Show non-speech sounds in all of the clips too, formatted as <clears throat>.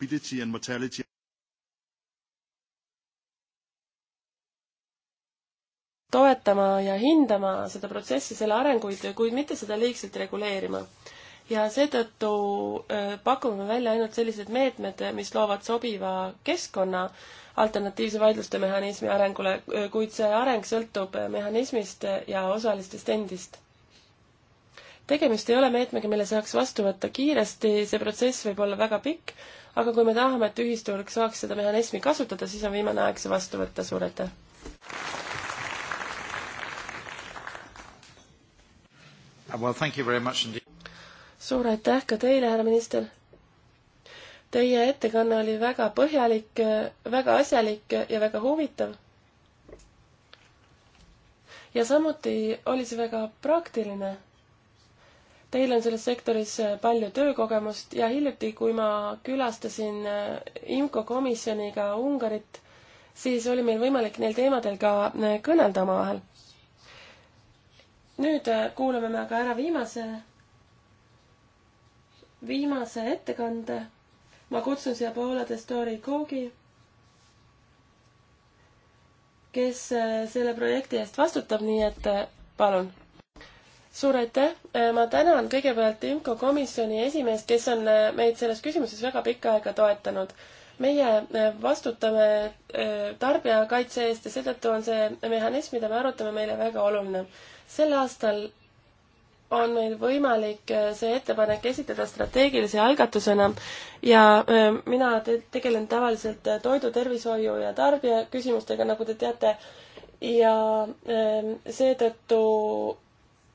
morbidity and mortality toetama ja hindama seda protsessi, selle arenguid, kuid mitte seda liigselt reguleerima. ja seetõttu äh, pakume välja ainult sellised meetmed, mis loovad sobiva keskkonna alternatiivse vaidluste mehhanismi arengule, äh, kuid see areng sõltub äh, mehhanismist ja osalistest endist. tegemist ei ole meetmega, mille saaks vastu võtta kiiresti, see protsess võib olla väga pikk aga kui me tahame, et ühisturg saaks seda mehhanismi kasutada, siis on viimane aeg see vastu võtta, suur aitäh! Uh, suur aitäh ka teile, härra minister! Teie ettekanne oli väga põhjalik, väga asjalik ja väga huvitav ja samuti oli see väga praktiline, Teil on selles sektoris äh, palju töökogemust ja hiljuti, kui ma külastasin äh, IMCO komisjoniga Ungarit, siis oli meil võimalik neil teemadel ka äh, kõnelda omavahel. nüüd kuulame me aga ära viimase, viimase ettekande. ma kutsun siia poole The Story Coogi, kes selle projekti eest vastutab, nii et palun suur aitäh, äh, ma tänan kõigepealt IMCO komisjoni esimeest, kes on äh, meid selles küsimuses väga pikka aega toetanud. meie äh, vastutame tarbijakaitse eest ja seetõttu on see mehhanism, mida me arutame, meile väga oluline. sel aastal on meil võimalik see ettepanek esitada strateegilise algatusena ja mina te tegelen tavaliselt toidutervishoiu ja tarbijaküsimustega, nagu te teate, ja seetõttu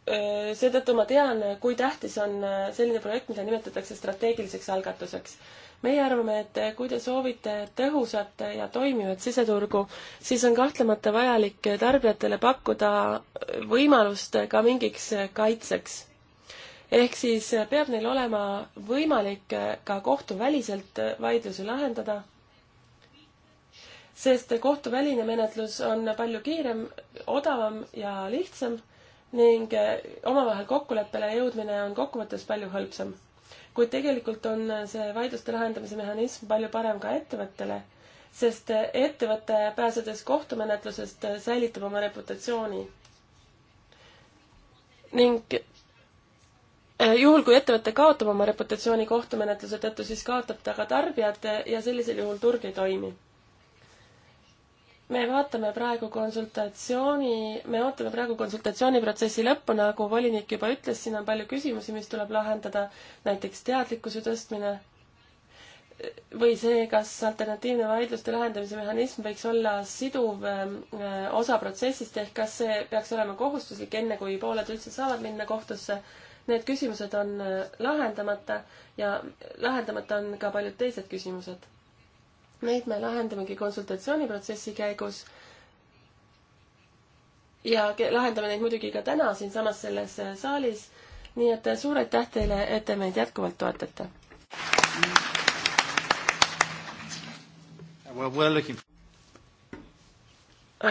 Äh, seetõttu ma tean, kui tähtis on äh, selline projekt, mida nimetatakse strateegiliseks algatuseks. meie arvame, et äh, kui te soovite tõhusat ja toimivat siseturgu, siis on kahtlemata vajalik tarbijatele pakkuda võimalust ka mingiks kaitseks. ehk siis peab neil olema võimalik ka kohtuväliselt vaidlusi lahendada, sest kohtuväline menetlus on palju kiirem, odavam ja lihtsam ning äh, omavahel kokkuleppele jõudmine on kokkuvõttes palju hõlpsam. kuid tegelikult on äh, see vaidluste lahendamise mehhanism palju parem ka ettevõttele, sest äh, ettevõte, pääsedes kohtumenetlusest, säilitab oma reputatsiooni. ning juhul, kui ettevõte kaotab oma reputatsiooni kohtumenetluse tõttu, siis kaotab ta ka tarbijad ja sellisel juhul turg ei toimi me vaatame praegu konsultatsiooni, me ootame praegu konsultatsiooniprotsessi lõppu, nagu volinik juba ütles, siin on palju küsimusi, mis tuleb lahendada, näiteks teadlikkuse tõstmine või see, kas alternatiivne vaidluste lahendamise mehhanism võiks olla siduv ähm, äh, osa protsessist, ehk kas see peaks olema kohustuslik, enne kui pooled üldse saavad minna kohtusse. Need küsimused on äh, lahendamata ja lahendamata on ka paljud teised küsimused Neid me lahendamegi konsultatsiooniprotsessi käigus ja lahendame neid muidugi ka täna siinsamas selles äh, saalis. nii et äh, suur aitäh teile, et te meid jätkuvalt toetate.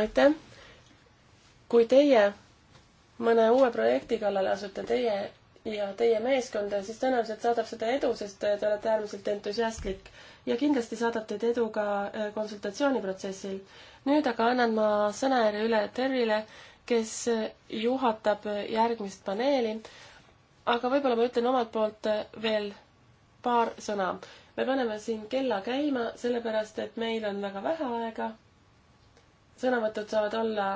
aitäh. kui teie mõne uue projekti kallale asute, teie ja teie meeskond, siis tõenäoliselt saadab seda edu, sest äh, te olete äärmiselt entusiastlik ja kindlasti saadab teid edu ka äh, konsultatsiooniprotsessil. nüüd aga annan ma sõnajärje üle Terrile, kes äh, juhatab äh, järgmist paneeli, aga võib-olla ma ütlen omalt poolt veel paar sõna. me paneme siin kella käima, sellepärast et meil on väga vähe aega. sõnavõtud saavad olla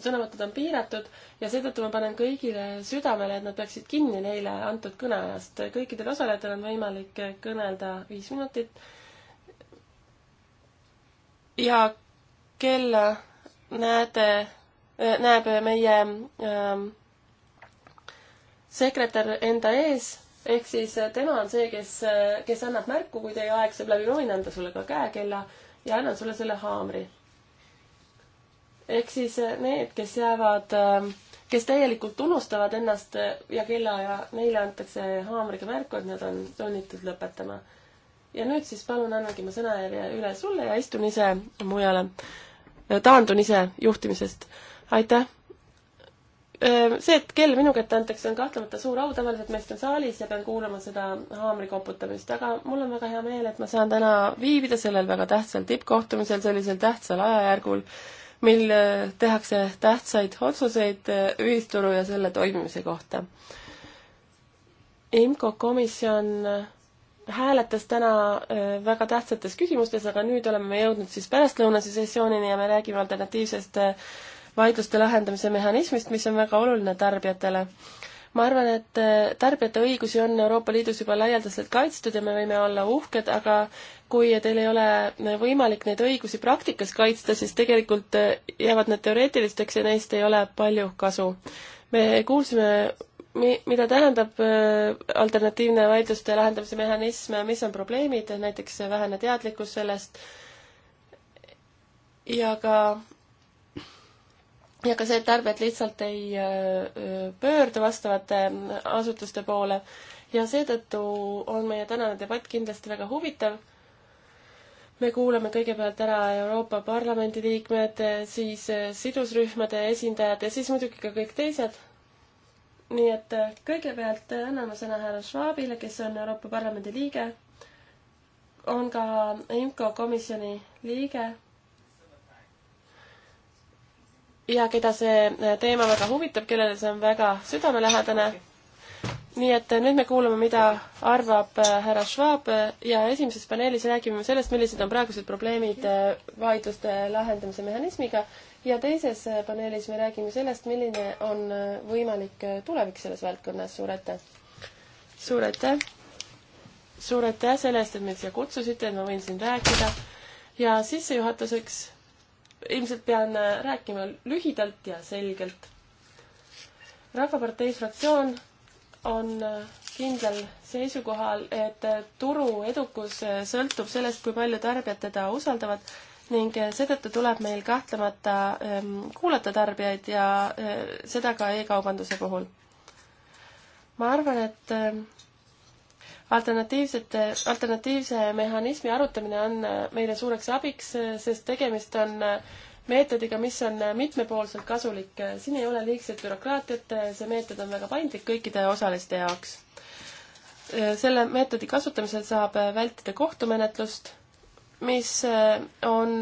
sõnavõtud on piiratud ja seetõttu ma panen kõigile südamele, et nad peaksid kinni neile antud kõneajast. kõikidel osalejatel on võimalik kõnelda viis minutit. ja kella näete, äh, näeb meie ähm, sekretär enda ees, ehk siis äh, tema on see, kes, äh, kes annab märku, kui teie aeg saab läbi, ma võin anda sulle ka käekella ja annan sulle selle haamri ehk siis eh, need, kes jäävad, eh, kes täielikult unustavad ennast eh, ja kella ja neile antakse haamriga märku, et nad on sunnitud lõpetama. ja nüüd siis palun annagi ma sõnajärje üle sulle ja istun ise mujale. taandun ise juhtimisest. aitäh! see, et kell minu kätte antakse, on kahtlemata suur au, tavaliselt ma istun saalis ja pean kuulama seda haamri koputamist, aga mul on väga hea meel, et ma saan täna viibida sellel väga tähtsal tippkohtumisel, sellisel tähtsal ajajärgul mil äh, tehakse tähtsaid otsuseid äh, ühisturu ja selle toimimise kohta. IMCO komisjon äh, hääletas täna väga tähtsates küsimustes, aga nüüd oleme me jõudnud siis pärastlõunase sessioonini ja me räägime alternatiivsest vaidluste lahendamise mehhanismist, mis on väga oluline tarbijatele ma arvan, et äh, tarbijate õigusi on Euroopa Liidus juba laialdaselt kaitstud ja me võime olla uhked, aga kui teil ei ole äh, võimalik neid õigusi praktikas kaitsta, siis tegelikult äh, jäävad nad teoreetilisteks ja neist ei ole palju kasu. me kuulsime mi-, mida tähendab alternatiivne vaidluste lahendamise mehhanism, mis on probleemid, näiteks vähene teadlikkus sellest ja ka ja ka see, et tarbijad lihtsalt ei äh, pöördu vastavate äh, asutuste poole. ja seetõttu on meie tänane debatt kindlasti väga huvitav. me kuulame kõigepealt ära Euroopa Parlamendi liikmed, siis äh, sidusrühmade esindajad ja siis muidugi ka kõik teised. nii et kõigepealt anname sõna härra Schwabile, kes on Euroopa Parlamendi liige, on ka IMCO komisjoni liige ja keda see äh, teema väga huvitab, kellele see on väga südamelähedane. nii et äh, nüüd me kuulame, mida arvab äh, härra Schwab ja esimeses paneelis räägime sellest, millised on praegused probleemid vaidluste lahendamise mehhanismiga ja teises paneelis me räägime sellest, milline on võimalik tulevik selles valdkonnas. suur aitäh! suur aitäh! suur aitäh selle eest, et mind siia kutsusite, et ma võin siin rääkida ja sissejuhatuseks ilmselt pean äh, rääkima lühidalt ja selgelt. rahvapartei fraktsioon on äh, kindlal seisukohal, et äh, turu edukus sõltub sellest, kui palju tarbijad teda usaldavad ning seetõttu tuleb meil kahtlemata ähm, kuulata tarbijaid ja seda ka e-kaubanduse puhul. ma arvan, et ähm, alternatiivsete, alternatiivse mehhanismi arutamine on äh, meile suureks abiks, äh, sest tegemist on äh, meetodiga, mis on mitmepoolselt kasulik. siin ei ole liigset bürokraatiat, see meetod on väga paindlik kõikide osaliste jaoks. selle meetodi kasutamisel saab vältida kohtumenetlust, mis on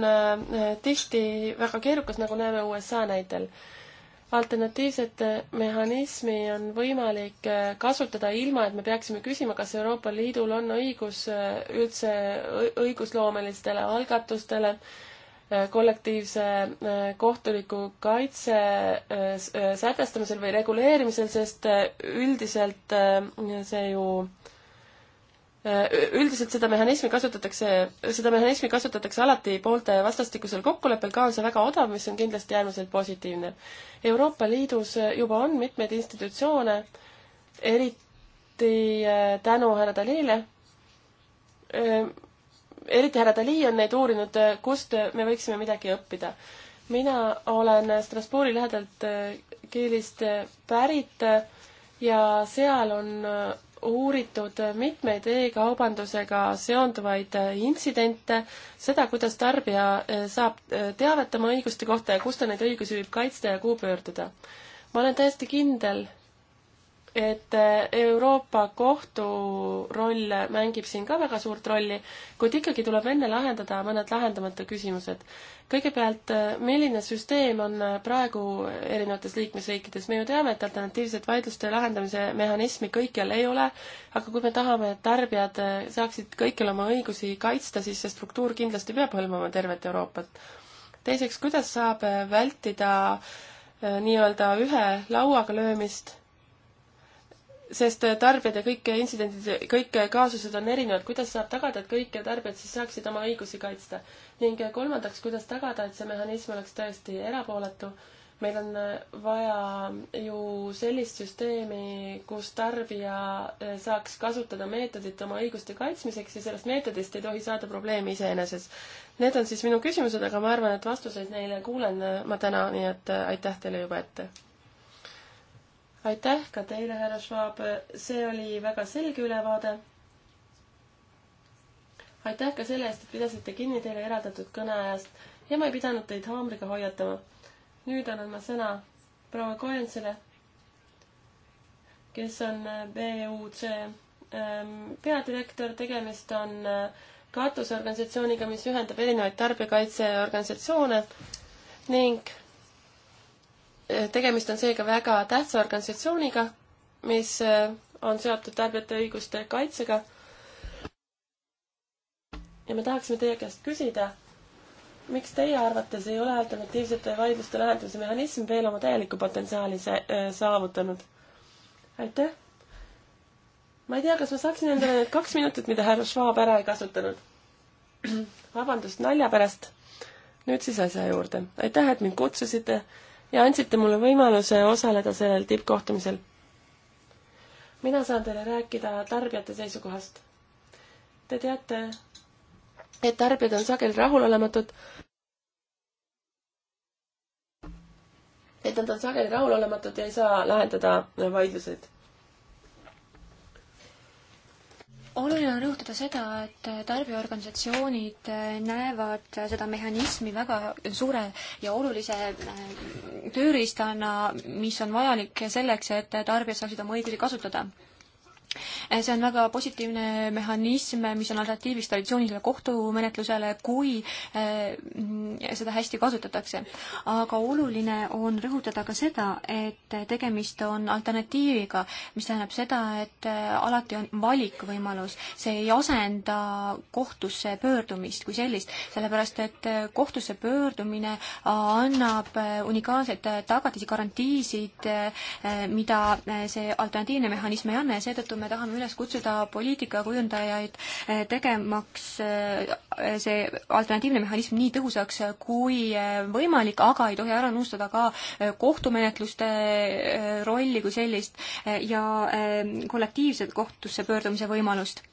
tihti väga keerukas, nagu näeme USA näitel alternatiivset mehhanismi on võimalik äh, kasutada ilma, et me peaksime küsima, kas Euroopa Liidul on õigus äh, üldse õigusloomelistele algatustele, äh, kollektiivse kohtuliku kaitse sätestamisel või reguleerimisel, sest üldiselt see ju Äh, üldiselt seda mehhanismi kasutatakse, seda mehhanismi kasutatakse alati poolte vastastikusel kokkuleppel, ka on see väga odav, mis on kindlasti äärmiselt positiivne. Euroopa Liidus juba on mitmeid institutsioone, eriti äh, tänu härra Dalile, äh, eriti härra Dali on neid uurinud, kust me võiksime midagi õppida. mina olen Strasbourgi lähedalt Kielist pärit ja seal on uuritud mitmeid e-kaubandusega seonduvaid äh, intsidente, seda, kuidas tarbija äh, saab äh, teavet oma õiguste kohta ja kus ta neid õigusi võib kaitsta ja kuhu pöörduda. ma olen täiesti kindel, et eh, Euroopa Kohtu roll mängib siin ka väga suurt rolli, kuid ikkagi tuleb enne lahendada mõned lahendamata küsimused. kõigepealt, eh, milline süsteem on eh, praegu erinevates liikmesriikides, me ju teame, et alternatiivset vaidluste lahendamise mehhanismi kõikjal ei ole, aga kui me tahame, et tarbijad saaksid kõikjal oma õigusi kaitsta, siis see struktuur kindlasti peab hõlmama tervet Euroopat. teiseks, kuidas saab vältida nii-öelda ühe lauaga löömist sest äh, tarbijad ja kõik intsidendid, kõik äh, kaasused on erinevad, kuidas saab tagada, et kõik äh, tarbijad siis saaksid oma õigusi kaitsta? ning kolmandaks, kuidas tagada, et see mehhanism oleks tõesti erapooletu? meil on vaja ju sellist süsteemi, kus tarbija saaks kasutada meetodit oma õiguste kaitsmiseks ja sellest meetodist ei tohi saada probleemi iseeneses. Need on siis minu küsimused, aga ma arvan, et vastuseid neile kuulen ma täna, nii et aitäh teile juba ette! aitäh ka teile, härra Schwab, see oli väga selge ülevaade. aitäh ka selle eest, et pidasite kinni teile eraldatud kõneajast ja ma ei pidanud teid haamriga hoiatama. nüüd annan ma sõna proua Koensile, kes on äh, BUC ähm, peadirektor, tegemist on äh, katusorganisatsiooniga, mis ühendab erinevaid tarbijakaitseorganisatsioone ning tegemist on seega väga tähtsa organisatsiooniga, mis äh, on seotud tarbijate õiguste kaitsega. ja me tahaksime teie käest küsida, miks teie arvates ei ole alternatiivsete vaidluste lahendamise mehhanism veel oma täielikku potentsiaali äh, saavutanud? aitäh! ma ei tea, kas ma saaksin endale need kaks minutit, mida härra Schwab ära ei kasutanud. <clears throat> vabandust nalja pärast. nüüd siis asja juurde. aitäh, et mind kutsusite ja andsite mulle võimaluse osaleda sellel tippkohtumisel. mina saan teile rääkida tarbijate seisukohast. Te teate, et tarbijad on sageli rahulolematud. et nad on sageli rahulolematud ja ei saa lahendada vaidluseid oluline on rõhutada seda, et tarbijaorganisatsioonid äh, näevad seda mehhanismi väga suure ja olulise äh, tööriistana, mis on vajalik selleks, et tarbijad saaksid oma õigusi kasutada. Eh, see on väga positiivne mehhanism, mis on alternatiiviks traditsioonilisele kohtumenetlusele, kui eh, seda hästi kasutatakse. aga oluline on rõhutada ka seda, et tegemist on alternatiiviga, mis tähendab seda, et eh, alati on valikvõimalus. see ei asenda kohtusse pöördumist kui sellist, sellepärast et kohtusse pöördumine annab unikaalseid tagatisi, garantiisid, mida see alternatiivne mehhanism ei anna ja seetõttu me tahame üles kutsuda poliitikakujundajaid eh, tegemaks eh, see alternatiivne mehhanism nii tõhusaks eh, kui võimalik, aga ei tohi ära unustada ka kohtumenetluste rolli kui sellist ja kollektiivset kohtusse pöördumise võimalust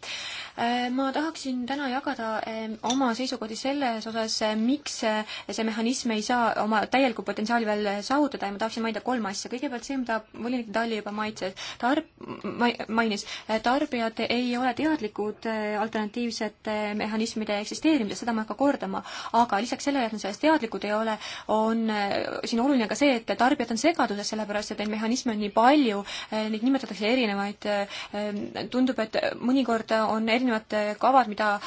Äh, ma tahaksin täna jagada ähm, oma seisukohti selles osas, äh, miks äh, see mehhanism ei saa oma täielikku potentsiaali veel saavutada ja ma tahaksin mainida kolme asja. kõigepealt see, mida volinik Dali juba maitses, tarb-, mainis, tarbijad ei ole teadlikud alternatiivsete mehhanismide eksisteerimisest, seda ma ei hakka kordama, aga lisaks sellele, et nad sellest teadlikud ei ole, on siin oluline ka see, et tarbijad on segaduses, sellepärast et neid mehhanisme on nii palju, neid nimetatakse erinevaid, tundub, et mõnikord on erinevad erinevad kavad, mida,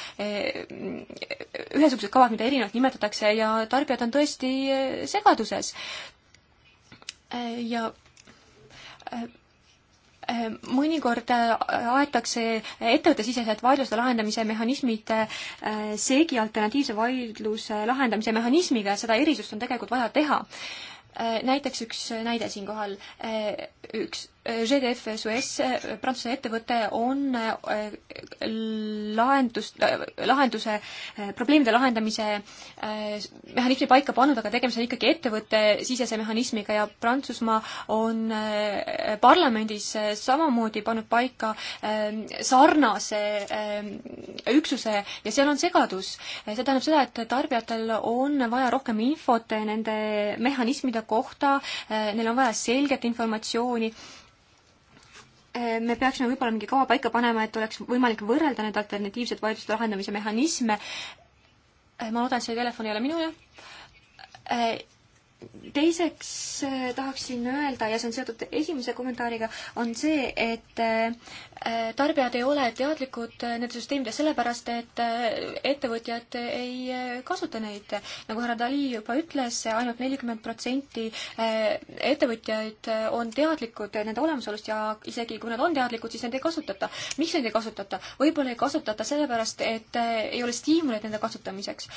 ühesugused kavad, mida erinevalt nimetatakse ja tarbijad on tõesti segaduses. ja mõnikord aetakse ettevõttesiseselt vaidluste lahendamise mehhanismid seegi alternatiivse vaidluse lahendamise mehhanismiga ja seda erisust on tegelikult vaja teha. näiteks üks näide siinkohal, üks GDF SOS, Prantsuse ettevõte, on äh, lahendust, äh, lahenduse, äh, probleemide lahendamise mehhanismi paika pannud, aga tegemist on ikkagi ettevõttesisese mehhanismiga ja Prantsusmaa on parlamendis samamoodi pannud paika sarnase üksuse ja seal on segadus. see tähendab seda, et tarbijatel on vaja rohkem infot nende mehhanismide kohta, neil on vaja selget informatsiooni, Äh, me peaksime võib-olla mingi kava paika panema, et oleks võimalik võrrelda neid alternatiivseid vaidluste lahendamise mehhanisme. Äh, ma loodan, et see telefon ei ole minu, jah. Äh, teiseks tahaksin öelda ja see on seotud esimese kommentaariga, on see, et tarbijad ei ole teadlikud nende süsteemide sellepärast, et äh, ettevõtjad ei äh, kasuta neid. nagu härra Dali juba ütles ainult, ainult nelikümmend protsenti äh, ettevõtjaid on teadlikud nende olemasolust ja isegi kui nad on teadlikud, siis neid ei kasutata. miks neid ei kasutata? võib-olla ei kasutata sellepärast, et ei ole stiimuleid nende kasutamiseks.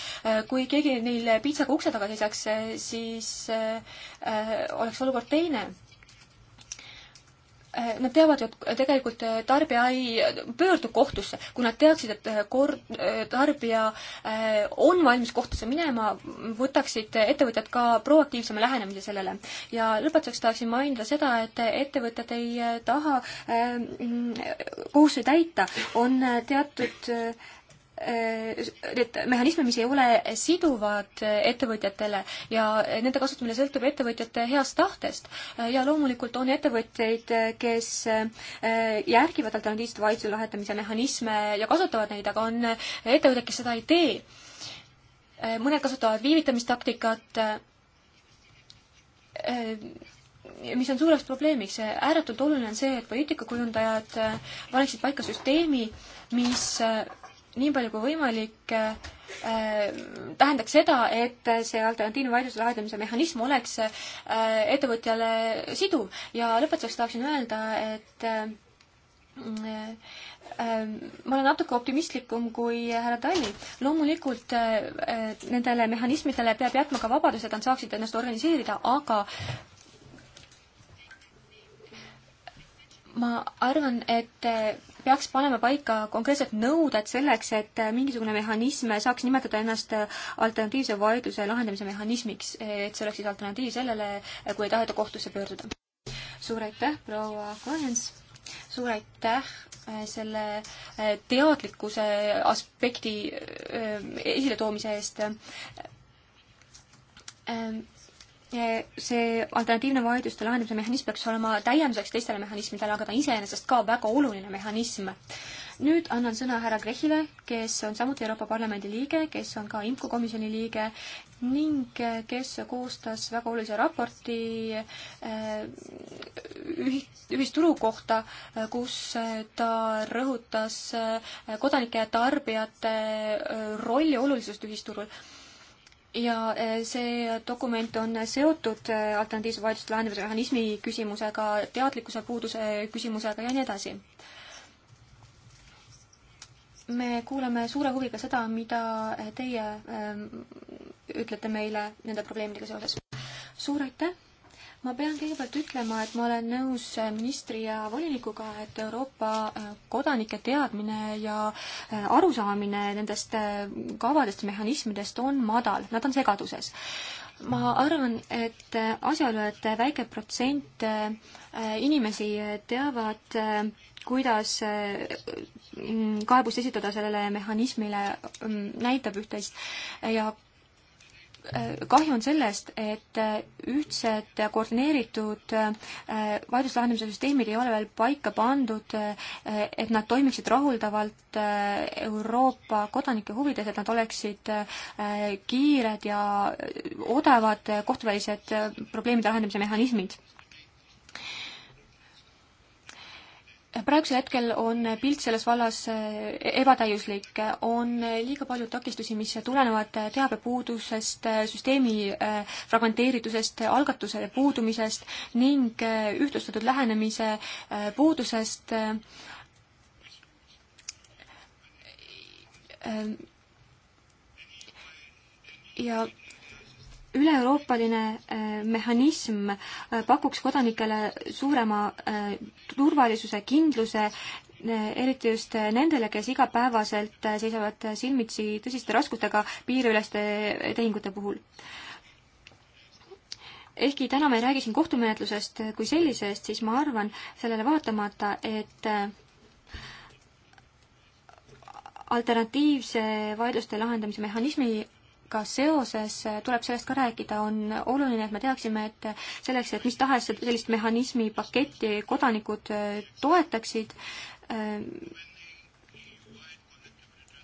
kui keegi neil pitsaga ukse taga seisaks, siis oleks olukord teine Eh, nad teavad ju, et tegelikult eh, tarbija ei pöördu kohtusse, kui nad teaksid, et eh, kord, tarbija on valmis kohtusse minema, võtaksid ettevõtjad ka proaktiivsema lähenemise sellele. ja lõpetuseks tahaksin mainida seda, et ettevõtted ei taha mm, kohustusi täita, on teatud need mehhanisme, mis ei ole siduvad ettevõtjatele ja nende kasutamine sõltub ettevõtjate heast tahtest. ja loomulikult on ettevõtteid, kes eh, järgivad alternatiivsete vaidluse lahendamise mehhanisme ja kasutavad neid, aga on ettevõtted, kes seda ei tee. Eh, mõned kasutavad viivitamistaktikat eh, mis on suureks probleemiks. ääretult oluline on see, et poliitikakujundajad paneksid paika süsteemi, mis nii palju kui võimalik äh, tähendaks seda, et see alternatiivne vaidluse lahendamise mehhanism oleks äh, ettevõtjale siduv ja lõpetuseks tahaksin öelda, et äh, äh ma olen natuke optimistlikum kui härra Talli. loomulikult äh, äh, nendele mehhanismidele peab jätma ka vabaduse, et nad saaksid ennast organiseerida, aga ma arvan, et eh, peaks panema paika konkreetsed nõuded selleks, et eh, mingisugune mehhanism saaks nimetada ennast eh, alternatiivse vaidluse lahendamise mehhanismiks, et see oleks siis alternatiiv sellele, kui ei taheta kohtusse pöörduda. suur aitäh, proua Kohens! suur aitäh selle teadlikkuse aspekti esiletoomise eest Eh, see alternatiivne vaidluste lahendamise mehhanism peaks olema täienduseks teistele mehhanismidele, aga ta iseenesest ka väga oluline mehhanism. nüüd annan sõna härra Grechile, kes on samuti Euroopa Parlamendi liige, kes on ka IMCO komisjoni liige ning eh, kes koostas väga olulise raporti eh, ühisturu kohta, kus ta rõhutas kodanike ja tarbijate rolli olulisust ühisturul ja eh, see dokument on seotud eh, alternatiivse vaidluste lahendamise mehhanismi küsimusega, teadlikkuse puuduse küsimusega ja nii edasi. me kuulame suure huviga seda, mida eh, teie öö, ütlete meile nende probleemidega seoses. suur aitäh! ma pean kõigepealt ütlema, et ma olen nõus äh, ministri ja volinikuga, et Euroopa äh, kodanike teadmine ja äh, arusaamine nendest kavadest ja mehhanismidest on madal, nad on segaduses. ma arvan, et asjaolu, et väike protsent inimesi teavad kuidas mm, kaebust esitada sellele mehhanismile mm, näitab üht-teist ja Äh, kahju on sellest, et äh, ühtsed koordineeritud äh, vaidluslahendamise süsteemid ei ole veel paika pandud, et nad toimiksid rahuldavalt Euroopa kodanike huvides, et nad oleksid kiired ja odavad kohtuvälised probleemide lahendamise mehhanismid. praegusel hetkel on pilt selles vallas eh, ebatäiuslik, on liiga palju takistusi, mis tulenevad teabepuudusest, süsteemi eh, fragmenteeritusest, algatuse puudumisest ning eh, ühtlustatud lähenemise puudusest. ja üle-euroopaline äh, mehhanism äh, pakuks kodanikele suurema äh, turvalisuse, kindluse, eriti just nendele, kes igapäevaselt seisavad silmitsi tõsiste raskustega piiriüleste tehingute puhul. ehkki täna me ei räägi siin kohtumenetlusest kui sellisest, siis ma arvan sellele vaatamata, et alternatiivse vaidluste lahendamise mehhanismi poliitikaga seoses tuleb sellest ka rääkida, on oluline, et me teaksime, et selleks, et mis tahes sellist mehhanismi paketti kodanikud äh, toetaksid, ähm,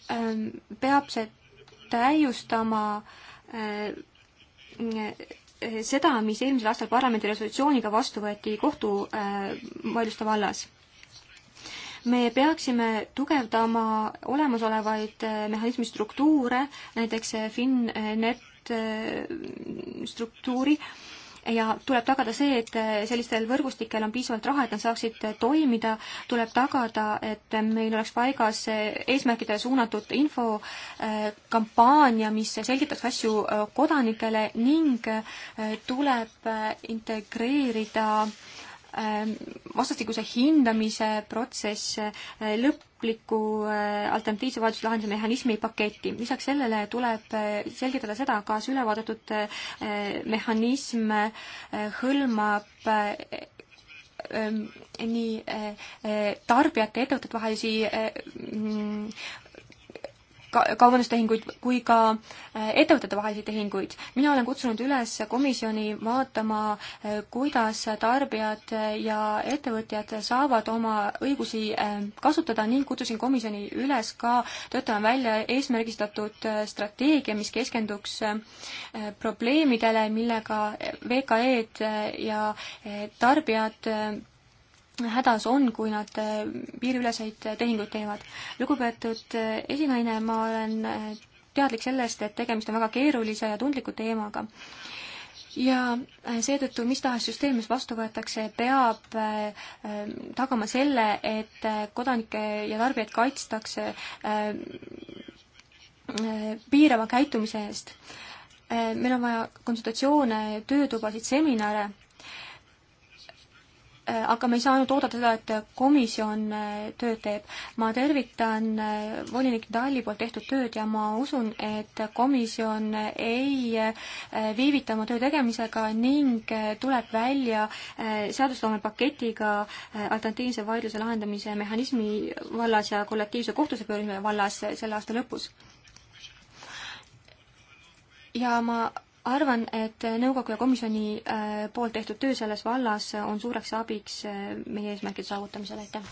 äh, peab see täiustama äh, seda, mis eelmisel aastal parlamendi resolutsiooniga vastu võeti kohtuvaidluste vallas me peaksime tugevdama olemasolevaid eh, mehhanismi struktuure, näiteks eh, FinNet eh, struktuuri, ja tuleb tagada see, et sellistel võrgustikel on piisavalt raha, et nad saaksid toimida, tuleb tagada, et meil oleks paigas eesmärkidele suunatud infokampaania, mis selgitaks asju kodanikele ning tuleb integreerida äh, Ähm, vastastikuse hindamise protsess, äh, lõpliku äh, alternatiivse vajaduse lahendamise mehhanismi paketti. lisaks sellele tuleb äh, selgitada seda, kas ülevaadatud mehhanism hõlmab nii tarbijate ja ettevõtete vahelisi mm, kaubandustehinguid kui ka äh, ettevõtete vahelisi tehinguid. mina olen kutsunud üles komisjoni vaatama, äh, kuidas tarbijad ja ettevõtjad saavad oma õigusi äh, kasutada ning kutsusin komisjoni üles ka töötama välja eesmärgistatud strateegia, mis keskenduks probleemidele, millega VKE-d ja tarbijad hädas on, kui nad eh, piiriüleseid eh, tehinguid teevad. lugupeetud eh, esinaine, ma olen teadlik sellest, et tegemist on väga keerulise ja tundliku teemaga. ja seetõttu mis tahes süsteem, mis vastu võetakse, peab tagama selle, et kodanikke ja tarbijaid kaitstakse piirava käitumise eest. meil on vaja konsultatsioone, töötubasid, seminare Äh, aga me ei saa ainult oodata seda, et komisjon äh, tööd teeb. ma tervitan äh, volinik Dali poolt tehtud tööd ja ma usun, et komisjon ei viivita oma töö tegemisega ning tuleb välja seadusloome paketiga alternatiivse vaidluse lahendamise mehhanismi vallas ja kollektiivse kohtuse pöördumise vallas selle aasta lõpus. ja ma arvan, et nõukogu ja komisjoni äh, poolt tehtud töö selles vallas on suureks abiks äh, meie eesmärkide saavutamisel, aitäh!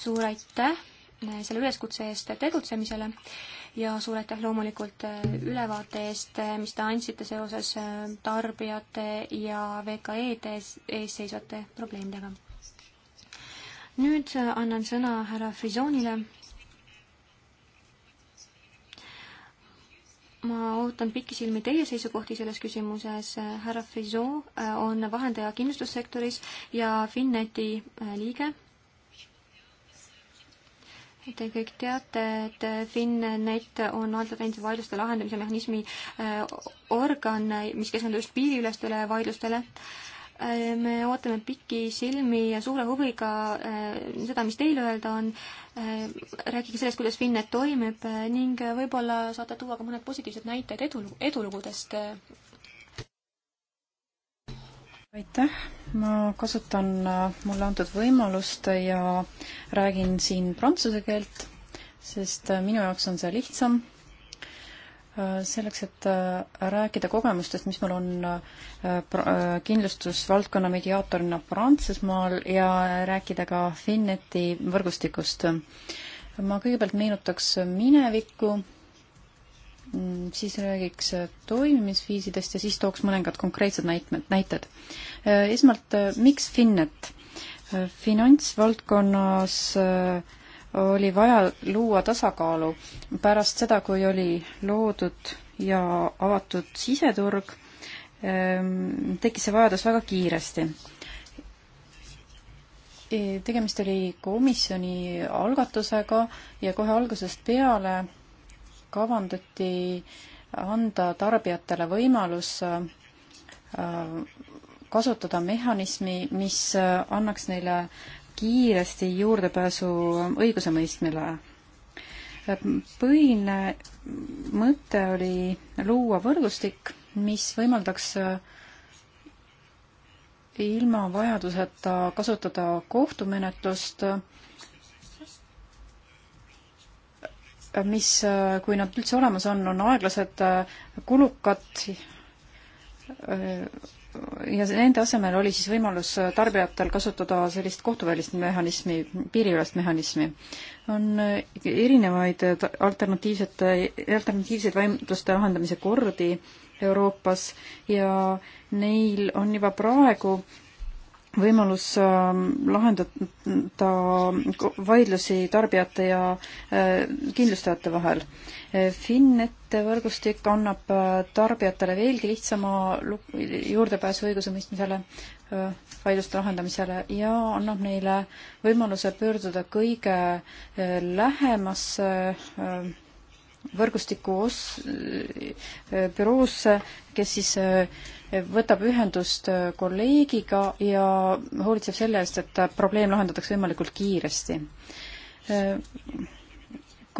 suur aitäh äh, selle üleskutse eest tegutsemisele ja suur aitäh loomulikult ülevaate eest, mis te andsite seoses tarbijate ja VKE-de ees seisvate probleemidega. nüüd annan sõna härra Frisonile ma ootan pikisilmi teie seisukohti selles küsimuses. härra Frisot äh, on vahendaja kindlustussektoris ja Finneti äh, liige. Te kõik teate, et äh, Finnet on alternatiivse vaidluste lahendamise mehhanismi organ, mis keskendub just piiriülestele vaidlustele. Äh, me ootame pikisilmi ja suure huviga äh, seda, mis teil öelda on. Äh, rääkige sellest, kuidas Finnet toimib ning võib-olla saate tuua ka mõned positiivsed näited edu, edulugudest. aitäh, ma kasutan mulle antud võimalust ja räägin siin prantsuse keelt, sest minu jaoks on see lihtsam Äh, selleks, et äh, rääkida kogemustest, mis mul on äh, kindlustusvaldkonna mediaatorina Prantsusmaal ja rääkida ka Finneti võrgustikust. ma kõigepealt meenutaks minevikku, mm, siis räägiks toimimisviisidest ja siis tooks mõningad konkreetsed näitmed, näited. esmalt, miks Finnet? finantsvaldkonnas äh, oli vaja luua tasakaalu pärast seda, kui oli loodud ja avatud siseturg, ehm, tekkis see vajadus väga kiiresti. E, tegemist oli komisjoni algatusega ja kohe algusest peale kavandati anda tarbijatele võimalus äh, kasutada mehhanismi, mis äh, annaks neile äh, kiiresti juurdepääsu õigusemõistmile. põhiline mõte oli luua võrgustik, mis võimaldaks ilma vajaduseta kasutada kohtumenetlust, mis, kui nad üldse olemas on, on aeglased, kulukad ja nende asemel oli siis võimalus äh, tarbijatel kasutada sellist kohtuvälist mehhanismi, piiriülest mehhanismi. on äh, erinevaid äh, alternatiivsete, alternatiivseid vaidluste lahendamise kordi Euroopas ja neil on juba praegu võimalus ähm, lahendada vaidlusi tarbijate ja kindlustajate vahel. Finnet võrgustik annab tarbijatele veelgi lihtsama juurdepääsu õigusemõistmisele, vaidluste lahendamisele ja annab neile võimaluse pöörduda kõige lähemasse võrgustiku os-, büroosse, kes siis võtab ühendust kolleegiga ja hoolitseb selle eest, et probleem lahendatakse võimalikult kiiresti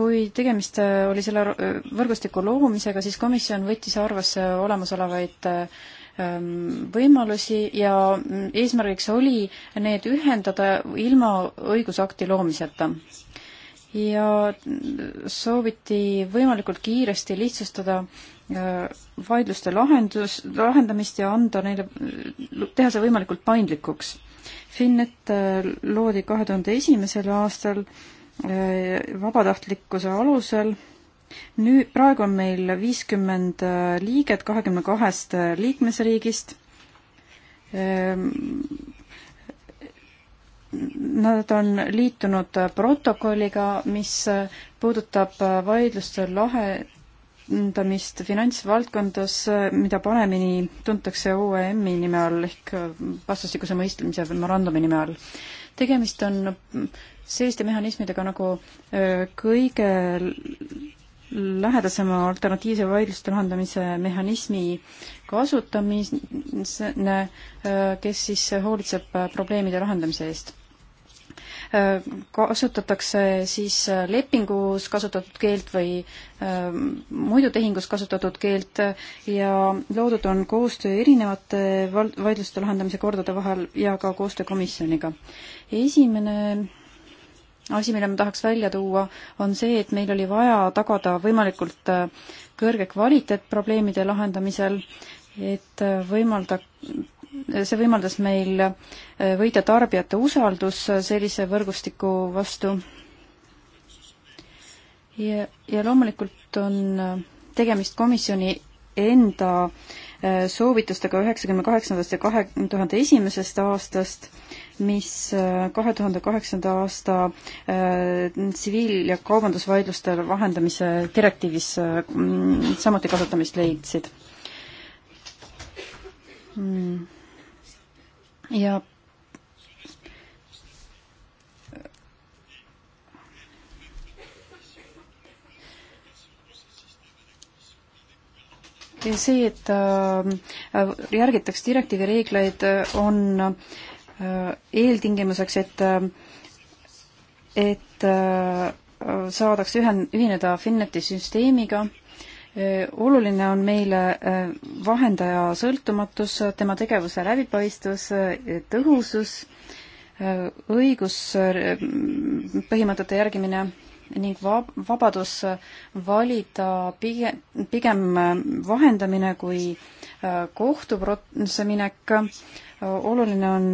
kui tegemist äh, oli selle äh, võrgustiku loomisega, siis komisjon võttis arvesse olemasolevaid äh, ähm, võimalusi ja mm, eesmärgiks oli need ühendada ilma õigusakti loomiseta. ja mm, sooviti võimalikult kiiresti lihtsustada vaidluste lahendus, lahendamist ja anda neile, teha see võimalikult paindlikuks. Finnet loodi kahe tuhande esimesel aastal Äh, vabatahtlikkuse alusel. nüüd, praegu on meil viiskümmend äh, liiget kahekümne kahest äh, liikmesriigist. Ähm, nad on liitunud protokolliga, mis puudutab vaidluste lahendamist finantsvaldkondas, mida paremini tuntakse OEM-i nime all ehk vastastikuse mõistlemise memorandumi nime all tegemist on selliste mehhanismidega nagu kõige lähedasema alternatiivse vaidluste lahendamise mehhanismi kasutamine, kes siis hoolitseb probleemide lahendamise eest. kasutatakse siis lepingus kasutatud keelt või muidu tehingus kasutatud keelt ja loodud on koostöö erinevate vaidluste lahendamise kordade vahel ja ka koostöö komisjoniga esimene asi, mille ma tahaks välja tuua, on see, et meil oli vaja tagada võimalikult äh, kõrge kvaliteet probleemide lahendamisel, et äh, võimalda, see võimaldas meil äh, võita tarbijate usaldus sellise võrgustiku vastu. ja, ja loomulikult on tegemist komisjoni enda soovitustega üheksakümne kaheksandast ja kahe tuhande esimesest aastast mis äh, kahe tuhande kaheksanda aasta äh, tsiviil- ja kaubandusvaidluste lahendamise direktiivis äh, samuti kasutamist leidsid. Mm. ja see, et järgitaks direktiivi reegleid, on Äh, eeltingimuseks, et, äh, et äh, saadakse ühen-, ühineda Finneti süsteemiga. oluline on meile vahendaja sõltumatus, tema tegevuse läbipaistvus, tõhusus, õiguspõhimõtete järgimine ning vab-, vabadus valida pige-, pigem vahendamine kui kohtuprotsessi minek oluline on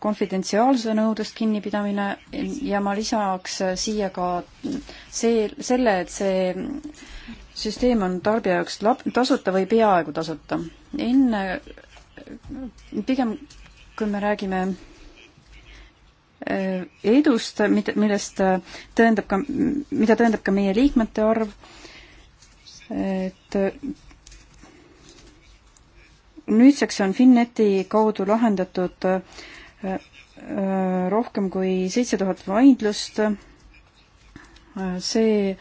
konfidentsiaalsuse nõudest kinnipidamine ja ma lisaks siia ka see, selle, et see süsteem on tarbija jaoks lab-, tasuta või peaaegu tasuta. enne, pigem kui me räägime äh, edust, mida, millest tõendab ka, mida tõendab ka meie liikmete arv, et nüüdseks on Finneti kaudu lahendatud äh, äh, rohkem kui seitse tuhat vaidlust. Äh, see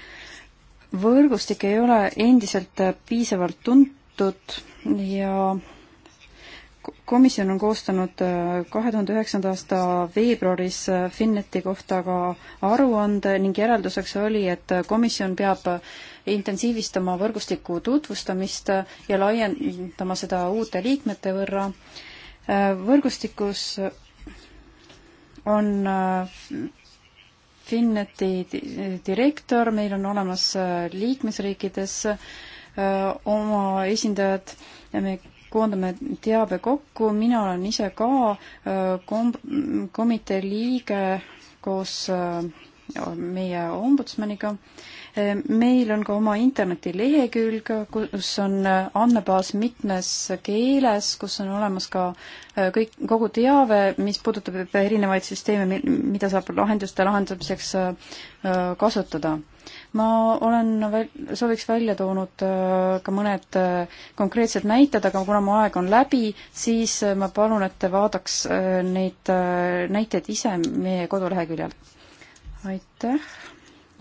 võrgustik ei ole endiselt piisavalt tuntud ja komisjon on koostanud äh, kahe tuhande üheksanda aasta veebruaris äh, Finneti kohta ka aruande ning järelduseks oli, et komisjon peab intensiivistama võrgustiku tutvustamist äh, ja laiendama seda uute liikmete võrra. võrgustikus on Finneti direktor, meil on olemas liikmesriikides oma esindajad ja me koondame teabe kokku, mina olen ise ka äh, kom-, komitee liige koos äh, meie ombudsmaniga. Äh, meil on ka oma internetilehekülg, kus on andmebaas mitmes keeles, kus on olemas ka kõik, kogu teave, mis puudutab erinevaid süsteeme, mida saab lahenduste lahendamiseks kasutada ma olen, sooviks välja toonud äh, ka mõned äh, konkreetsed näited, aga kuna mu aeg on läbi, siis äh, ma palun, et te vaadaks neid näiteid ise meie koduleheküljel. aitäh,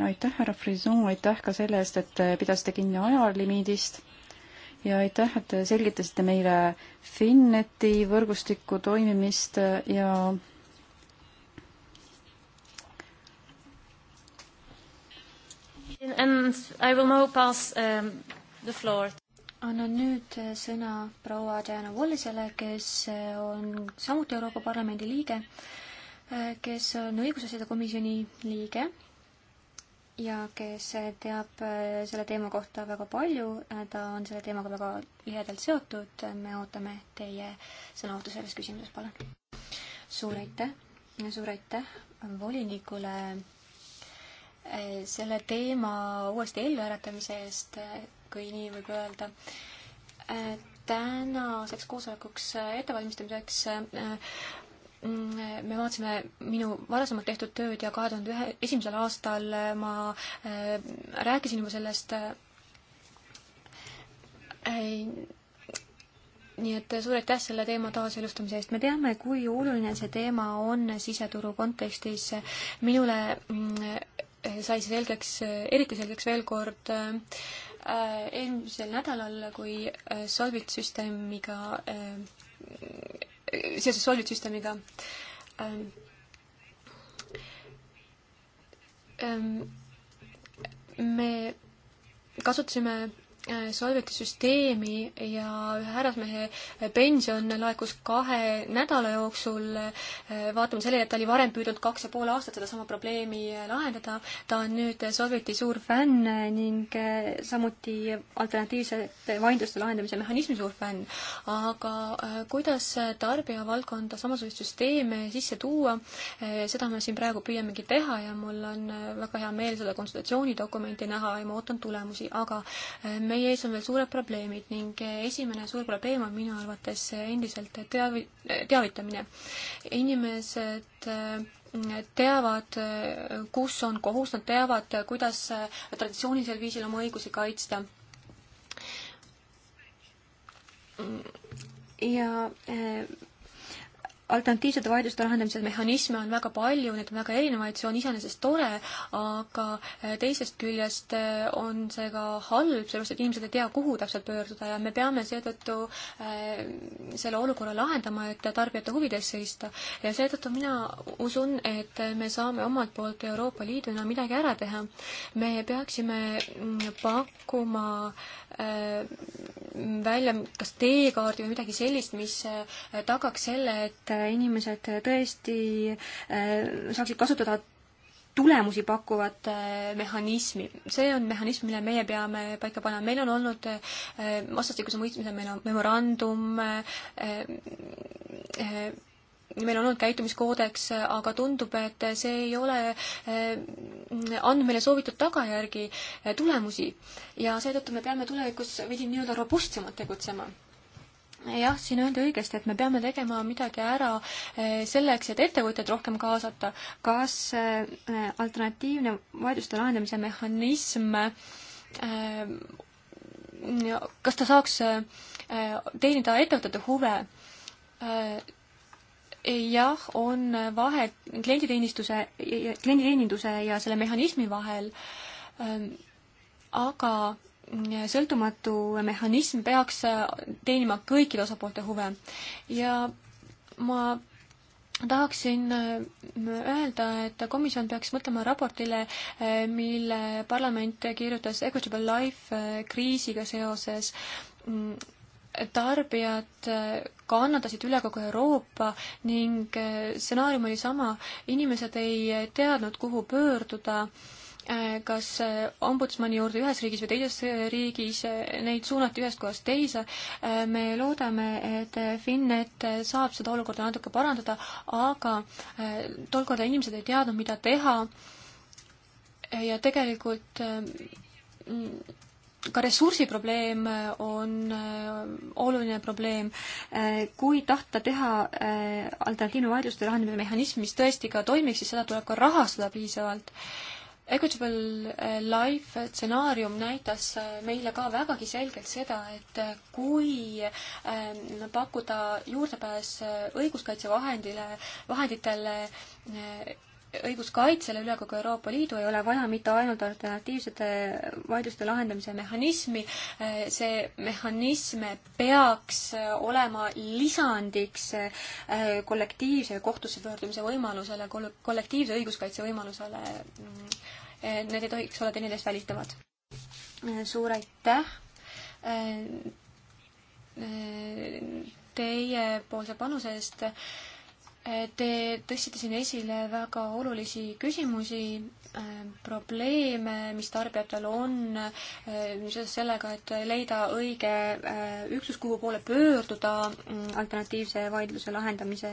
aitäh, härra Frison, aitäh ka selle eest, et te pidasite kinni ajalimiidist ja aitäh, et te selgitasite meile Finneti võrgustiku toimimist ja And I will now pass um, the floor annan nüüd äh, sõna proua Diana Wallisele, kes äh, on samuti Euroopa Parlamendi liige, äh, kes on õigusasjade komisjoni liige ja kes teab selle teema kohta väga palju, ta on selle teemaga väga tihedalt seotud, me ootame teie sõnavõttu selles küsimuses, palun. suur aitäh, suur aitäh volinikule selle teema uuesti elluäratamise eest, kui nii võib öelda. tänaseks koosolekuks ettevalmistamiseks me vaatasime minu varasemalt tehtud tööd ja kahe tuhande ühe, esimesel aastal ma äh, rääkisin juba sellest. nii et suur aitäh selle teema taaselustamise eest. me teame, kui oluline see teema on siseturu kontekstis. minule mm, sai see selgeks, eriti selgeks veel kord äh, eelmisel nädalal, kui äh, Solvit süsteemiga, äh, seoses Solvit süsteemiga ähm, ähm, me kasutasime Äh, solvetisüsteemi ja ühe härrasmehe pension laekus kahe nädala jooksul, äh, vaatame sellele, et ta oli varem püüdnud kaks ja pool aastat sedasama probleemi äh, lahendada. ta on nüüd solveti suur fänn ning samuti alternatiivsete vaidluste lahendamise mehhanismi suur fänn. aga kuidas tarbija valdkonda samasuguseid süsteeme sisse tuua, seda me siin praegu püüamegi teha ja mul on väga hea meel seda konsultatsioonidokumenti näha ja ma ootan tulemusi, aga me meie ees on veel suured probleemid ning esimene suur probleem on minu arvates endiselt teavi-, teavitamine. inimesed äh, teavad, äh, kus on kohus, nad teavad, kuidas äh, traditsioonilisel viisil oma õigusi kaitsta. Mm, ja alternatiivsete vaidluste lahendamise mehhanisme on väga palju, need on väga erinevaid, see on iseenesest tore, aga eh, teisest küljest eh, on see ka halb, sellepärast et inimesed ei tea, kuhu täpselt pöörduda ja me peame seetõttu eh, selle olukorra lahendama, et tarbijate huvides seista. ja seetõttu mina usun, et me saame omalt poolt Euroopa Liiduna midagi ära teha. me peaksime mm, pakkuma välja kas teekaardi või midagi sellist, mis tagaks selle, et inimesed tõesti äh, saaksid kasutada tulemusi pakkuvat äh, mehhanismi. see on mehhanism, mille meie peame paika panema. meil on olnud äh, vastastikuse mõistmise memorandum, meil on olnud käitumiskoodeks, aga tundub, et see ei ole andnud meile soovitud tagajärgi, tulemusi. ja seetõttu me peame tulevikus veidi nii-öelda robustsemalt tegutsema jah, siin öeldi õigesti, et me peame tegema midagi ära eh, selleks, et ettevõtjaid rohkem kaasata. kas eh, alternatiivne vaidluste lahendamise mehhanism, eh, kas ta saaks teenida ettevõtete huve? jah, on vahe klienditeenistuse, klienditeeninduse ja selle mehhanismi vahel, aga sõltumatu mehhanism peaks teenima kõikide osapoolte huve. ja ma tahaksin äh, öelda, et komisjon peaks mõtlema raportile, äh, mille parlament kirjutas Equitable Life äh, kriisiga seoses. Mm, tarbijad kannatasid üle kogu Euroopa ning stsenaarium oli sama, inimesed ei teadnud, kuhu pöörduda Äh, kas äh, ombudsmani juurde ühes riigis või teises äh, riigis, neid suunati ühest kohast teise. me loodame, et Finnet saab seda olukorda natuke parandada, aga tol korral inimesed ei teadnud, mida teha. ja tegelikult ka ressursiprobleem on oluline probleem. kui tahta teha alternatiivne vaidluste lahendamise mehhanism, mis tõesti ka toimiks, siis seda tuleb ka rahastada piisavalt Equitable eh, Life stsenaarium näitas eh, meile ka vägagi selgelt seda, et eh, kui pakkuda juurdepääs õiguskaitsevahendile, vahenditele õiguskaitsele üle kogu Euroopa Liidu ei ole vaja mitte ainult alternatiivsete vaidluste lahendamise mehhanismi, see mehhanism peaks olema lisandiks kollektiivse kohtusse pöördumise võimalusele, kollektiivse õiguskaitse võimalusele. Need ei tohiks olla teineteist välistavad. suur aitäh teiepoolse panuse eest Te tõstsite siin esile väga olulisi küsimusi, äh, probleeme, mis tarbijatel on äh, seoses sellega, et leida õige äh, üksus, kuhu poole pöörduda mm, alternatiivse vaidluse lahendamise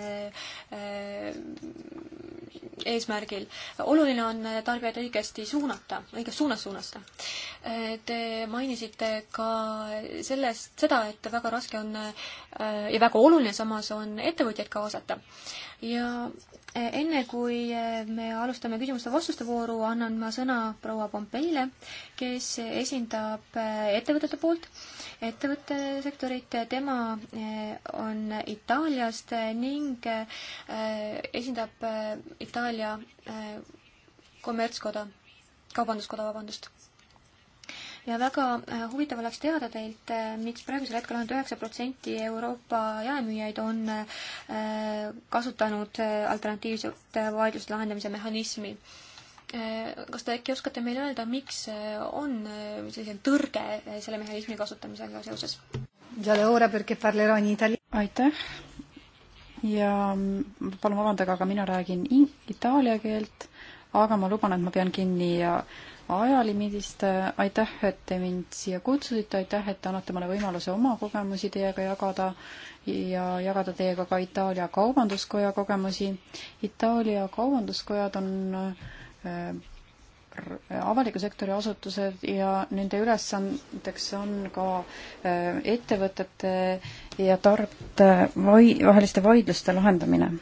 eesmärgil. oluline on tarbijad õigesti suunata, õiges suunas suunata. Te mainisite ka sellest, seda, et väga raske on ja väga oluline samas on ettevõtjaid kaasata ja e, enne, kui e, me alustame küsimuste-vastuste vooru, annan ma sõna proua Pompeile, kes esindab e, ettevõtete poolt, ettevõttesektorit, tema on Itaaliast ning esindab Itaalia kommertskoda, kaubanduskoda, vabandust ja väga äh, huvitav oleks teada teilt, äh, miks praegusel hetkel ainult üheksa protsenti Euroopa jaemüüjaid on äh, kasutanud alternatiivset vaidluste lahendamise mehhanismi. Kas te äkki oskate meile öelda, miks on selline tõrge selle mehhanismi kasutamisega seoses? aitäh ja palun vabandage, aga mina räägin itaalia keelt aga ma luban, et ma pean kinni ajalimiidist. aitäh, et te mind siia kutsusite, aitäh, et te annate mulle võimaluse oma kogemusi teiega jagada ja jagada teiega ka Itaalia Kaubanduskoja kogemusi. Itaalia Kaubanduskojad on äh, avaliku sektori asutused ja nende ülesandeks on ka äh, ettevõtete ja tarbijate vaheliste vaidluste lahendamine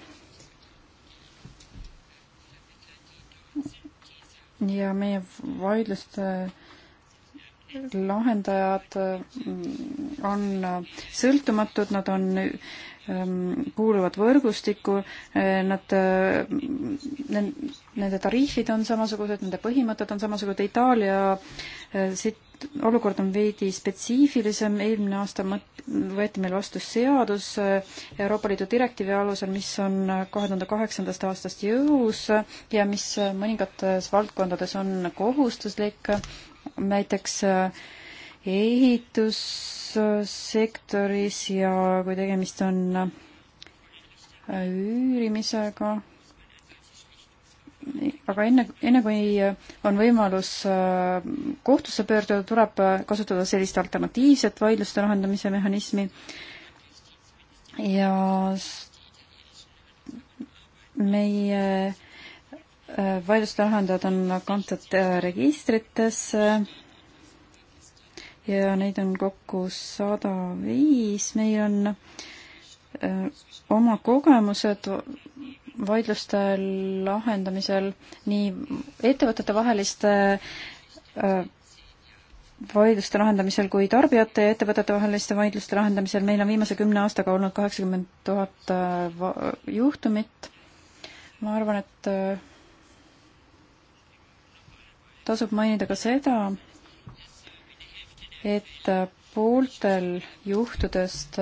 ja meie vaidluste lahendajad mm, on sõltumatud, nad on, mm, kuuluvad võrgustikku, eh, nad, mm, nende tariifid on samasugused, nende põhimõtted on samasugused, Itaalia eh, sit-, olukord on veidi spetsiifilisem, eelmine aasta mõt-, võeti meil vastu seadus äh, Euroopa Liidu direktiivi alusel, mis on äh, kahe tuhande kaheksandast aastast jõus äh, ja mis mõningates valdkondades on kohustuslik, näiteks ehitussektoris ja kui tegemist on üürimisega aga enne, enne kui on võimalus äh, kohtusse pöörduda, tuleb kasutada sellist alternatiivset vaidluste lahendamise mehhanismi ja meie äh, vaidluste lahendajad on kantud äh, registritesse ja neid on kokku sada viis, meil on oma kogemused vaidluste lahendamisel nii ettevõtete vaheliste vaidluste lahendamisel kui tarbijate ja ettevõtete vaheliste vaidluste lahendamisel. meil on viimase kümne aastaga olnud kaheksakümmend tuhat juhtumit. ma arvan, et tasub mainida ka seda, et pooltel juhtudest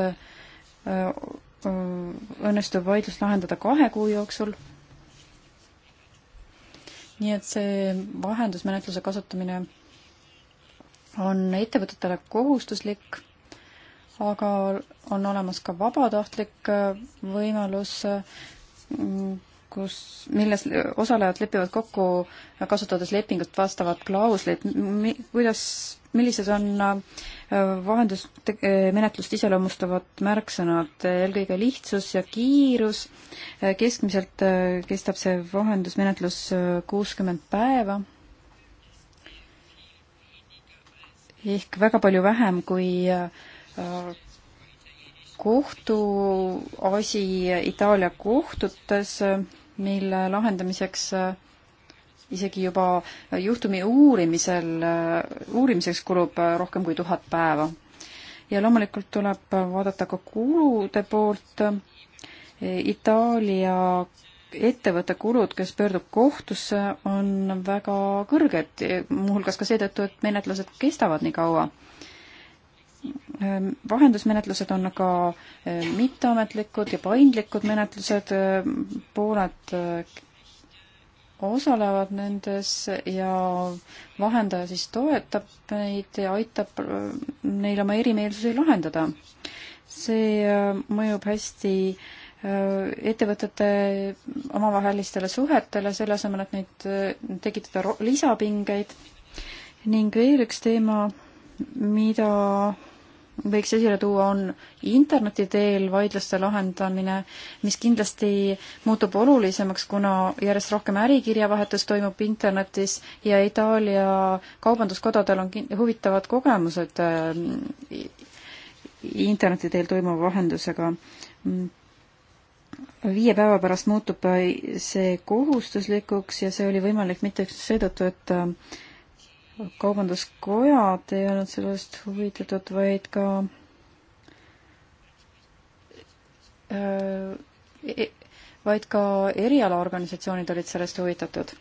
Äh, õnnestub vaidlus lahendada kahe kuu jooksul. nii et see vahendusmenetluse kasutamine on ettevõtetele kohustuslik, aga on olemas ka vabatahtlik äh, võimalus mm, kus, milles osalejad lepivad kokku, kasutades lepingut vastavat klauslit, kuidas, millised on äh, vahendusmenetlust äh, iseloomustavad märksõnad, eelkõige lihtsus ja kiirus, äh, keskmiselt kestab see vahendusmenetlus kuuskümmend päeva, ehk väga palju vähem kui kohtuasi Itaalia kohtutes mille lahendamiseks äh, isegi juba juhtumi uurimisel, äh, uurimiseks kulub äh, rohkem kui tuhat päeva. ja loomulikult tuleb vaadata ka kulude poolt. Itaalia ettevõtte kulud, kes pöördub kohtusse, on väga kõrged, muuhulgas ka seetõttu, et menetlused kestavad nii kaua. Ehm, vahendusmenetlused on aga ehm, mitteametlikud ja paindlikud menetlused, ehm, pooled osalevad nendes ja vahendaja siis toetab neid ja aitab neil oma erimeelsusi lahendada. see mõjub hästi ettevõtete omavahelistele suhetele, selle asemel, et neid tekitada lisapingeid. ning veel üks teema, mida võiks esile tuua, on interneti teel vaidluste lahendamine, mis kindlasti muutub olulisemaks, kuna järjest rohkem ärikirjavahetus toimub internetis ja Itaalia kaubanduskodadel on huvitavad kogemused äh, interneti teel toimuva vahendusega. viie päeva pärast muutub see kohustuslikuks ja see oli võimalik mitte üksnes seetõttu, et äh, kaubanduskojad ei olnud sellest huvitatud, vaid ka äh, e-, vaid ka erialaorganisatsioonid olid sellest huvitatud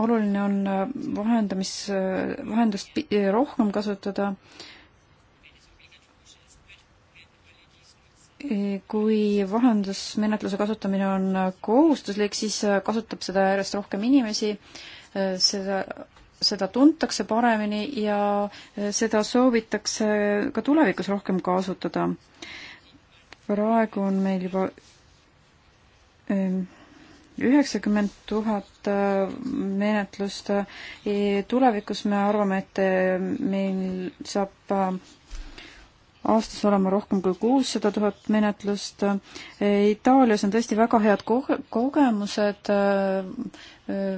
oluline on äh, vahendamis, äh, vahendust äh, rohkem kasutada, e, kui vahendusmenetluse kasutamine on kohustuslik, siis kasutab seda järjest rohkem inimesi, seda, seda tuntakse paremini ja seda soovitakse ka tulevikus rohkem kasutada. praegu on meil juba ähm, üheksakümmend tuhat äh, menetlust. Äh, tulevikus me arvame, et äh, meil saab aastas olema rohkem kui kuussada tuhat menetlust. Itaalias on tõesti väga head ko-, kogemused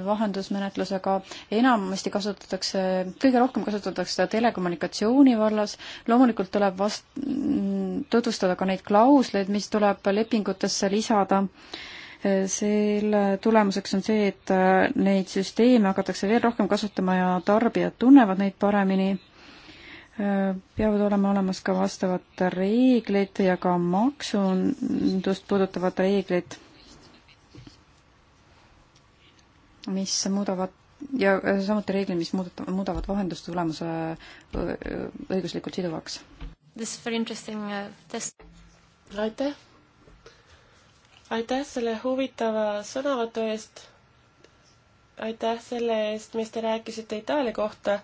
vahendusmenetlusega, enamasti kasutatakse, kõige rohkem kasutatakse seda telekommunikatsiooni vallas, loomulikult tuleb vast-, mm, tutvustada ka neid klausleid, mis tuleb lepingutesse lisada äh, selle tulemuseks on see, et äh, neid süsteeme hakatakse veel rohkem kasutama ja tarbijad tunnevad neid paremini. Äh, peavad olema olemas ka vastavad reeglid ja ka maksundust puudutavad reeglid, mis muudavad ja äh, samuti reeglid, mis muudavad, muudavad vahendustulemuse õiguslikult siduvaks. Uh, aitäh! aitäh selle huvitava sõnavõtu eest. aitäh selle eest, mis te rääkisite Itaalia kohta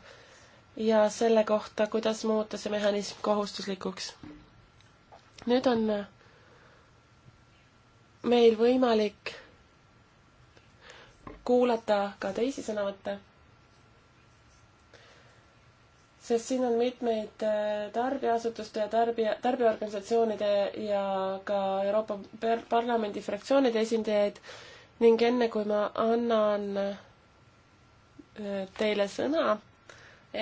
ja selle kohta, kuidas muuta see mehhanism kohustuslikuks. nüüd on meil võimalik kuulata ka teisi sõnavõtte sest siin on mitmeid äh, tarbijaasutuste ja tarbija, tarbijaorganisatsioonide ja ka Euroopa Parlamendi fraktsioonide esindajaid ning enne kui ma annan äh, teile sõna,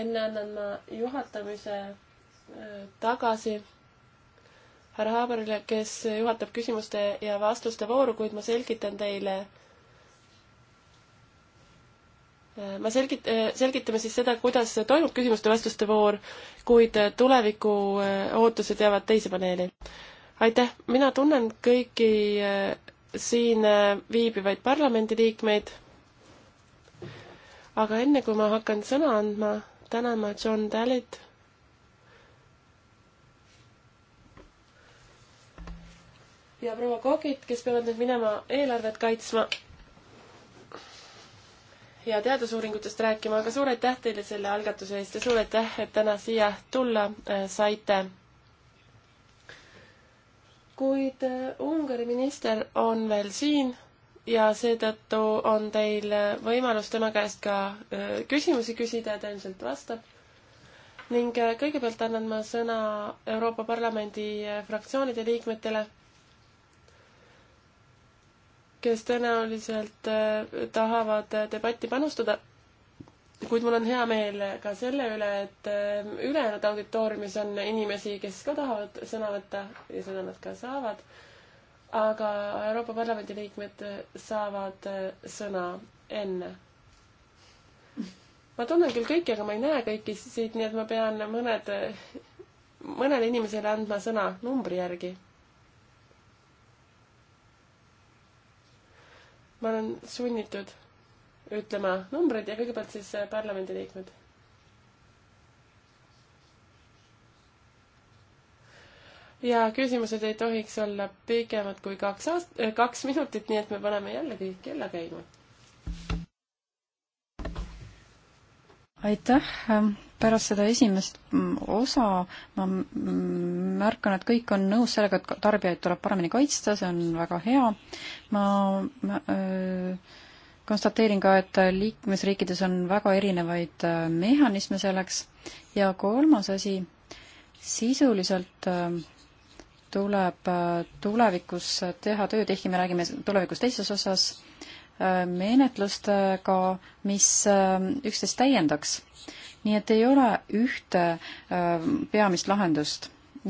enne annan ma juhatamise äh, tagasi härra Haaberile, kes juhatab küsimuste ja vastuste vooru, kuid ma selgitan teile Äh, ma selgit-, äh, selgitame siis seda, kuidas toimub küsimuste-vastuste voor, kuid äh, tuleviku ootused jäävad teise paneeli. aitäh, mina tunnen kõiki siin viibivaid parlamendiliikmeid, aga enne, kui ma hakkan sõna andma, tänan ma John Tallit ja proua Kogit, kes peavad nüüd minema eelarvet kaitsma ja teadusuuringutest rääkima, aga suur aitäh teile selle algatuse eest ja suur aitäh, et täna siia tulla äh, saite. kuid äh, Ungari minister on veel siin ja seetõttu on teil äh, võimalus tema käest ka küsimusi küsida ja ta ilmselt vastab. ning kõigepealt annan ma sõna Euroopa Parlamendi fraktsioonide liikmetele kes tõenäoliselt äh, tahavad äh, debatti panustada, kuid mul on hea meel ka selle üle, et äh, ülejäänud auditooriumis on inimesi, kes ka tahavad sõna võtta ja seda nad ka saavad. aga Euroopa Parlamendi liikmed saavad sõna enne. ma tunnen küll kõiki, aga ma ei näe kõiki siit, nii et ma pean mõned, mõnele inimesele andma sõna numbri järgi ma olen sunnitud ütlema numbreid ja kõigepealt siis äh, parlamendiliikmed. ja küsimused ei tohiks olla pikemad kui kaks aast-, äh, kaks minutit, nii et me paneme jällegi kella käima. aitäh ähm, pärast seda esimest mm, osa ma märkan, et kõik on nõus sellega, et tarbijaid tuleb paremini kaitsta, see on väga hea. ma, ma öö, konstateerin ka, et liikmesriikides on väga erinevaid mehhanisme selleks ja kolmas asi, sisuliselt tuleb tulevikus teha tööd, ehkki me räägime tulevikus teises osas, menetlustega, mis üksteist täiendaks nii et ei ole ühte äh, peamist lahendust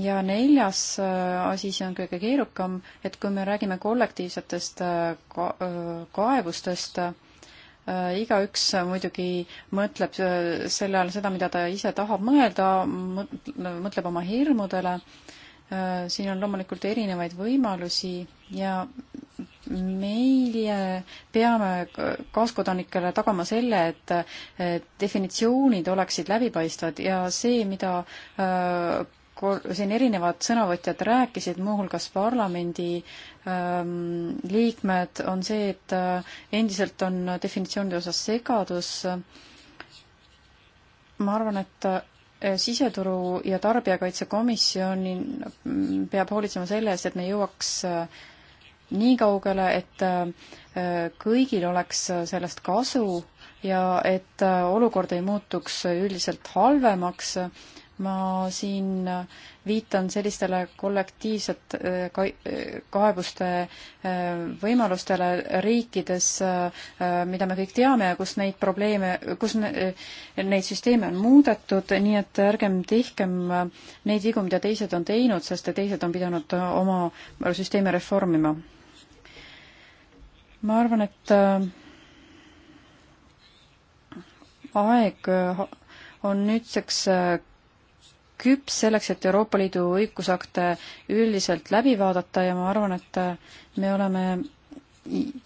ja neljas äh, asi, see on kõige keerukam, et kui me räägime kollektiivsetest äh, ka-, kaebustest, igaüks muidugi mõtleb selle all seda, mida ta ise tahab mõelda, mõtleb oma hirmudele, siin on loomulikult erinevaid võimalusi ja meie peame kaaskodanikele tagama selle, et definitsioonid oleksid läbipaistvad ja see, mida äh, siin erinevad sõnavõtjad rääkisid, muuhulgas parlamendi ähm, liikmed, on see, et äh, endiselt on definitsioonide osas segadus. ma arvan, et äh, siseturu ja tarbijakaitsekomisjon mm, peab hoolitsema selle eest, et me jõuaks äh, nii kaugele, et äh, kõigil oleks äh, sellest kasu ja et äh, olukord ei muutuks üldiselt halvemaks. ma siin viitan sellistele kollektiivset kaebuste võimalustele riikides, mida me kõik teame ja kus neid probleeme, kus neid süsteeme on muudetud, nii et ärgem tehkem neid vigu, mida teised on teinud, sest teised on pidanud oma süsteeme reformima ma arvan, et äh, aeg äh, on nüüdseks äh, küps selleks, et Euroopa Liidu õigusakte üldiselt läbi vaadata ja ma arvan, et me oleme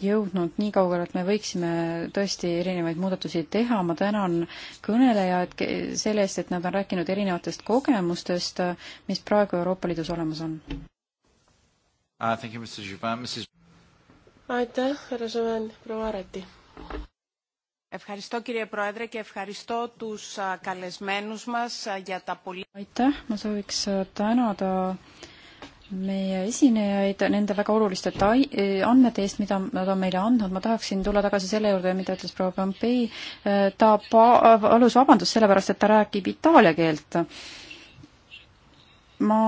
jõudnud nii kaugele, et me võiksime tõesti erinevaid muudatusi teha, ma tänan kõnelejaid selle eest, et nad on rääkinud erinevatest kogemustest, mis praegu Euroopa Liidus olemas on. Uh, aitäh, härra Sõven, proua Areti. Ευχαριστώ κύριε Πρόεδρε και ευχαριστώ τους καλεσμένους μας για τα πολύ... Aitäh, ma sooviks tänada meie esinejaid nende väga oluliste tai-, e, andmete eest, mida nad on meile andnud, ma tahaksin tulla tagasi selle juurde, mida ütles proua Pompei, e, ta pa-, palus vabandust sellepärast, et ta räägib itaalia keelt. ma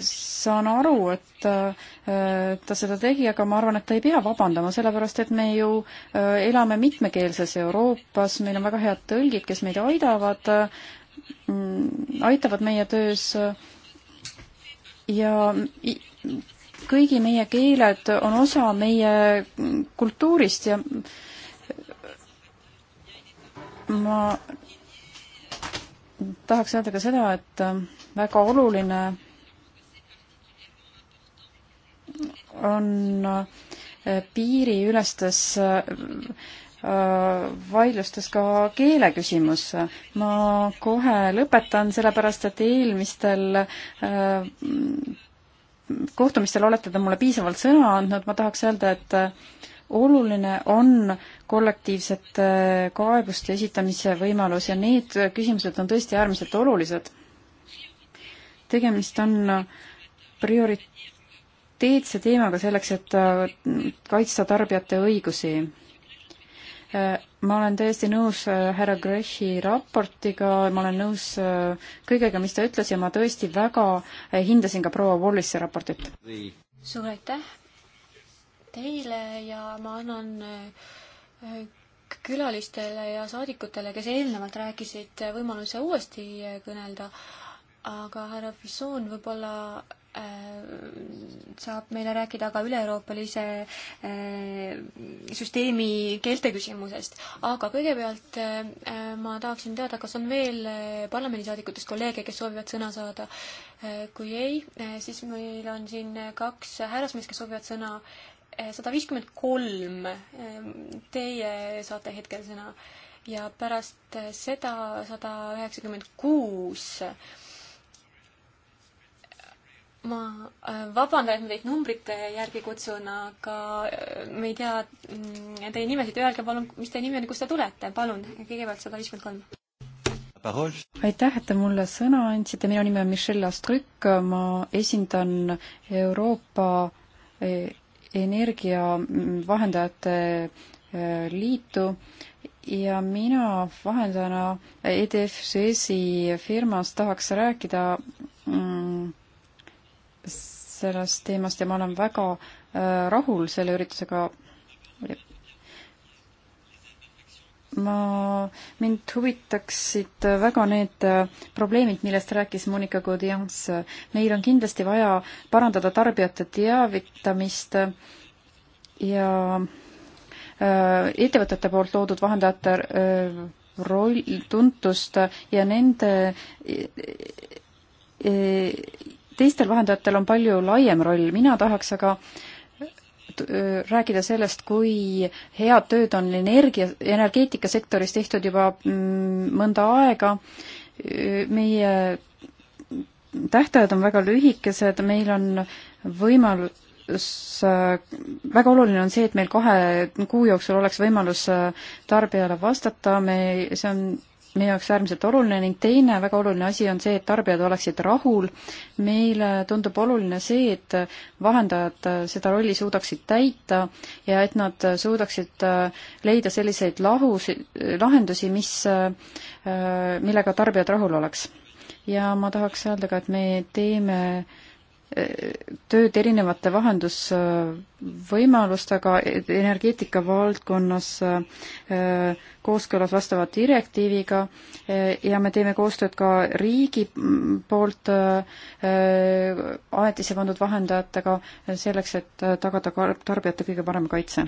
saan aru, et äh, ta seda tegi, aga ma arvan, et ta ei pea vabandama, sellepärast et me ju äh, elame mitmekeelses Euroopas, meil on väga head tõlgid, kes meid aidavad, mm, aitavad meie töös ja kõigi meie keeled on osa meie kultuurist ja ma tahaks öelda ka seda, et äh, väga oluline on äh, piiriülestes äh, vaidlustes ka keele küsimus. ma kohe lõpetan, sellepärast et eelmistel äh, kohtumistel olete te mulle piisavalt sõna andnud, ma tahaks öelda, et oluline on kollektiivsete kaebuste esitamise võimalus ja need küsimused on tõesti äärmiselt olulised. tegemist on priori-, teed see teemaga selleks, et äh, kaitsta tarbijate õigusi? Äh, ma olen täiesti nõus äh, härra Grechi raportiga, ma olen nõus kõigega, mis ta ütles ja ma tõesti väga hindasin ka proua Wallise raportit. suur aitäh teile ja ma annan külalistele ja saadikutele, kes eelnevalt rääkisid, võimaluse uuesti kõnelda, aga härra Fisson võib-olla Äh, saab meile rääkida ka üle-euroopalise äh, süsteemi keelte küsimusest. aga kõigepealt äh, ma tahaksin teada, kas on veel parlamendisaadikutest kolleege, kes soovivad sõna saada. kui ei, siis meil on siin kaks härrasmeest, kes soovivad sõna. sada viiskümmend kolm, teie saate hetkel sõna ja pärast seda sada üheksakümmend kuus ma äh, vabandan, et ma teid numbrite järgi kutsun, aga äh, me ei tea mm, teie nimesid. Öelge palun, mis teie nimi on ja kust te tulete, palun. kõigepealt sada viiskümmend kolm. aitäh, et te mulle sõna andsite. minu nimi on Michelle Astrük, ma esindan Euroopa eh, Energiavahendajate eh, Liitu ja mina vahendajana EDF-i firmas tahaks rääkida mm, sellest teemast ja ma olen väga äh, rahul selle üritusega. ma, mind huvitaksid väga need äh, probleemid, millest rääkis Monika Gaudians. meil on kindlasti vaja parandada tarbijate teavitamist ja äh, ettevõtete poolt loodud vahendajate roll, tuntust ja nende teistel vahendajatel on palju laiem roll, mina tahaks aga rääkida sellest, kui head tööd on energia, energeetikasektoris tehtud juba mm, mõnda aega, meie tähtajad on väga lühikesed, meil on võimalus, väga oluline on see, et meil kahe kuu jooksul oleks võimalus tarbijale vastata, me, see on meie jaoks äärmiselt oluline ning teine väga oluline asi on see, et tarbijad oleksid rahul. meile tundub oluline see, et vahendajad seda rolli suudaksid täita ja et nad suudaksid leida selliseid lahus, lahendusi, mis, millega tarbijad rahul oleks. ja ma tahaks öelda ka, et me teeme tööd erinevate vahendus võimalustega energeetika valdkonnas äh, kooskõlas vastava direktiiviga äh, ja me teeme koostööd ka riigi poolt äh, ametisse pandud vahendajatega selleks, et tagada tarbijate kõige parem kaitse.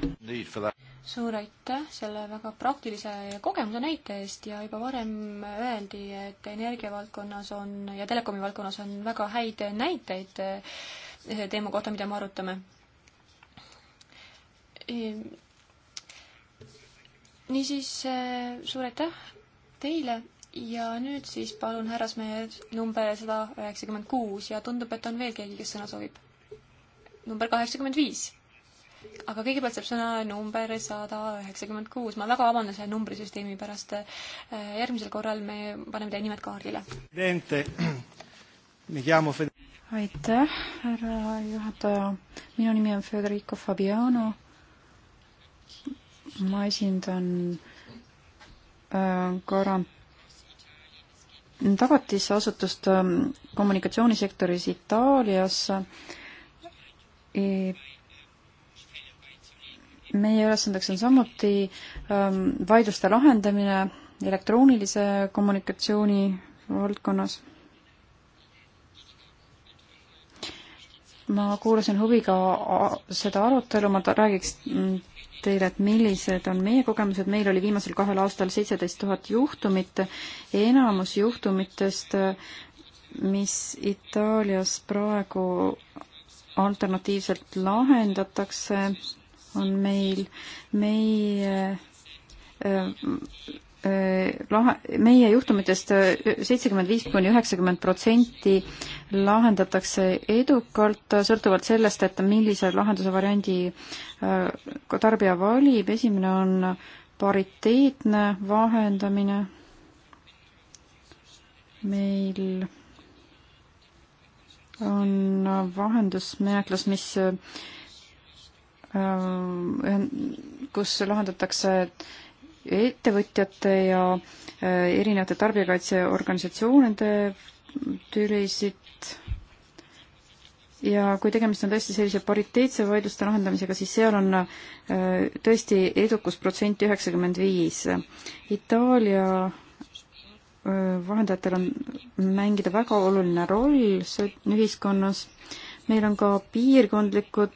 suur aitäh selle väga praktilise kogemuse näite eest ja juba varem öeldi, et energiavaldkonnas on ja telekomi valdkonnas on väga häid näiteid teema kohta, mida me arutame Ehm, niisiis eh, suur aitäh teile ja nüüd siis palun härrasmehe number sada üheksakümmend kuus ja tundub, et on veel keegi, kes sõna soovib. number kaheksakümmend viis. aga kõigepealt saab sõna number sada üheksakümmend kuus. ma väga vabandan selle numbrisüsteemi pärast. Eh, järgmisel korral me paneme teie nimed kaardile. aitäh, härra juhataja. minu nimi on Federico Fabiano ma esindan äh, garant-, tagatisasutust ähm, kommunikatsioonisektoris Itaalias e meie ülesandeks on samuti ähm, vaidluste lahendamine elektroonilise kommunikatsiooni valdkonnas. ma kuulasin huviga seda arutelu, ma räägiks mm, teile, et millised on meie kogemused, meil oli viimasel kahel aastal seitseteist tuhat juhtumit, enamus juhtumitest, mis Itaalias praegu alternatiivselt lahendatakse, on meil meie Äh, lahe, meie juhtumitest äh, seitsekümmend viis kuni üheksakümmend protsenti lahendatakse edukalt, sõltuvalt sellest, et millise lahenduse variandi äh, tarbija valib, esimene on pariteetne vahendamine meil on vahendusmenetlus, mis kus lahendatakse ettevõtjate ja äh, erinevate tarbijakaitseorganisatsioonide tülisid ja kui tegemist on tõesti sellise pariteetse vaidluste lahendamisega, siis seal on äh, tõesti edukusprotsent üheksakümmend viis. Itaalia äh, vahendajatel on mängida väga oluline roll ühiskonnas. meil on ka piirkondlikud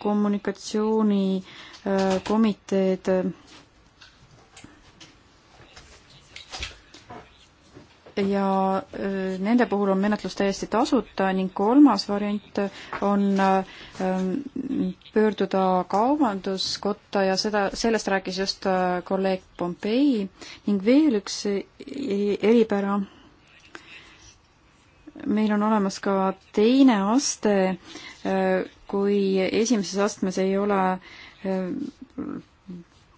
kommunikatsioonikomiteed ja nende puhul on menetlus täiesti tasuta ning kolmas variant on pöörduda kaubanduskotta ja seda, sellest rääkis just kolleeg Pompei ning veel üks e-, eripära. meil on olemas ka teine aste, kui esimeses astmes ei ole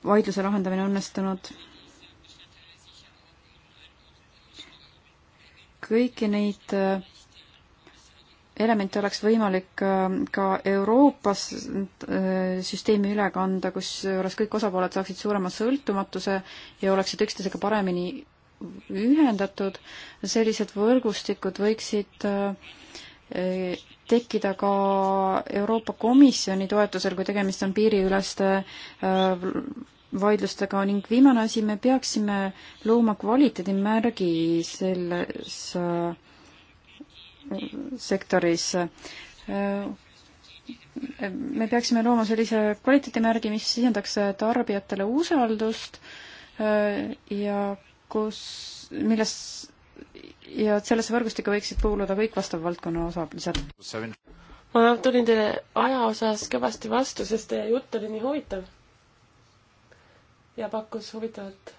vaidluse lahendamine õnnestunud kõiki neid äh, elemente oleks võimalik äh, ka Euroopas äh, süsteemi üle kanda, kusjuures kõik osapooled saaksid suurema sõltumatuse ja oleksid üksteisega paremini ühendatud. sellised võrgustikud võiksid tekkida ka Euroopa Komisjoni toetusel, kui tegemist on piiriüleste vaidlustega ning viimane asi, me peaksime looma kvaliteedimärgi selles äh, sektoris. Äh, me peaksime looma sellise kvaliteedimärgi, mis sisendaks tarbijatele usaldust äh, ja kus, milles ja sellesse võrgustikku võiksid kuuluda kõik vastava valdkonna osalised. ma tulin teile aja osas kõvasti vastu, sest teie jutt oli nii huvitav ja pakkus huvitavat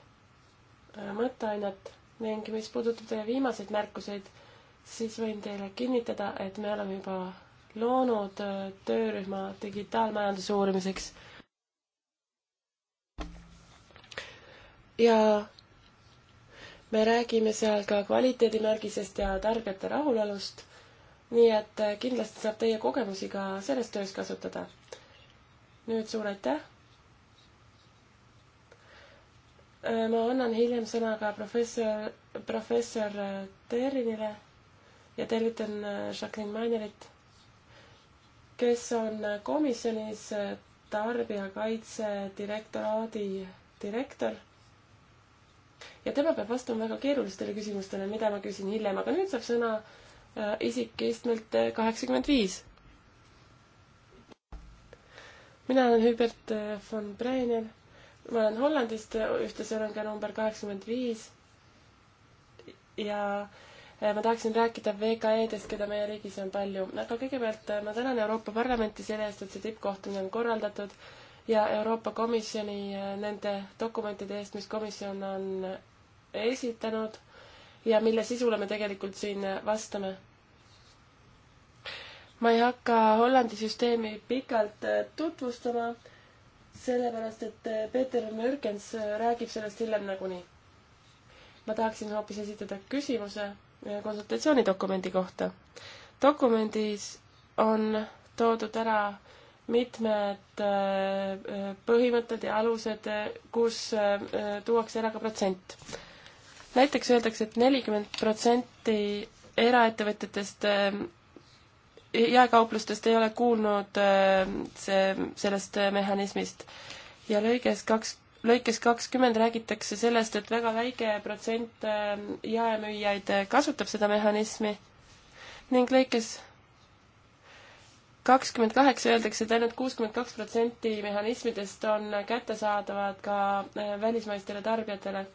äh, mõtteainet ning mis puudutab teie viimaseid märkuseid, siis võin teile kinnitada, et me oleme juba loonud äh, töörühma digitaalmajanduse uurimiseks. ja me räägime seal ka kvaliteedimärgisest ja tarbijate rahulolust. nii et äh, kindlasti saab teie kogemusi ka selles töös kasutada. nüüd suur aitäh Äh, ma annan hiljem sõna ka professor, professor äh, Terrinile ja tervitan äh, Jacqueline Mainerit, kes on komisjonis tarbijakaitse direktoraadi direktor. ja tema peab vastama väga keerulistele küsimustele, mida ma küsin hiljem, aga nüüd saab sõna isik istmelt kaheksakümmend viis. mina olen Hubert von Breiner ma olen Hollandist, ühtlasi olen ka number kaheksakümmend viis. ja äh, ma tahaksin rääkida VKE-dest, keda meie riigis on palju, aga kõigepealt äh, ma tänan Euroopa Parlamenti selle eest, et see tippkohtumine on korraldatud ja Euroopa Komisjoni äh, nende dokumentide eest, mis komisjon on esitanud ja mille sisule me tegelikult siin vastame. ma ei hakka Hollandi süsteemi pikalt tutvustama sellepärast, et eh, Peeter Mürkens eh, räägib sellest hiljem nagunii. ma tahaksin hoopis esitada küsimuse eh, konsultatsioonidokumendi kohta. dokumendis on toodud ära mitmed põhimõtted ja alused, kus tuuakse ära ka protsent. näiteks öeldakse et, et nelikümmend protsenti eraettevõtjatest jaekauplustest ei ole kuulnud äh, see, sellest äh, mehhanismist. ja lõiges kaks, lõikes kakskümmend räägitakse sellest, et väga väike protsent äh, jaemüüjaid kasutab seda mehhanismi ning lõikes kakskümmend kaheksa öeldakse, et ainult kuuskümmend kaks protsenti mehhanismidest on kättesaadavad ka välismaistele tarbijatele.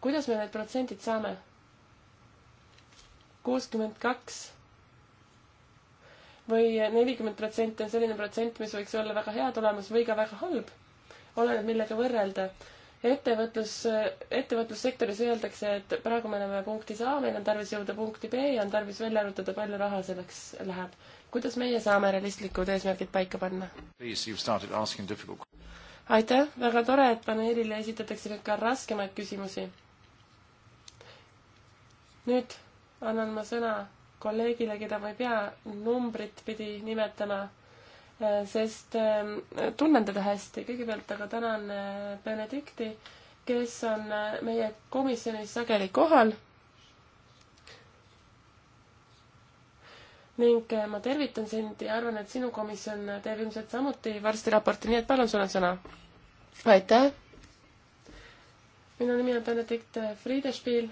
kuidas me need protsendid saame? kuuskümmend kaks või nelikümmend protsenti on selline protsent, mis võiks olla väga hea tulemus või ka väga halb. oleneb, millega võrrelda. ettevõtlus, ettevõtlussektoris öeldakse, et praegu me oleme punktis A, meil on tarvis jõuda punkti B ja on tarvis välja arvutada, palju raha selleks läheb. kuidas meie saame realistlikud eesmärgid paika panna? aitäh, väga tore, et paneelile esitatakse nüüd ka raskemaid küsimusi. nüüd annan ma sõna kolleegile, keda ma ei pea numbrit pidi nimetama, äh, sest äh, tunnen teda hästi. kõigepealt aga tänan äh, Benedikti, kes on meie komisjonis sageli kohal. ning ma tervitan sind ja arvan, et sinu komisjon teeb ilmselt samuti varsti raporti, nii et palun, sul on sõna. aitäh! minu nimi on Benedikt Friedespiel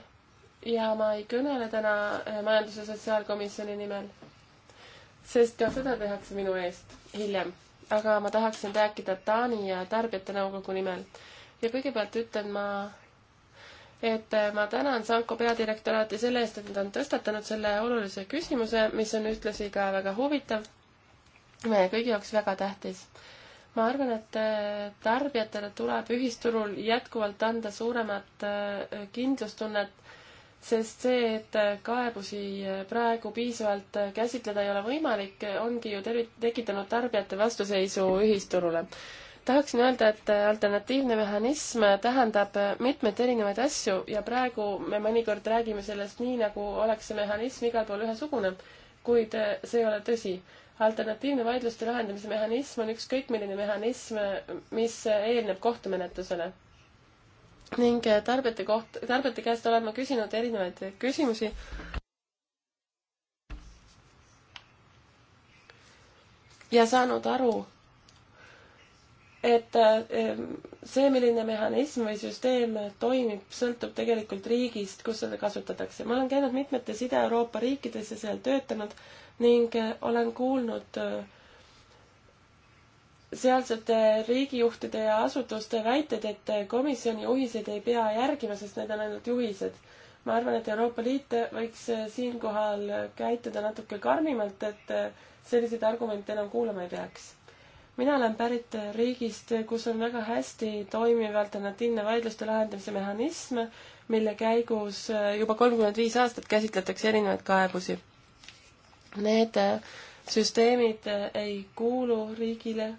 ja ma ei kõnele täna äh, Majandus- ja Sotsiaalkomisjoni nimel, sest ka seda tehakse minu eest hiljem. aga ma tahaksin rääkida Taani ja Tarbijate Nõukogu nimel. ja kõigepealt ütlen ma et äh, ma tänan Sanko peadirektoraati selle eest, et nad on tõstatanud selle olulise küsimuse, mis on ühtlasi ka väga huvitav, meie kõigi jaoks väga tähtis. ma arvan, et äh, tarbijatele tuleb ühisturul jätkuvalt anda suuremat kindlustunnet sest see, et kaebusi praegu piisavalt käsitleda ei ole võimalik, ongi ju tervi-, tekitanud tarbijate vastuseisu ühisturule. tahaksin öelda, et alternatiivne mehhanism tähendab mitmeid erinevaid asju ja praegu me mõnikord räägime sellest nii, nagu oleks see mehhanism igal pool ühesugune, kuid see ei ole tõsi. alternatiivne vaidluste lahendamise mehhanism on ükskõik milline mehhanism, mis eelneb kohtumenetlusele ning eh, tarbijate koht, tarbijate käest olen ma küsinud erinevaid küsimusi. ja saanud aru, et eh, see, milline mehhanism või süsteem toimib, sõltub tegelikult riigist, kus seda kasutatakse. ma olen käinud mitmetes Ida-Euroopa riikides ja seal töötanud ning eh, olen kuulnud äh, sealsete riigijuhtide ja asutuste väited, et komisjoni juhiseid ei pea järgima, sest need on ainult juhised. ma arvan, et Euroopa Liit võiks eh, siinkohal käituda natuke karmimalt, et eh, selliseid argumente enam kuulama ei peaks. mina olen pärit riigist, kus on väga hästi toimiv alternatiivne vaidluste lahendamise mehhanism, mille käigus eh, juba kolmkümmend viis aastat käsitletakse erinevaid kaebusi. Need süsteemid ei kuulu riigile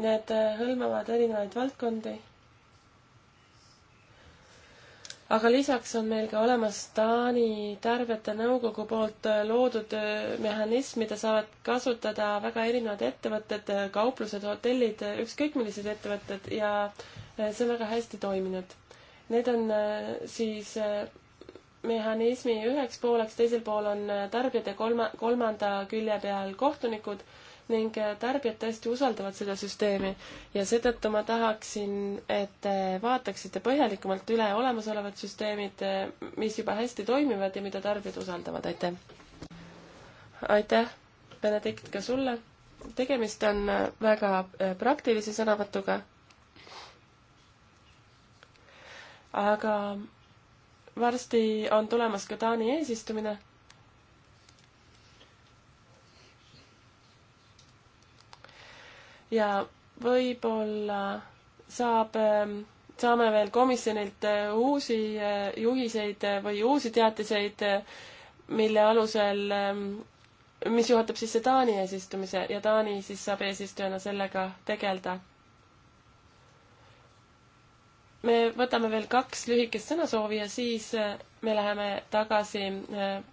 Need äh, hõlmavad erinevaid valdkondi. aga lisaks on meil ka olemas Taani Tarbijate Nõukogu poolt äh, loodud äh, mehhanism, mida saavad kasutada väga erinevad ettevõtted, kauplused, hotellid, ükskõik millised ettevõtted ja see on väga hästi toiminud. Need on siis mehhanismi üheks pooleks, teisel pool on tarbijad ja kolma, kolmanda külje peal kohtunikud ning äh, tarbijad tõesti usaldavad seda süsteemi ja seetõttu ma tahaksin, et te äh, vaataksite põhjalikumalt üle olemasolevad süsteemid, äh, mis juba hästi toimivad ja mida tarbijad usaldavad, aitäh! aitäh, Benedikt, ka sulle! tegemist on väga praktilise sõnavõtuga, aga varsti on tulemas ka Taani eesistumine ja võib-olla saab, ähm, saame veel komisjonilt äh, uusi äh, juhiseid äh, või uusi teatiseid, mille alusel, ähm, mis juhatab sisse Taani eesistumise ja Taani siis saab eesistujana sellega tegeleda me võtame veel kaks lühikest sõnasoovi ja siis me läheme tagasi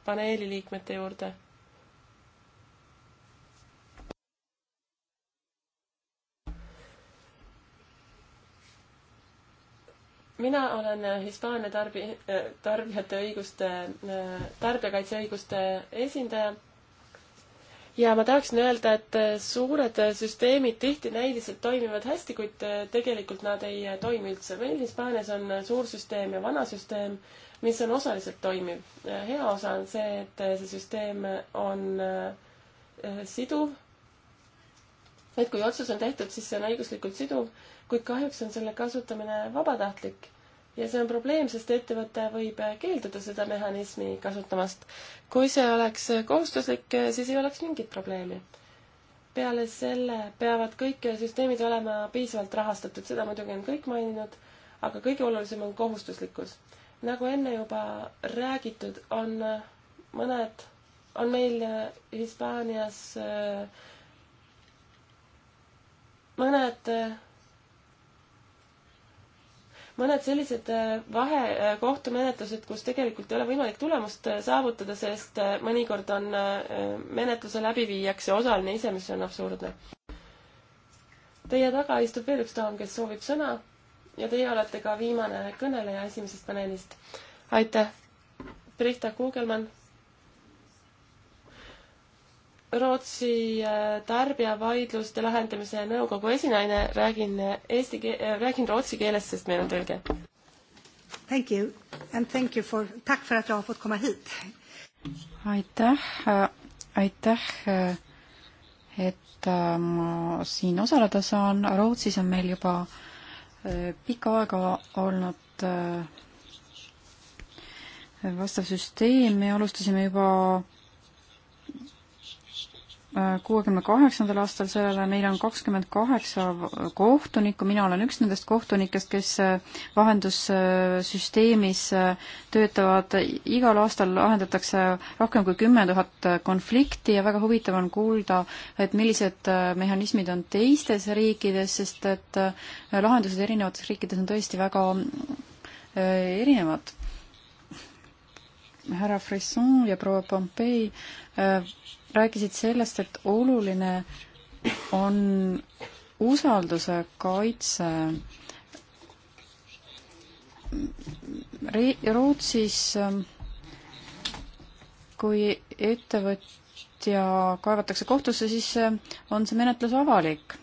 paneeli liikmete juurde. mina olen äh, Hispaania tarbi-, äh, tarbijate õiguste, äh, tarbijakaitseõiguste esindaja ja ma tahaksin öelda, et suured süsteemid tihti näiliselt toimivad hästi, kuid tegelikult nad ei toimi üldse. meil Hispaanias on suur süsteem ja vana süsteem, mis on osaliselt toimiv. hea osa on see, et see süsteem on siduv, et kui otsus on tehtud, siis see on õiguslikult siduv kuid kahjuks on selle kasutamine vabatahtlik ja see on probleem, sest ettevõte võib keelduda seda mehhanismi kasutamast. kui see oleks kohustuslik, siis ei oleks mingit probleemi. peale selle peavad kõik süsteemid olema piisavalt rahastatud, seda muidugi on kõik maininud, aga kõige olulisem on kohustuslikkus. nagu enne juba räägitud, on mõned, on meil Hispaanias äh, mõned äh, mõned sellised äh, vahekohtumenetlused, äh, kus tegelikult ei ole võimalik tulemust äh, saavutada, sest mõnikord on menetluse läbiviijaks ja osaline ise, mis on absurdne. Teie taga istub veel üks daam, kes soovib sõna ja teie olete ka viimane kõneleja esimesest paneelist. aitäh! Brita Kuugelmann Rootsi äh, tarbijavaidluste lahendamise nõukogu esinaine, räägin äh, eesti keel, äh, räägin rootsi keeles, sest meil on tõlge. Thank you and thank you for, tack för att jag har fått komma hit. aitäh, aitäh, et ma siin osaleda saan, Rootsis on meil juba pikka aega olnud vastav süsteem, me alustasime juba kuuekümne kaheksandal aastal sellele, meil on kakskümmend kaheksa kohtunikku, mina olen üks nendest kohtunikest, kes äh, vahendussüsteemis äh, töötavad, igal aastal lahendatakse rohkem kui kümme tuhat äh, konflikti ja väga huvitav on kuulda, et millised mehhanismid on teistes riikides, sest et lahendused erinevates riikides on tõesti väga erinevad. härra Frisson ja proua Pompei rääkisid sellest, et oluline on usalduse kaitse Re-, Rootsis ähm, kui ettevõtja kaevatakse kohtusse, siis ähm, on see menetlus avalik.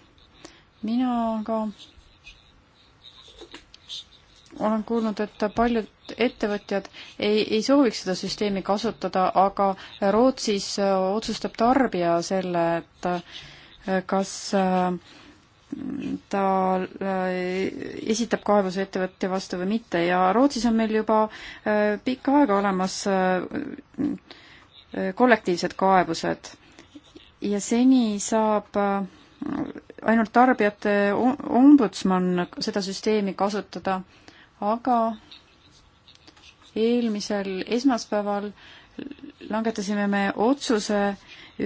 mina ka olen kuulnud, et paljud ettevõtjad ei, ei sooviks seda süsteemi kasutada, aga Rootsis äh, otsustab tarbija selle, et äh, kas äh, ta esitab kaebuse ettevõtja vastu või mitte ja Rootsis on meil juba pikka aega olemas kollektiivsed kaebused ja seni saab ainult tarbijate ombudsman seda süsteemi kasutada aga eelmisel esmaspäeval langetasime me otsuse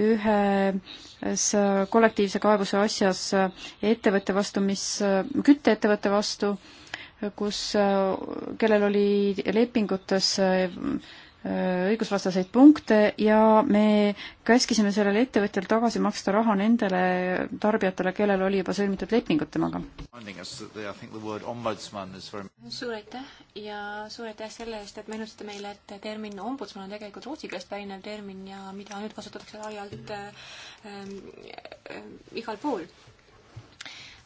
ühes kollektiivse kaebuse asjas ettevõtte vastu, mis, kütteettevõtte vastu, kus, kellel oli lepingutes Äh, õigusvastaseid punkte ja me käskisime sellel ettevõtjal tagasi maksta raha nendele tarbijatele, kellel oli juba sõlmitud lepingud temaga. suur aitäh ja suur aitäh selle eest, et meenutasite meile, et termin ombudsman on tegelikult rootsi keelest pärinev termin ja mida nüüd kasutatakse laialt ähm, äh, igal pool.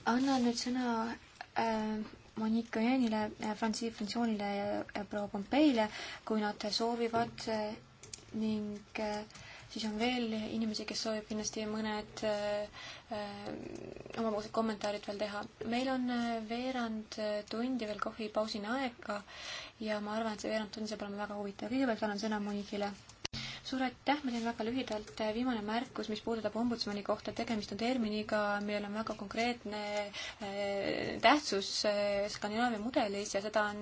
annan nüüd sõna äh, Monika Jänile, Franci Fantsioonile ja proua Pompeile, kui nad soovivad ning siis on veel inimesi, kes soovib kindlasti mõned omapoolsed kommentaarid veel teha. meil on veerand tundi veel kohvipausini aega ja ma arvan, et see veerand tundi saab olema väga huvitav. kõigepealt annan sõna Monikile suur aitäh, ma teen väga lühidalt äh, viimane märkus, mis puudutab ombudsmani kohta, tegemist on terminiga, millel on väga konkreetne äh, tähtsus äh, Skandinaavia mudelis ja seda on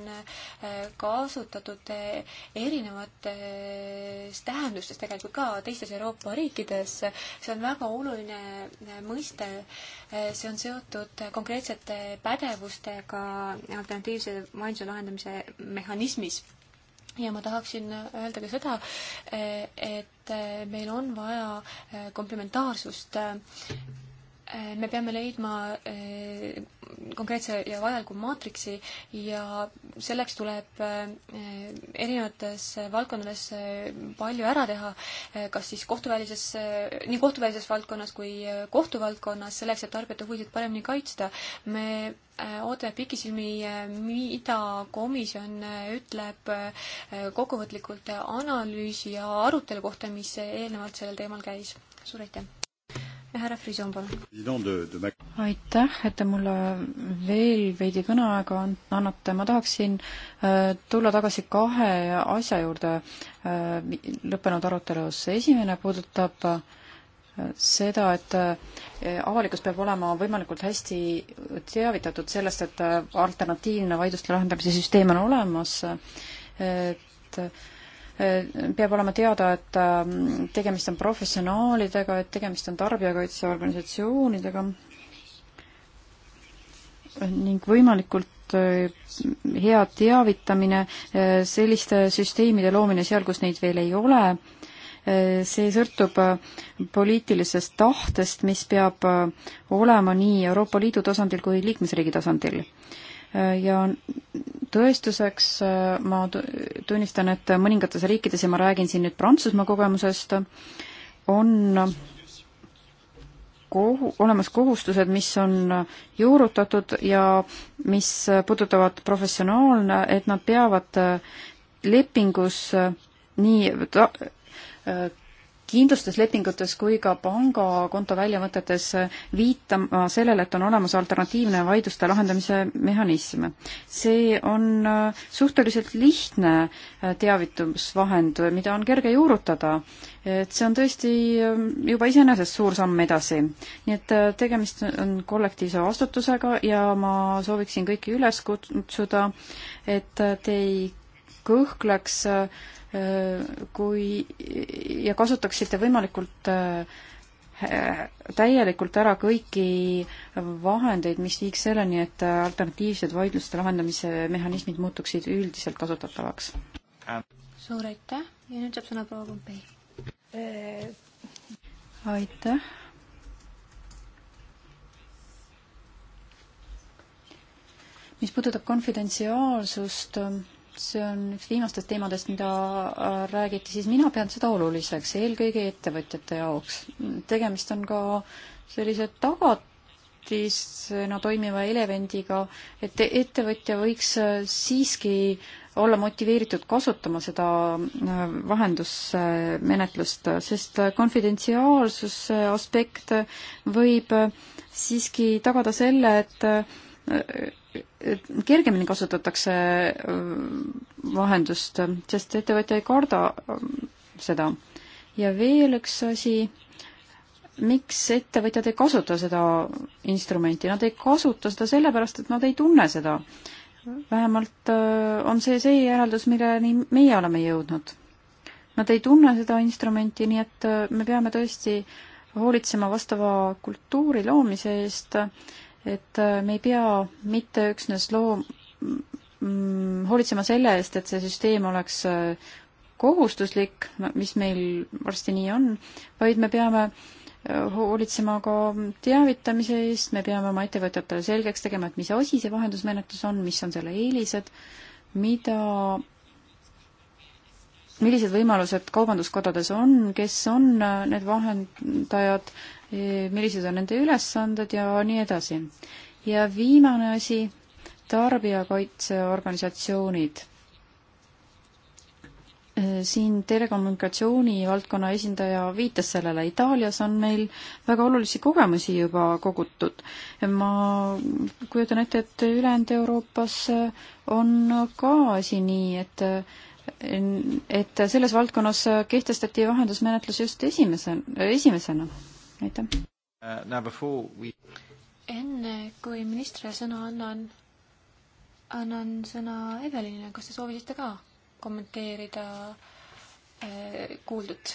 kasutatud erinevates tähendustes tegelikult ka teistes Euroopa riikides. see on väga oluline mõiste, see on seotud konkreetsete pädevustega alternatiivse vaidluse lahendamise mehhanismis ja ma tahaksin öelda ka seda, eh, et eh, meil on vaja eh, komplementaarsust me peame leidma eh, konkreetse ja vajaliku maatriksi ja selleks tuleb eh, erinevates valdkondades eh, palju ära teha, kas siis kohtuvälises, nii kohtuvälises valdkonnas kui kohtuvaldkonnas, selleks, et tarbijate huvisid paremini kaitsta. me ootame pikisilmi, mida komisjon ütleb kokkuvõtlikult analüüsi ja arutelu kohta, mis eelnevalt sellel teemal käis. suur aitäh! härra Frison, palun. aitäh, et te mulle veel veidi kõneaega annate, ma tahaksin äh, tulla tagasi kahe asja juurde äh, lõppenud arutelus. esimene puudutab äh, seda, et avalikkus peab olema võimalikult hästi teavitatud sellest, et alternatiivne vaidluste lahendamise süsteem on olemas, et peab olema teada, et ähm, tegemist on professionaalidega, et tegemist on tarbijakaitseorganisatsioonidega ning võimalikult äh, hea teavitamine, äh, selliste süsteemide loomine seal, kus neid veel ei ole, äh, see sõltub poliitilisest tahtest, mis peab olema nii Euroopa Liidu tasandil kui liikmesriigi tasandil ja tõestuseks äh, ma tunnistan, et mõningates riikides ja ma räägin siin nüüd Prantsusmaa kogemusest, on kohu-, olemas kohustused, mis on juurutatud ja mis puudutavad professionaalne, et nad peavad lepingus nii ta-, äh, kindlustuslepingutes kui ka pangakonto väljavõtetes viitama sellele, et on olemas alternatiivne vaidluste lahendamise mehhanism. see on äh, suhteliselt lihtne äh, teavitusvahend, mida on kerge juurutada. et see on tõesti äh, juba iseenesest suur samm edasi. nii et tegemist on kollektiivse vastutusega ja ma sooviksin kõiki üles kutsuda, et te ei kõhkleks, äh, kui ja kasutaksite võimalikult äh, täielikult ära kõiki vahendeid, mis viiks selleni, et alternatiivsed vaidluste lahendamise mehhanismid muutuksid üldiselt kasutatavaks. suur aitäh ja nüüd saab sõna proua Pompei. Äh. aitäh. mis puudutab konfidentsiaalsust, see on üks viimastest teemadest, mida äh, räägiti, siis mina pean seda oluliseks, eelkõige ettevõtjate jaoks. tegemist on ka sellise tagatisena toimiva elevendiga, et ettevõtja võiks äh, siiski olla motiveeritud kasutama seda äh, vahendusmenetlust, sest konfidentsiaalsuse aspekt võib siiski tagada selle, et kergemini kasutatakse äh, vahendust, sest ettevõtja ei karda äh, seda. ja veel üks asi, miks ettevõtjad ei kasuta seda instrumenti, nad ei kasuta seda sellepärast, et nad ei tunne seda. vähemalt äh, on see see järeldus, milleni meie oleme jõudnud. Nad ei tunne seda instrumenti, nii et me peame tõesti hoolitsema vastava kultuuri loomise eest, et äh, me ei pea mitte üksnes loo-, mm, hoolitsema selle eest, et see süsteem oleks äh, kohustuslik, mis meil varsti nii on, vaid me peame äh, hoolitsema ka teavitamise eest, me peame oma ettevõtjatele selgeks tegema, et mis asi see vahendusmenetlus on, mis on selle eelised, mida, millised võimalused kaubanduskodades on, kes on need vahendajad, E, millised on nende ülesanded ja nii edasi. ja viimane asi, tarbijakaitseorganisatsioonid. E, siin telekommunikatsiooni valdkonna esindaja viitas sellele, Itaalias on meil väga olulisi kogemusi juba kogutud. ma kujutan ette, et ülejäänud Euroopas on ka asi nii, et et selles valdkonnas kehtestati vahendusmenetlus just esimese, esimesena aitäh uh,. We... enne kui ministrile sõna annan, annan sõna Evelinile, kas te soovisite ka kommenteerida uh, kuuldut?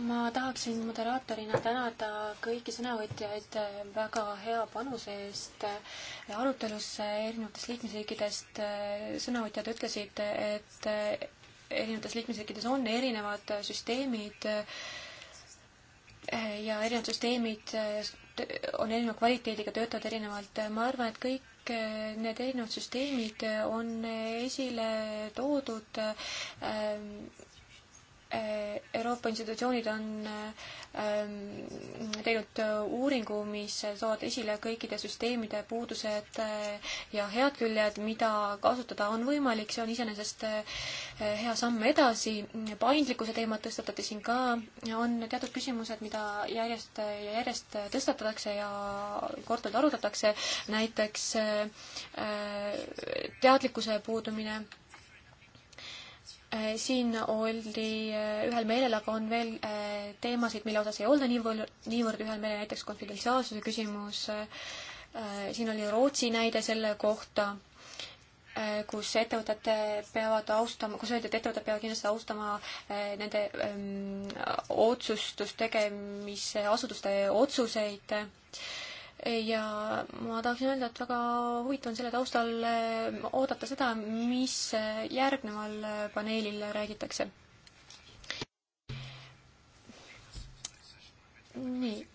ma tahaksin moderaatorina tänada kõiki sõnavõtjaid väga hea panuse eest arutelusse erinevatest liikmesriikidest. sõnavõtjad ütlesid, et erinevates liikmesriikides on erinevad äh, süsteemid äh, ja erinevad süsteemid äh, on erineva kvaliteediga, töötavad erinevalt. ma arvan, et kõik need erinevad süsteemid on esile toodud Eh, Euroopa institutsioonid on ehm, teinud eh, uuringu, mis toovad esile kõikide süsteemide puudused eh, ja head küljed, mida kasutada on võimalik, see on iseenesest hea samm edasi. paindlikkuse teemat tõstatati siin ka, on teatud küsimused, mida järjest ja järjest tõstatatakse ja korduvalt arutatakse, näiteks teadlikkuse puudumine Äh, siin oldi äh, ühel meelel, aga on veel äh, teemasid, mille osas ei olda niivõrd, niivõrd ühel meelel, näiteks konfidentsiaalsuse küsimus. siin oli Rootsi näide selle kohta, kus ettevõtted peavad austama, kus öeldi, et ettevõtted peavad kindlasti austama nende ähm, otsustustegemise asutuste otsuseid ja ma tahaksin öelda, et väga huvitav on selle taustal eh, oodata seda, mis eh, järgneval eh, paneelil räägitakse. nii.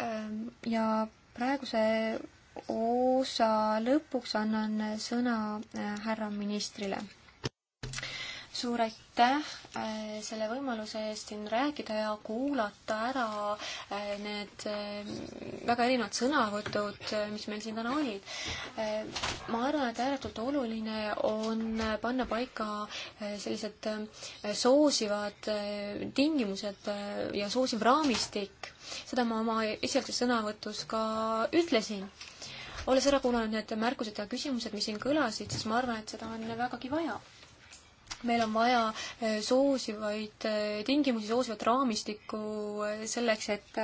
Ehm, ja praeguse osa lõpuks annan sõna härra ministrile suur aitäh äh, selle võimaluse eest siin rääkida ja kuulata ära äh, need äh, väga erinevad sõnavõtud, mis meil siin täna olid. ma arvan, et ääretult oluline on panna paika sellised soosivad tingimused ja soosiv raamistik. seda ma oma esialgses sõnavõtus ka ütlesin olles ära kuulanud need märkused ja küsimused, mis siin kõlasid, siis ma arvan, et seda on vägagi vaja meil on vaja eh, soosivaid eh, tingimusi, soosivat raamistikku eh, selleks, et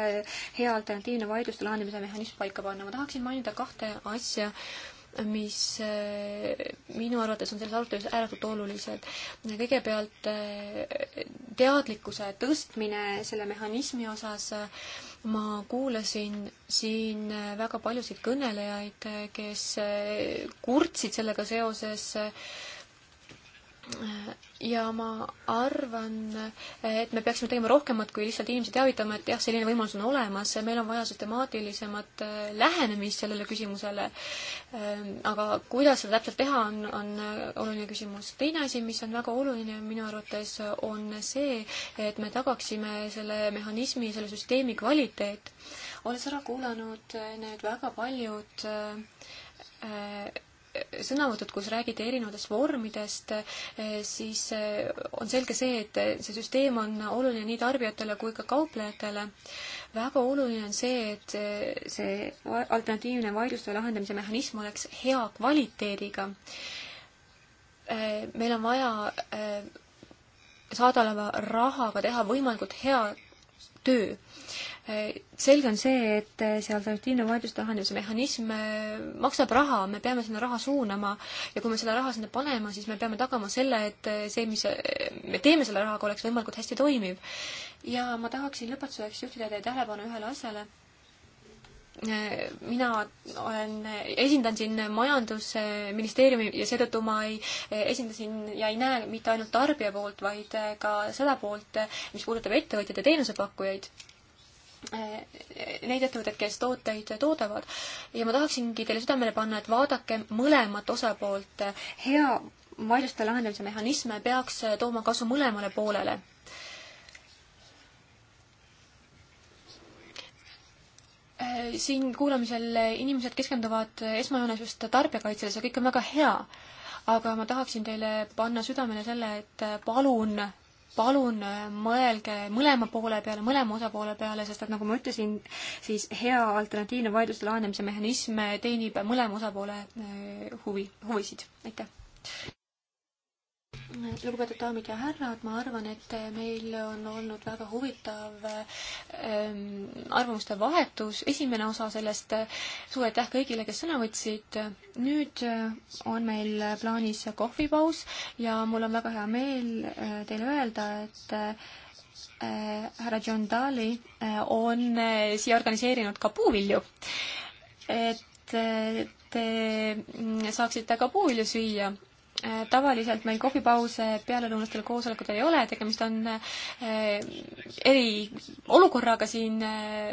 hea alternatiivne vaidluste lahendamise mehhanism paika panna. ma tahaksin mainida kahte asja, mis minu arvates on selles arutelus ääretult olulised. kõigepealt teadlikkuse tõstmine selle mehhanismi osas ma kuulasin siin väga paljusid kõnelejaid, kes kurtsid sellega seoses äh, ja ma arvan, et me peaksime tegema rohkemat kui lihtsalt inimesi teavitama, et jah, selline võimalus on olemas, meil on vaja süstemaatilisemat äh, lähenemist sellele küsimusele. Ähm, aga kuidas seda täpselt teha, on, on äh, oluline küsimus. teine asi, mis on väga oluline minu arvates, on see, et me tagaksime selle mehhanismi, selle süsteemi kvaliteet. olles ära kuulanud äh, need väga paljud sõnavõtud, kus räägiti erinevatest vormidest, eh, siis eh, on selge see, et see süsteem on oluline nii tarbijatele kui ka kauplejatele. väga oluline on see, et eh, see alternatiivne vaidluste lahendamise mehhanism oleks hea kvaliteediga. meil on vaja saada oleva rahaga teha võimalikult hea töö selge on see, et see alternatiivne vaidluste lahendamise mehhanism äh, maksab raha, me peame sinna raha suunama ja kui me seda raha sinna panema, siis me peame tagama selle, et äh, see, mis äh, me teeme selle rahaga, oleks võimalikult hästi toimiv. ja ma tahaksin lõpetuseks juhtida teie tähelepanu ühele asjale mina olen, esindan siin Majandusministeeriumi ja seetõttu ma ei esinda siin ja ei näe mitte ainult tarbija poolt, vaid ka seda poolt, mis puudutab ettevõtjaid ja teenusepakkujaid neid ettevõtteid, kes tooteid toodavad. ja ma tahaksingi teile südamele panna, et vaadake mõlemat osapoolt. hea vaidluste lahendamise mehhanism peaks tooma kasu mõlemale poolele. siin kuulamisel inimesed keskenduvad esmajoones just tarbijakaitsele, see kõik on väga hea, aga ma tahaksin teile panna südamele selle, et palun palun äh, mõelge mõlema poole peale, mõlema osapoole peale, sest et nagu ma ütlesin, siis hea alternatiivne vaidluste lahendamise mehhanism äh, teenib mõlema osapoole äh, huvi, huvisid. aitäh! lugupeetud daamid ja härrad, ma arvan, et meil on olnud väga huvitav ähm, arvamuste vahetus, esimene osa sellest. Äh, suur aitäh kõigile, kes sõna võtsid. nüüd äh, on meil plaanis kohvipaus ja mul on väga hea meel äh, teile öelda, et äh, härra John Daly on siia organiseerinud ka puuvilju. et te mm, saaksite ka puuvilju süüa Äh, tavaliselt meil kohvipause äh, pealelõunastel koosolekutel ei ole, tegemist on äh, eriolukorraga siin,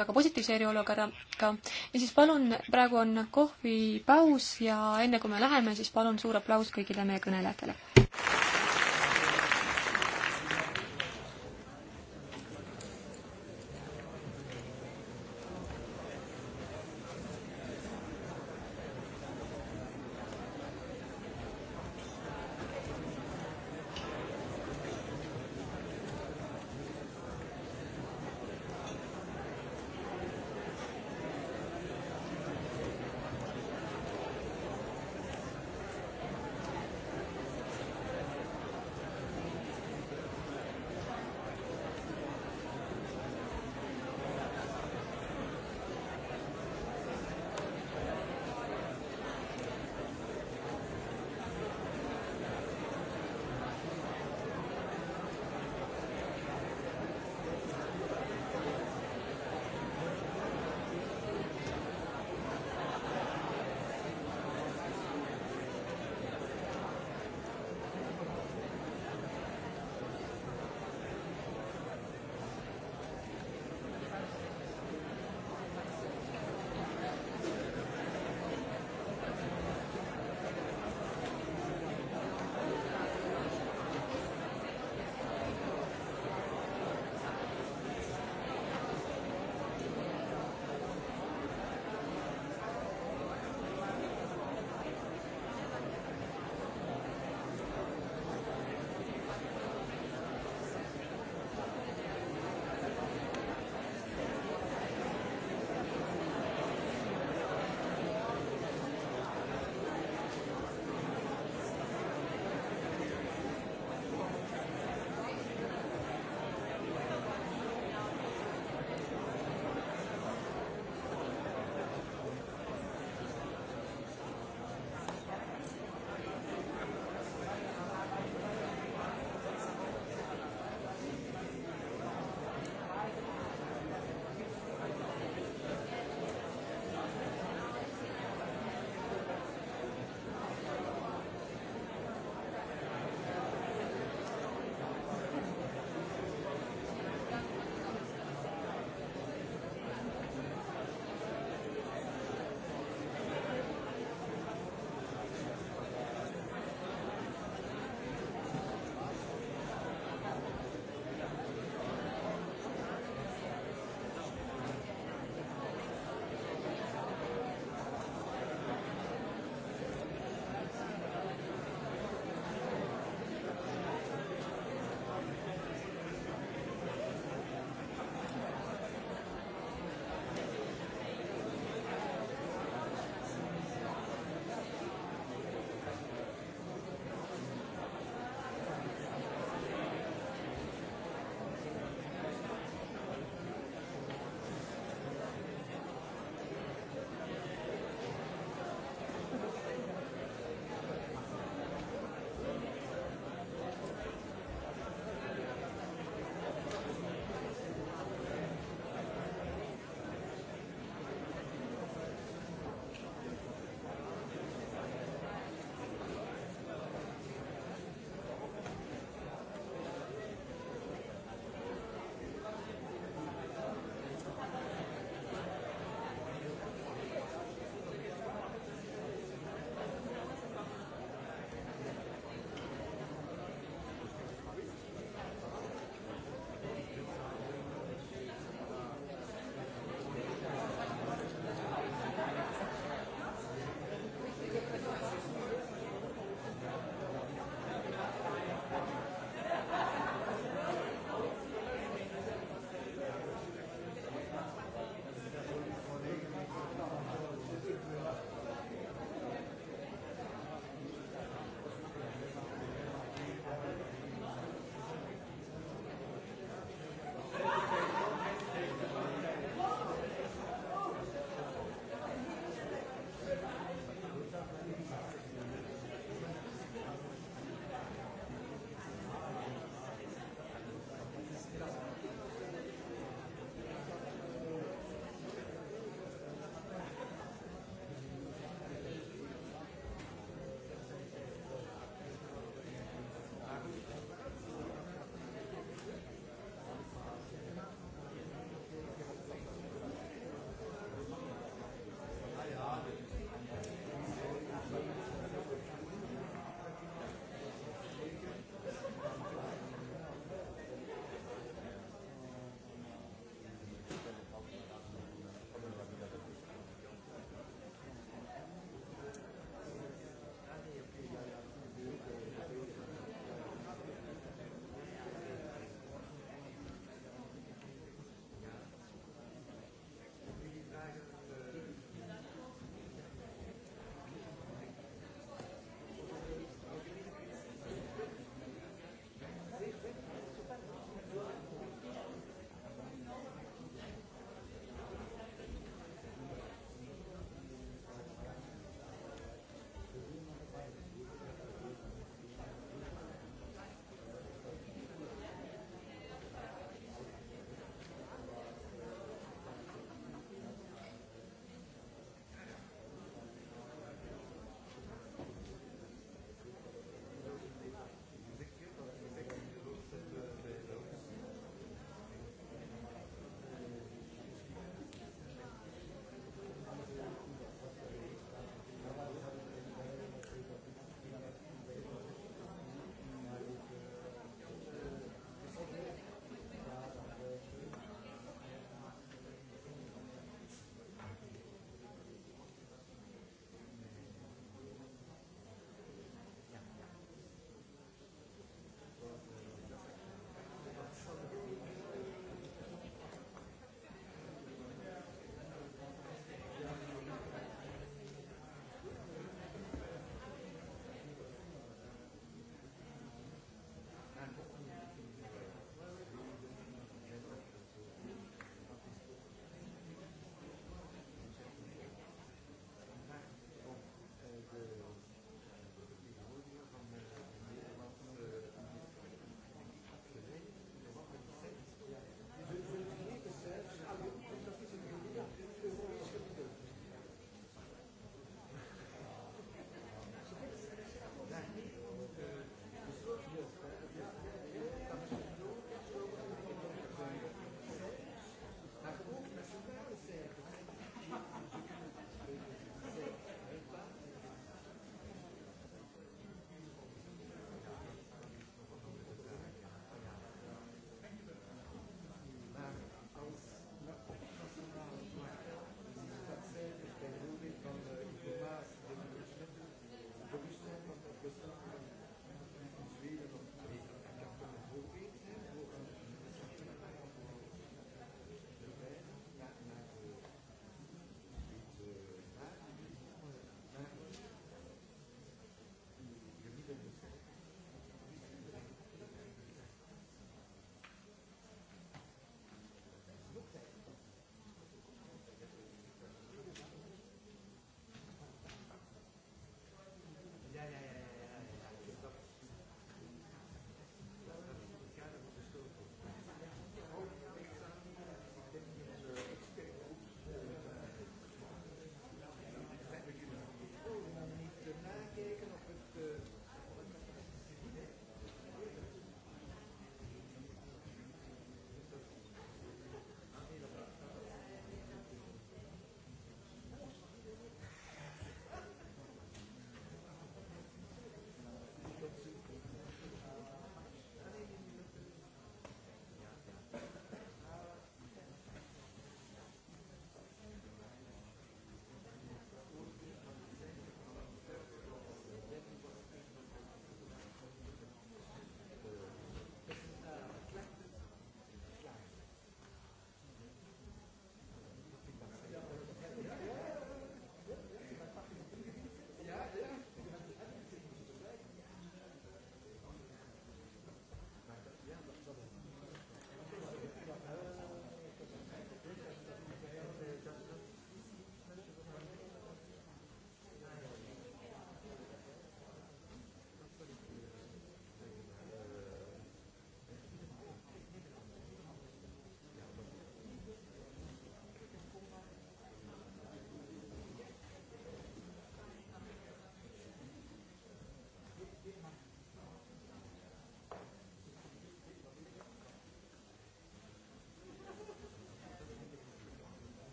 väga positiivse eriolukorraga. ja siis palun, praegu on kohvipaus ja enne kui me läheme, siis palun suur aplaus kõigile meie kõnelejatele.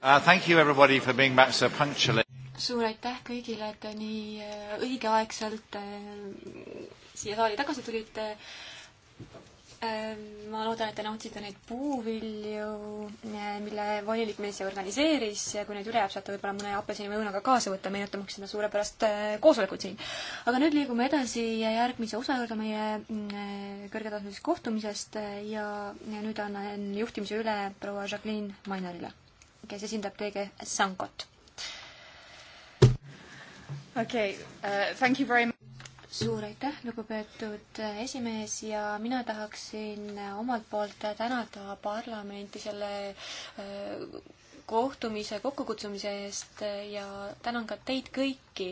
uh,. suur aitäh kõigile, et te nii uh, õigeaegselt uh, siia saali tagasi tulite. Uh, ma loodan, et te nautisite neid puuvilju, mille volinik meisse organiseeris ja kui neid üle jääb, saate võib-olla mõne apelsini või õunaga kaasa võtta, meenutamaks seda suurepärast koosolekut siin. aga nüüd liigume edasi järgmise osa juurde meie kõrgetasemelisest kohtumisest ja nüüd annan juhtimise üle proua Jacqueline Mainarile kes esindab DG Sankot. okei okay, uh,, thank you very much suur aitäh, lugupeetud esimees ja mina tahaksin omalt poolt tänada parlamenti selle uh, kohtumise kokkukutsumise eest eh, ja tänan ka teid kõiki.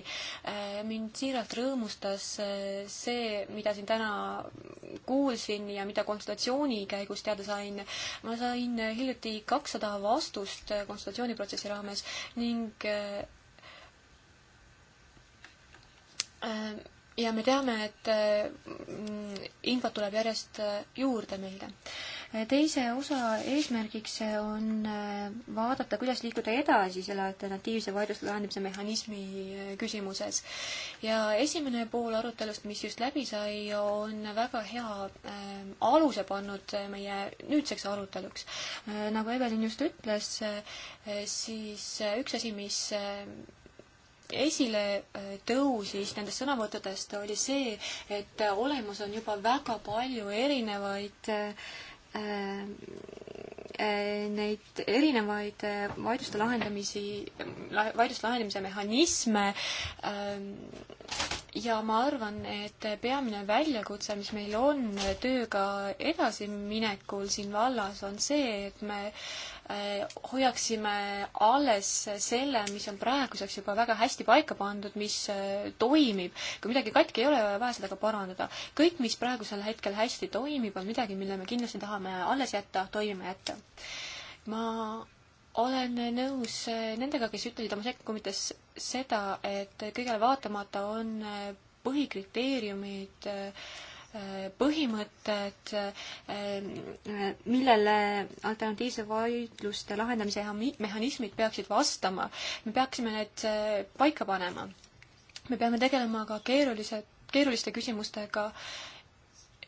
Eh, mind siiralt rõõmustas eh, see, mida siin täna kuulsin ja mida konsultatsiooni käigus teada sain. ma sain hiljuti kakssada vastust konsultatsiooniprotsessi raames ning ja me teame, et infot tuleb järjest juurde meile teise osa eesmärgiks on äh, vaadata, kuidas liikuda edasi selle alternatiivse vaidluste lahendamise mehhanismi äh, küsimuses. ja esimene pool arutelust, mis just läbi sai, on väga hea äh, aluse pannud meie nüüdseks aruteluks. nagu Evelin just ütles, siis üks asi, mis esile tõusis nendest sõnavõttudest oli see, et olemas on juba väga palju erinevaid äh, Äh, äh, neid erinevaid äh, vaidluste lahendamisi, vaidluste lahendamise mehhanisme ähm, ja ma arvan, et peamine väljakutse, mis meil on tööga edasiminekul siin vallas, on see, et me Äh, hoiaksime alles selle, mis on praeguseks juba väga hästi paika pandud, mis äh, toimib. kui midagi katki ei ole, ei ole vaja seda ka parandada. kõik, mis praegusel hetkel hästi toimib, on midagi, mille me kindlasti tahame alles jätta, toimima jätta. ma olen nõus äh, nendega, kes ütlesid oma sekkumites seda, et kõigele vaatamata on põhikriteeriumid äh, põhimõtted, äh, millele alternatiivse vaidluste lahendamise mehhanismid peaksid vastama. me peaksime need äh, paika panema. me peame tegelema ka keerulise, keeruliste küsimustega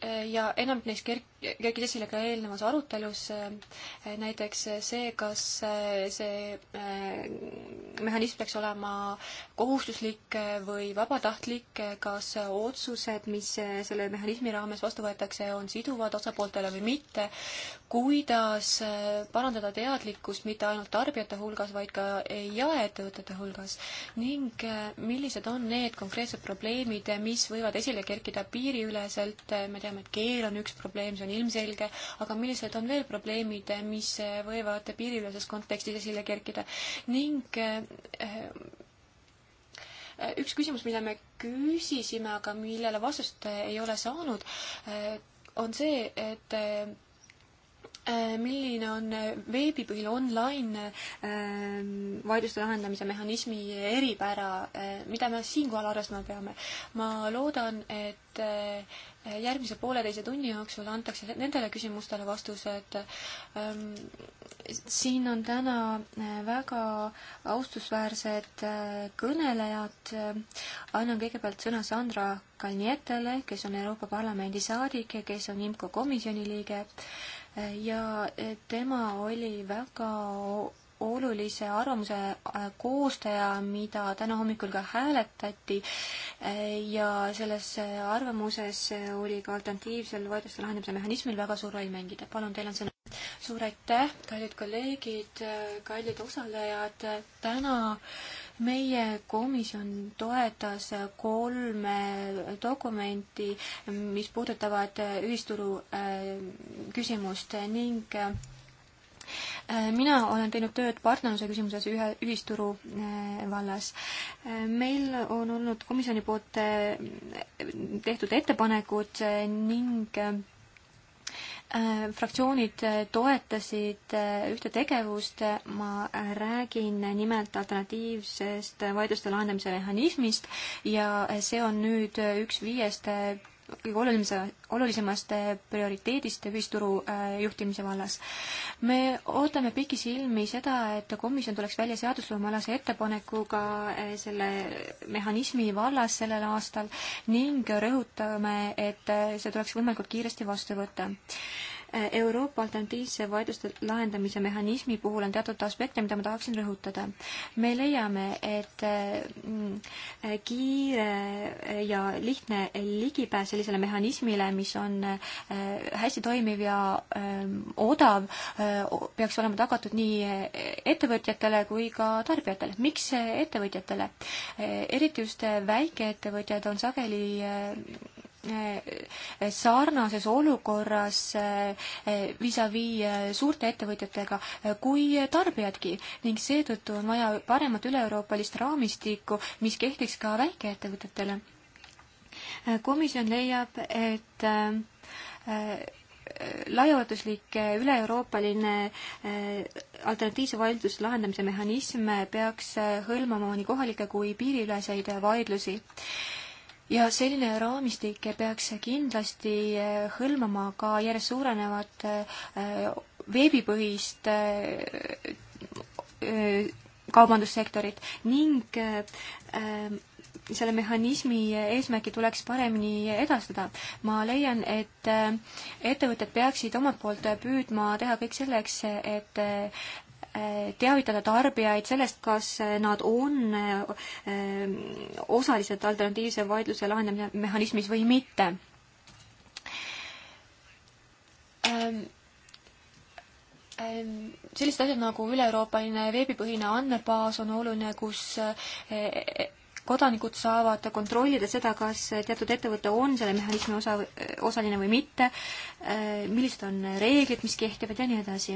äh, ja enamik neist kerk-, kerkis esile ka eelnevas arutelus, äh, näiteks see, kas äh, see äh, mehhanism peaks olema kohustuslik või vabatahtlik, kas otsused, mis selle mehhanismi raames vastu võetakse, on siduvad osapooltele või mitte, kuidas parandada teadlikkust mitte ainult tarbijate hulgas, vaid ka jaeettevõtete hulgas ning millised on need konkreetsed probleemid, mis võivad esile kerkida piiriüleselt, me teame, et keel on üks probleem, see on on ilmselge, aga millised on veel probleemid, mis võivad piiriüleses kontekstis esile kerkida ning eh, eh, üks küsimus, mida me küsisime, aga millele vastust ei ole saanud, eh, on see, et Äh, milline on äh, veebipõhine online ähm, vaidluste lahendamise mehhanismi eripära, äh, mida me siinkohal arvestama peame. ma loodan, et järgmise pooleteise tunni jooksul antakse nendele küsimustele vastused. Ähm, siin on täna väga austusväärsed kõnelejad. annan kõigepealt sõna Sandra Kalnietele, kes on Euroopa Parlamendi saadik ja kes on IMCO komisjoni liige ja tema oli väga olulise arvamuse äh, koostaja, mida täna hommikul ka hääletati äh, ja selles äh, arvamuses oli ka alternatiivsel vaidluste lahendamise mehhanismil väga suur roll mängida. palun, teil on sõna. suur aitäh, kallid kolleegid, kallid osalejad, täna meie komisjon toetas kolme dokumenti, mis puudutavad äh, ühisturu äh, küsimust ning äh, mina olen teinud tööd partnerluse küsimuses ühe ühisturu vallas. meil on olnud komisjoni poolt tehtud ettepanekud ning Äh, fraktsioonid äh, toetasid äh, ühte tegevust, ma räägin nimelt alternatiivsest vaidluste lahendamise mehhanismist ja see on nüüd üks viiest kõige olulimise, olulisemast prioriteedist ühisturu äh, juhtimise vallas. me ootame pikisilmi seda, et komisjon tuleks välja seadusloomealase ettepanekuga äh, selle mehhanismi vallas sellel aastal ning rõhutame, et äh, see tuleks võimalikult kiiresti vastu võtta Euroopa alternatiivse vaidluste lahendamise mehhanismi puhul on teatud aspekte, mida ma tahaksin rõhutada. me leiame, et mm, kiire ja lihtne ligipääs sellisele mehhanismile, mis on äh, hästi toimiv ja ähm, odav, äh, peaks olema tagatud nii äh, ettevõtjatele kui ka tarbijatele. miks ettevõtjatele? eriti just väikeettevõtjad on sageli Eh, sarnases olukorras eh, eh, vis-a-vis suurte ettevõtjatega kui tarbijadki ning seetõttu on vaja paremat üle-euroopalist raamistikku, mis kehtiks ka väikeettevõtetele. komisjon leiab, et laiaulatuslik üle-euroopaline alternatiivse vaidluse lahendamise mehhanism peaks hõlmama nii kohalikke kui piiriüleseid vaidlusi ja selline raamistik peaks kindlasti eh, hõlmama ka järjest suurenevat eh, veebipõhist eh, kaubandussektorit ning selle mehhanismi eesmärki tuleks paremini edastada. ma leian, et ettevõtted peaksid omalt poolt püüdma teha kõik selleks, et Eh, teavitada tarbijaid sellest, kas nad on eh, osalised alternatiivse vaidluse lahendamise mehhanismis või mitte. Ehm, ehm, sellised asjad nagu üle-euroopaline veebipõhine andmebaas on oluline, kus eh, kodanikud saavad kontrollida seda, kas teatud ettevõte on selle mehhanismi osa, osaline või mitte, millised on reeglid, mis kehtivad ja nii edasi.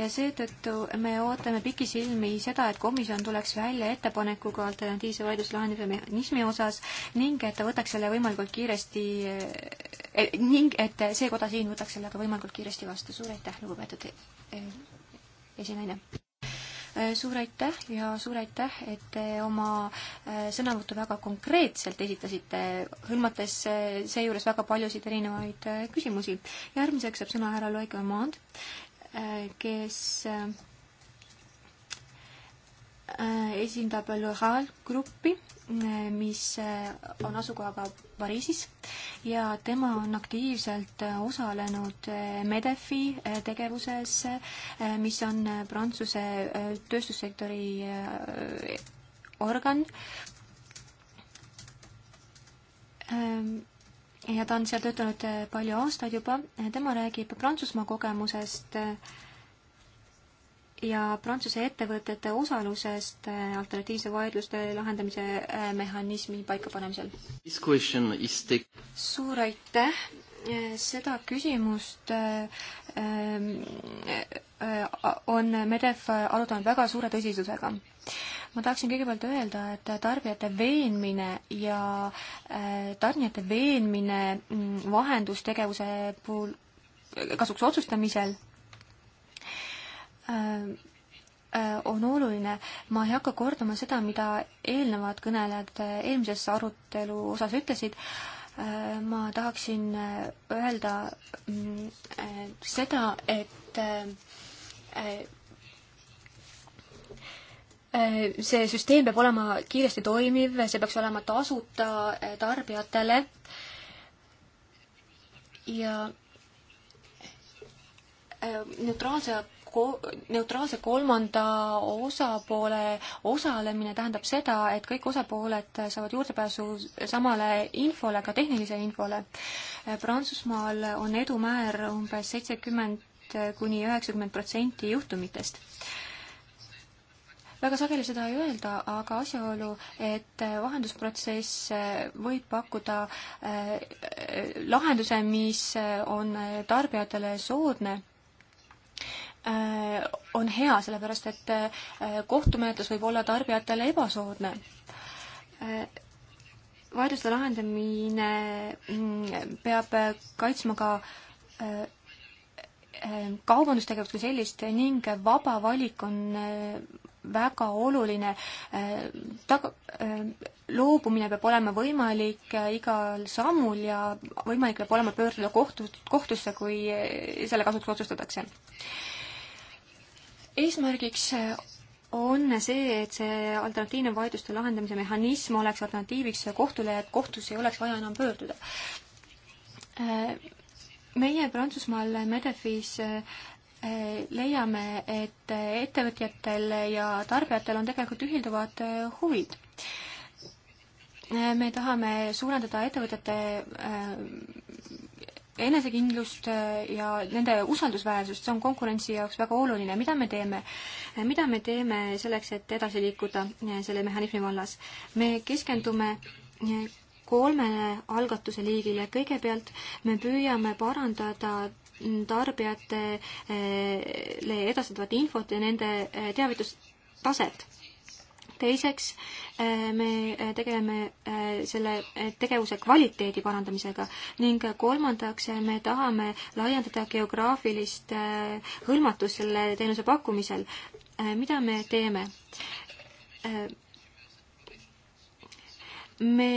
ja seetõttu me ootame pikisilmi seda, et komisjon tuleks välja ettepanekuga alternatiivse vaidluse lahendamise mehhanismi osas ning et ta võtaks selle võimalikult kiiresti eh, ning et see koda siin võtaks selle ka võimalikult kiiresti vastu. suur aitäh, lugupeetud eh, esinaine! Äh, suur aitäh ja suur aitäh, et te oma äh, sõnavõttu väga konkreetselt esitasite, hõlmates äh, seejuures väga paljusid erinevaid küsimusi. järgmiseks saab sõna härra Loigo Maand, kes Äh, esindab L'Oral gruppi, äh, mis äh, on asukohaga Pariisis ja tema on aktiivselt osalenud Medefi tegevuses, mis on Prantsuse tööstussektori organ. Ähm, ja ta on seal töötanud palju aastaid juba, tema räägib Prantsusmaa kogemusest ja Prantsuse ettevõtete osalusest äh, alternatiivse vaidluste lahendamise äh, mehhanismi paikapanemisel? suur aitäh! Äh, seda küsimust on Medev arutanud väga suure tõsisusega. ma tahaksin kõigepealt öelda, et tarbijate veenmine ja tarnijate veenmine mm, vahendustegevuse puhul kasuks otsustamisel Ähm, äh, on oluline. ma ei hakka kordama seda, mida eelnevad kõnelejad äh, eelmises arutelu osas ütlesid. Äh, ma tahaksin öelda mm, seda, et see süsteem peab olema kiiresti toimiv, see peaks olema tasuta tarbijatele ja neutraalse ko-, neutraalse kolmanda osapoole osalemine tähendab seda, et kõik osapooled saavad juurdepääsu samale infole, ka tehnilisele infole. Prantsusmaal on edumäär umbes seitsekümmend kuni üheksakümmend protsenti juhtumitest väga sageli seda ei öelda, aga asjaolu, et vahendusprotsess võib pakkuda äh, lahenduse, mis on tarbijatele soodne, Äh, on hea, sellepärast et äh, kohtumenetlus võib olla tarbijatele ebasoodne. Äh, vaidluste lahendamine mm, peab kaitsma ka kaubandustegevust kui sellist ning vaba valik on väga oluline. taga, loobumine peab olema võimalik igal sammul ja võimalik peab olema pöörduda kohtu, kohtusse, kui selle kasuks otsustatakse eesmärgiks on see, et see alternatiivne vaidluste lahendamise mehhanism oleks alternatiiviks kohtule ja et kohtusse ei oleks vaja enam pöörduda. meie Prantsusmaal Medefis äh, leiame, et ettevõtjatel ja tarbijatel on tegelikult ühilduvad äh, huvid. Äh, me tahame suurendada ettevõtete enesekindlust äh, ja nende usaldusväärsust, see on konkurentsi jaoks väga oluline. mida me teeme? mida me teeme selleks, et edasi liikuda äh, selle mehhanismi vallas? me keskendume äh, kolmele algatuse liigile. kõigepealt me püüame parandada tarbijatele edastatavat infot ja nende teavitustaset teiseks, äh, me äh, tegeleme äh, selle tegevuse kvaliteedi parandamisega ning kolmandaks, me tahame laiendada geograafilist hõlmatust selle teenuse pakkumisel. mida me teeme? me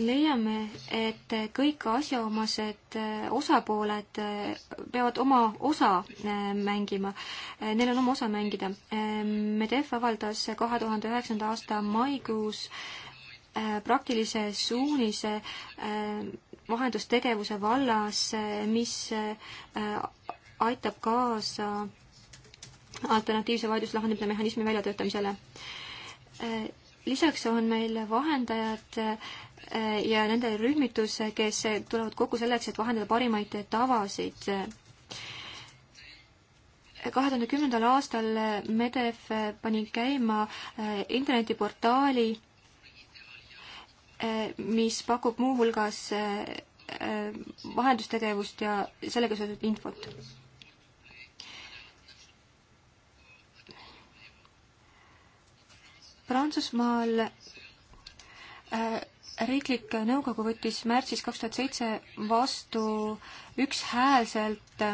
leiame, et kõik asjaomased eh, osapooled eh, peavad oma osa eh, mängima. Neil on oma osa mängida. Medef avaldas kahe tuhande üheksanda aasta maikuus praktilise suunise vahendustegevuse vallas, mis aitab kaasa alternatiivse vaidluse lahendamise mehhanismi väljatöötamisele lisaks on meil vahendajad ja nende rühmitus, kes tulevad kokku selleks, et vahendada parimaid tavasid. kahe tuhande kümnendal aastal Medef pani käima äh, internetiportaali, äh, mis pakub muuhulgas äh, vahendustegevust ja sellega seotud infot Prantsusmaal äh, riiklik nõukogu võttis märtsis kaks tuhat seitse vastu ükshäälselt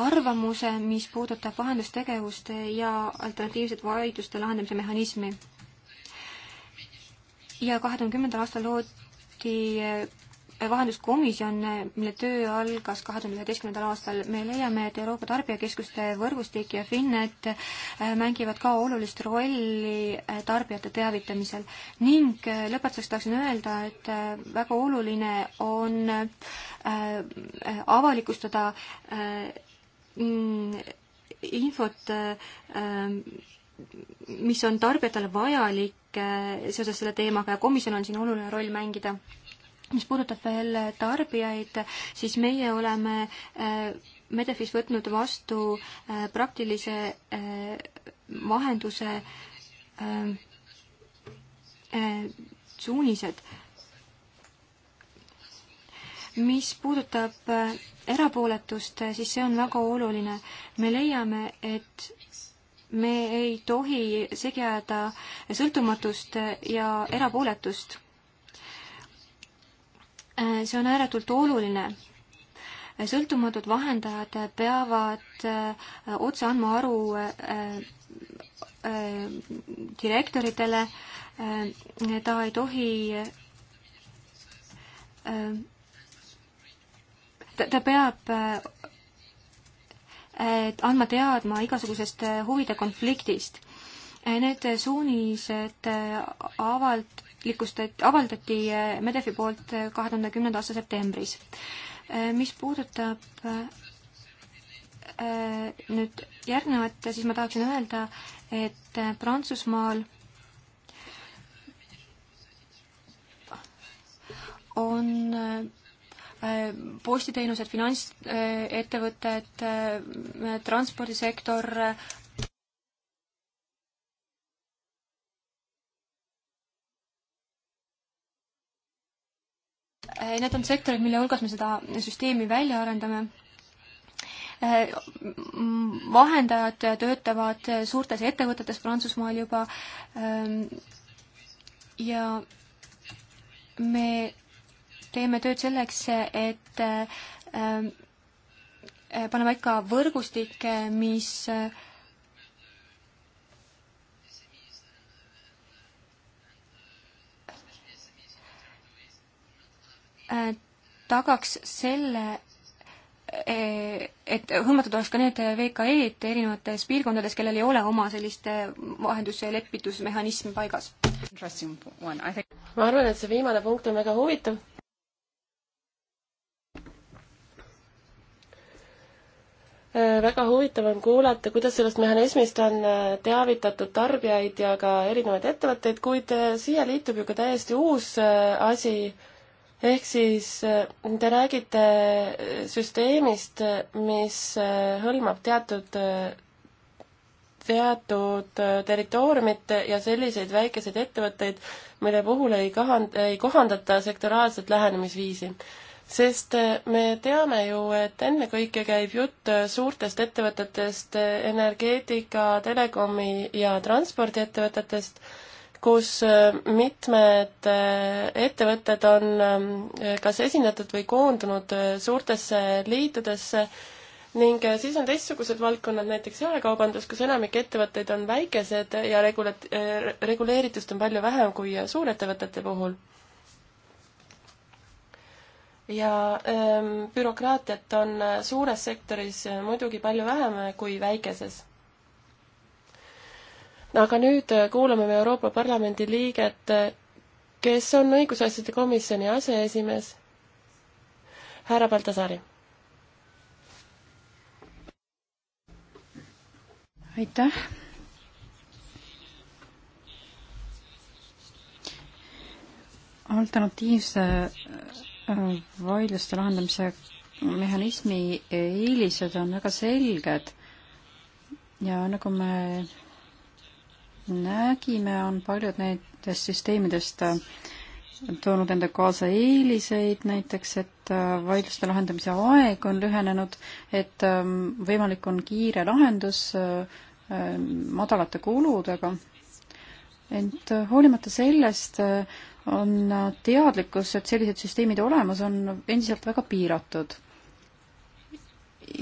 arvamuse, mis puudutab vahendustegevuste ja alternatiivsete vaidluste lahendamise mehhanismi. ja kahe tuhande kümnendal aastal loodi vahenduskomisjon, mille töö algas kahe tuhande üheteistkümnendal aastal, me leiame, et Euroopa Tarbijakeskuste võrgustik ja Finnet äh, mängivad ka olulist rolli äh, tarbijate teavitamisel. ning äh, lõpetuseks tahaksin öelda, et väga oluline on avalikustada mm, infot mis on tarbijatele vajalik seoses selle teemaga ja komisjon on siin oluline roll mängida mis puudutab veel tarbijaid, siis meie oleme äh, Medefis võtnud vastu äh, praktilise äh, vahenduse suunised. mis puudutab erapooletust, siis see on väga oluline. me leiame, et me ei tohi segi ajada sõltumatust ja erapooletust Äh, see on ääretult oluline. Äh, sõltumatud vahendajad peavad äh, otse andma aru direktoritele, ta ei tohi ta, ta peab andma teadma igasugusest huvide konfliktist. Need suunised avalt avalikustati, avaldati eh, Medefi poolt eh, kahe tuhande kümnenda aasta septembris. Eh, mis puudutab nüüd järgnevat, siis ma tahaksin öelda, et Prantsusmaal on postiteenused, finantsettevõtted, transpordisektor, Eh, need on sektorid, mille hulgas me seda süsteemi välja arendame eh, vahendajad töötavad suurtes ettevõtetes Prantsusmaal juba ehm, ja me teeme tööd selleks, et ehm, eh, paneme ikka võrgustikke, mis Äh, tagaks selle, e, et hõlmatud oleks ka need VKE-d erinevates piirkondades, kellel ei ole oma sellist äh, vahendus- ja lepitusmehhanismi paigas. ma arvan, et see viimane punkt on väga huvitav. Äh, väga huvitav on kuulata, kuidas sellest mehhanismist on teavitatud tarbijaid ja ka erinevaid ettevõtteid, kuid siia liitub ju ka täiesti uus asi ehk siis äh, te räägite äh, süsteemist, äh, mis hõlmab teatud, teatud territooriumit ja selliseid väikeseid ettevõtteid, mille puhul ei kahand-, ei kohandata sektoraalset lähenemisviisi. sest me teame ju, et ennekõike käib jutt suurtest ettevõtetest, energeetika, telekomi ja transpordiettevõtetest, kus äh, mitmed äh, ettevõtted on ähm, kas esindatud või koondunud äh, suurtesse liitudesse ning siis on teistsugused valdkonnad, näiteks jaekaubandus, kus enamik ettevõtteid on väikesed ja regulat-, reguleeritust on palju vähem kui suurettevõtete puhul. ja ähm, bürokraatiat on suures sektoris muidugi palju vähem kui väikeses aga nüüd äh, kuulame me Euroopa Parlamendi liiget, äh, kes on õigusasjade komisjoni aseesimees, härra Baltasaari. aitäh alternatiivse äh, vaidluste lahendamise mehhanismi eelised on väga selged ja nagu me nägime, on paljud nendest süsteemidest äh, toonud enda kaasa eeliseid, näiteks et äh, vaidluste lahendamise aeg on lühenenud, et ähm, võimalik on kiire lahendus äh, madalate kuludega. ent hoolimata sellest on teadlikkus, et sellised süsteemid olemas on, endiselt väga piiratud.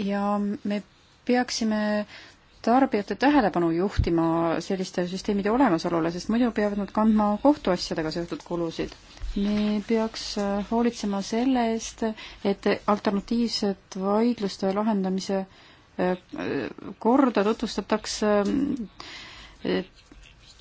ja me peaksime tarbijate tähelepanu juhtima selliste süsteemide olemasolule, sest muidu peavad nad kandma kohtuasjadega seotud kulusid. me peaks äh, hoolitsema selle eest, et alternatiivset vaidluste lahendamise äh, äh, korda tutvustatakse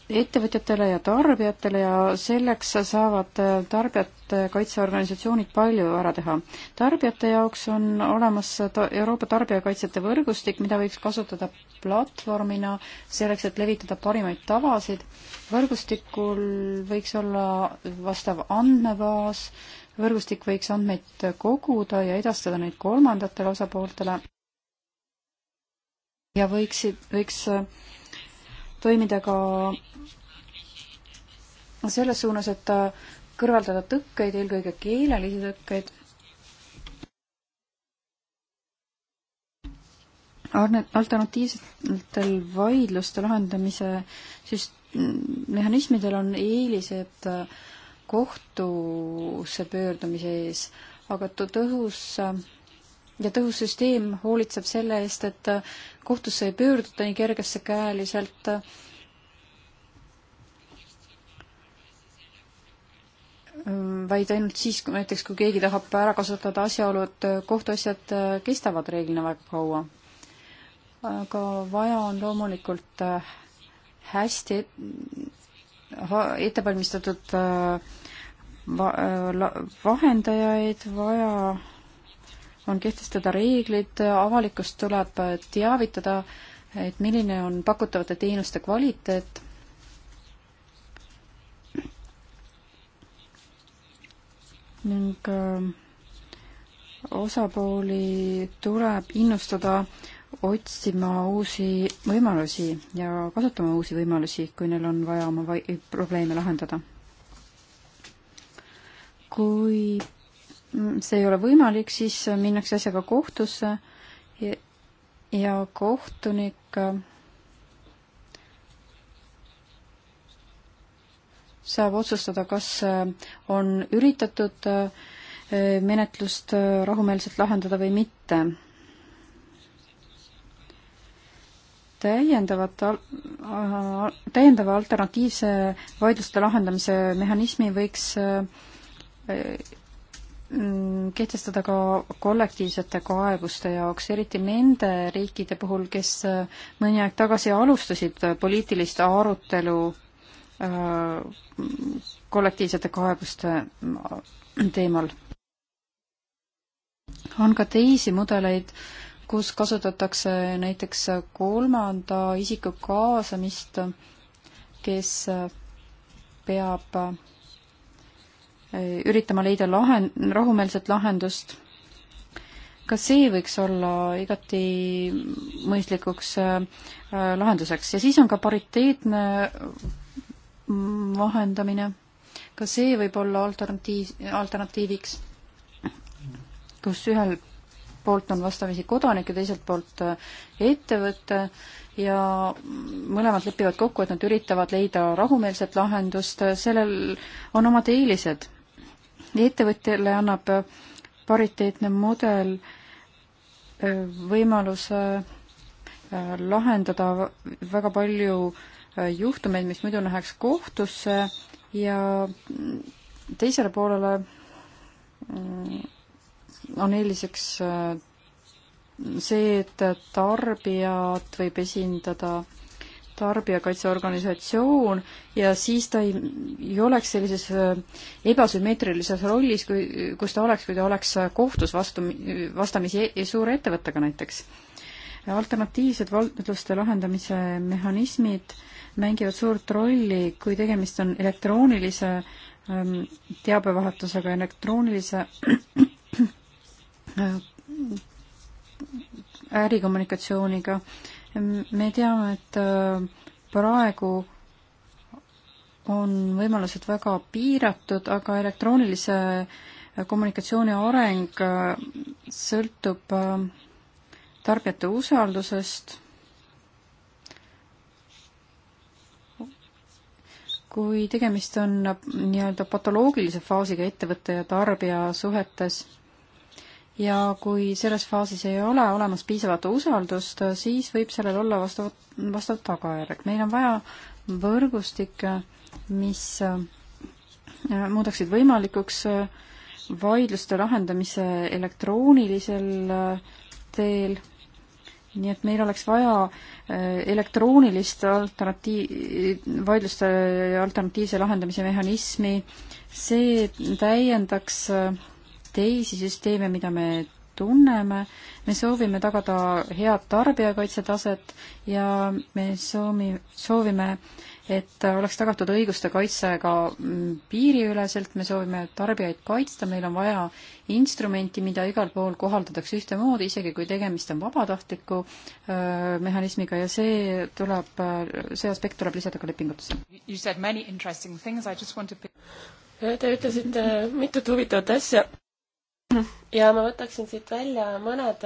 ettevõtjatele ja tarbijatele ja selleks saavad tarbijate kaitseorganisatsioonid palju ära teha. tarbijate jaoks on olemas ta Euroopa tarbijakaitsjate võrgustik, mida võiks kasutada platvormina selleks, et levitada parimaid tavasid. võrgustikul võiks olla vastav andmebaas, võrgustik võiks andmeid koguda ja edastada neid kolmandatele osapooltele ja võiksid, võiks toimida ka selles suunas, et kõrvaldada tõkkeid, eelkõige keelelisi tõkkeid. alternatiivsetel vaidluste lahendamise süst-, mehhanismidel on eelised kohtusse pöördumise ees, aga tõhus ja tõhus süsteem hoolitseb selle eest, et kohtusse ei pöörduta nii kergeskäeliselt. vaid ainult siis, kui näiteks, kui keegi tahab ära kasutada asjaolu, et kohtuasjad kestavad reeglina väga kaua. aga vaja on loomulikult äh, hästi ettevalmistatud äh, äh, vahendajaid, vaja on kehtestada reeglid, avalikkust tuleb teavitada, et milline on pakutavate teenuste kvaliteet. ning äh, osapooli tuleb innustada otsima uusi võimalusi ja kasutama uusi võimalusi, kui neil on vaja oma probleeme lahendada. kui see ei ole võimalik, siis minnakse asjaga kohtusse ja, ja kohtunik saab otsustada, kas on üritatud eh, menetlust eh, rahumeelselt lahendada või mitte. täiendavat, täiendava alternatiivse vaidluste lahendamise mehhanismi võiks eh, Mm, kehtestada ka kollektiivsete kaebuste jaoks, eriti nende riikide puhul, kes äh, mõni aeg tagasi alustasid äh, poliitilist arutelu äh, kollektiivsete kaebuste teemal. on ka teisi mudeleid, kus kasutatakse näiteks kolmanda isiku kaasamist, kes peab üritama leida lahen-, rahumeelset lahendust. ka see võiks olla igati mõistlikuks äh, lahenduseks ja siis on ka pariteetne vahendamine. ka see võib olla alternatiiv, alternatiiviks, kus ühel poolt on vastamisi kodanik ja teiselt poolt äh, ettevõte ja mõlemad lepivad kokku, et nad üritavad leida rahumeelset lahendust, sellel on omad eelised ettevõtjale annab pariteetne mudel äh, võimaluse äh, lahendada väga palju äh, juhtumeid, mis muidu läheks kohtusse ja teisele poolele mm, on eeliseks see, et tarbijat võib esindada tarbijakaitseorganisatsioon ja siis ta ei, ei oleks sellises äh, ebasümmeetrilises rollis, kui, kus ta oleks, kui ta oleks äh, kohtus vastu, vastamisi e-, suure ettevõttega näiteks. alternatiivsed vaidluste lahendamise mehhanismid mängivad suurt rolli, kui tegemist on elektroonilise ähm, teabevahetusega, elektroonilise äh, ärikommunikatsiooniga äh, me teame, et äh, praegu on võimalused väga piiratud, aga elektroonilise äh, kommunikatsiooni areng äh, sõltub tarbijate usaldusest. kui tegemist on nii-öelda patoloogilise faasiga ettevõtte ja tarbija suhetes ja kui selles faasis ei ole olemas piisavat usaldust, siis võib sellel olla vastav, vastav tagajärg. meil on vaja võrgustikke, mis äh, muudaksid võimalikuks äh, vaidluste lahendamise elektroonilisel äh, teel, nii et meil oleks vaja elektroonilist alternatiiv, vaidluste alternatiivse lahendamise mehhanismi, see täiendaks äh, teisi süsteeme, mida me tunneme, me soovime tagada head tarbijakaitsetaset ja me soovi, soovime, et oleks tagatud õiguste kaitse ka mm, piiriüleselt, me soovime tarbijaid kaitsta, meil on vaja instrumenti, mida igal pool kohaldatakse ühtemoodi, isegi kui tegemist on vabatahtliku öö, mehhanismiga ja see tuleb, see aspekt tuleb lisada ka lepingutesse. Pick... Te ütlesite mitut huvitavat asja ja ma võtaksin siit välja mõned,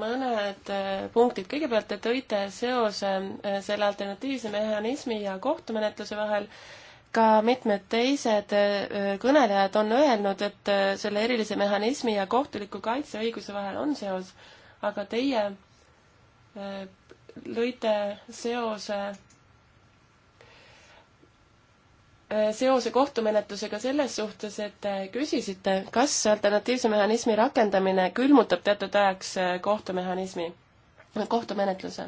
mõned äh, punktid. kõigepealt te tõite seose äh, selle alternatiivse mehhanismi ja kohtumenetluse vahel. ka mitmed teised äh, kõnelejad on öelnud, et selle erilise mehhanismi ja kohtuliku kaitseõiguse vahel on seos, aga teie lõite seose seose kohtumenetlusega selles suhtes, et küsisite, kas alternatiivse mehhanismi rakendamine külmutab teatud ajaks äh, kohtumehhanismi, kohtumenetluse.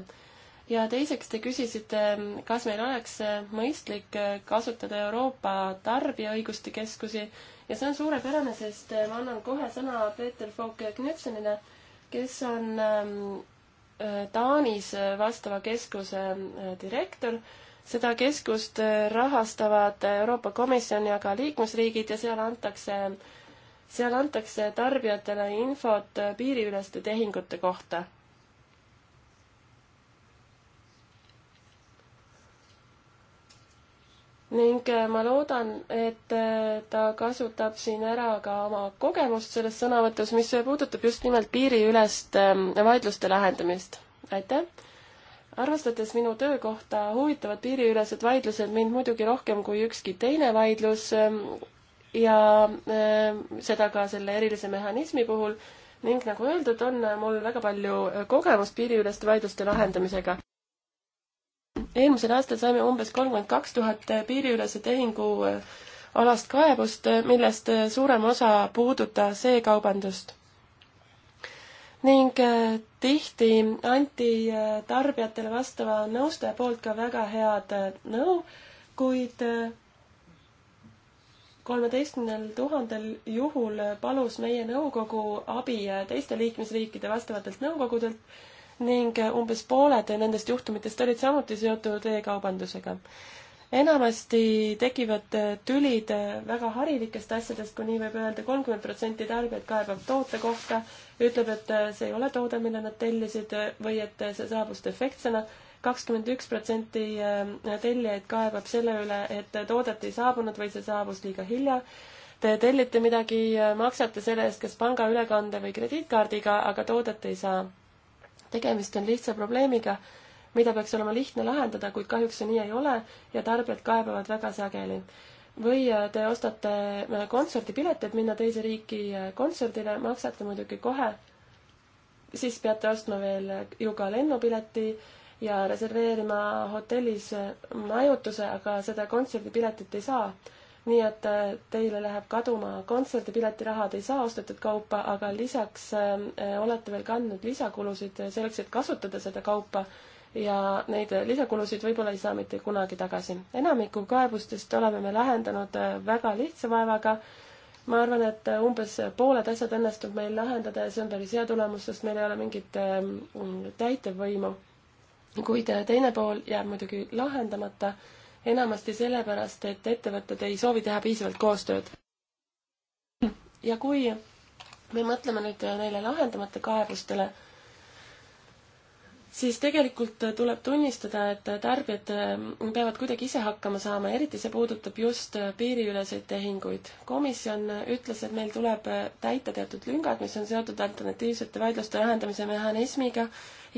ja teiseks te küsisite, kas meil oleks äh, mõistlik äh, kasutada Euroopa Tarbijaõiguste Keskusi ja see on suurepärane, sest ma annan kohe sõna Peeter Fouke-Knüpsenile, kes on ähm, Taanis vastava keskuse direktor seda keskust eh, rahastavad Euroopa Komisjon ja ka liikmesriigid ja seal antakse, seal antakse tarbijatele infot piiriüleste tehingute kohta. ning eh, ma loodan, et eh, ta kasutab siin ära ka oma kogemust selles sõnavõtus, mis puudutab just nimelt piiriülest vaidluste lahendamist. aitäh! arvestades minu töökohta huvitavad piiriülesed vaidlused mind muidugi rohkem kui ükski teine vaidlus ähm, ja ähm, seda ka selle erilise mehhanismi puhul ning nagu öeldud, on mul väga palju äh, kogemust piiriüleste vaidluste lahendamisega. eelmisel aastal saime umbes kolmkümmend kaks tuhat äh, piiriülese tehingu äh, alast kaebust, millest suurem osa puudutas e-kaubandust ning äh, tihti anti äh, tarbijatele vastava nõustaja poolt ka väga head äh, nõu, kuid kolmeteistkümnel tuhandel juhul palus meie nõukogu abi teiste liikmesriikide vastavatelt nõukogudelt ning umbes pooled nendest juhtumitest olid samuti seotud e-kaubandusega. enamasti tekivad tülid väga harilikest asjadest, kui nii võib öelda, kolmkümmend protsenti tarbijad kaebab toote kohta, ütleb, et see ei ole toode, mille nad tellisid või et see saabus defektsena. kakskümmend üks protsenti äh, tellijaid kaebab selle üle, et toodet ei saabunud või see saabus liiga hilja. Te tellite midagi, äh, maksate selle eest kas pangaülekande või krediitkaardiga, aga toodet ei saa. tegemist on lihtsa probleemiga, mida peaks olema lihtne lahendada, kuid kahjuks see nii ei ole ja tarbijad kaebavad väga sageli või äh, te ostate äh, kontserdipilet, et minna teise riiki äh, kontserdile, maksate muidugi kohe, siis peate ostma veel ju ka lennupileti ja reserveerima hotellis majutuse, aga seda kontserdipiletit ei saa. nii et teile läheb kaduma kontserdipileti raha, te ei saa ostetud kaupa, aga lisaks olete veel kandnud lisakulusid selleks, et kasutada seda kaupa ja neid lisakulusid võib-olla ei saa mitte kunagi tagasi. enamiku kaebustest oleme me lahendanud äh, väga lihtsa vaevaga. ma arvan, et äh, umbes pooled asjad õnnestub meil lahendada ja see on päris hea tulemus, sest meil ei ole mingit ähm, täitevvõimu. kuid äh, teine pool jääb muidugi lahendamata, enamasti sellepärast, et ettevõtted ei soovi teha piisavalt koostööd. ja kui me mõtleme nüüd neile lahendamata kaebustele siis tegelikult tuleb tunnistada, et tarbijad äh, peavad kuidagi ise hakkama saama, eriti see puudutab just äh, piiriüleseid tehinguid. komisjon äh, ütles, et meil tuleb täita teatud lüngad, mis on seotud alternatiivsete vaidluste lahendamise mehhanismiga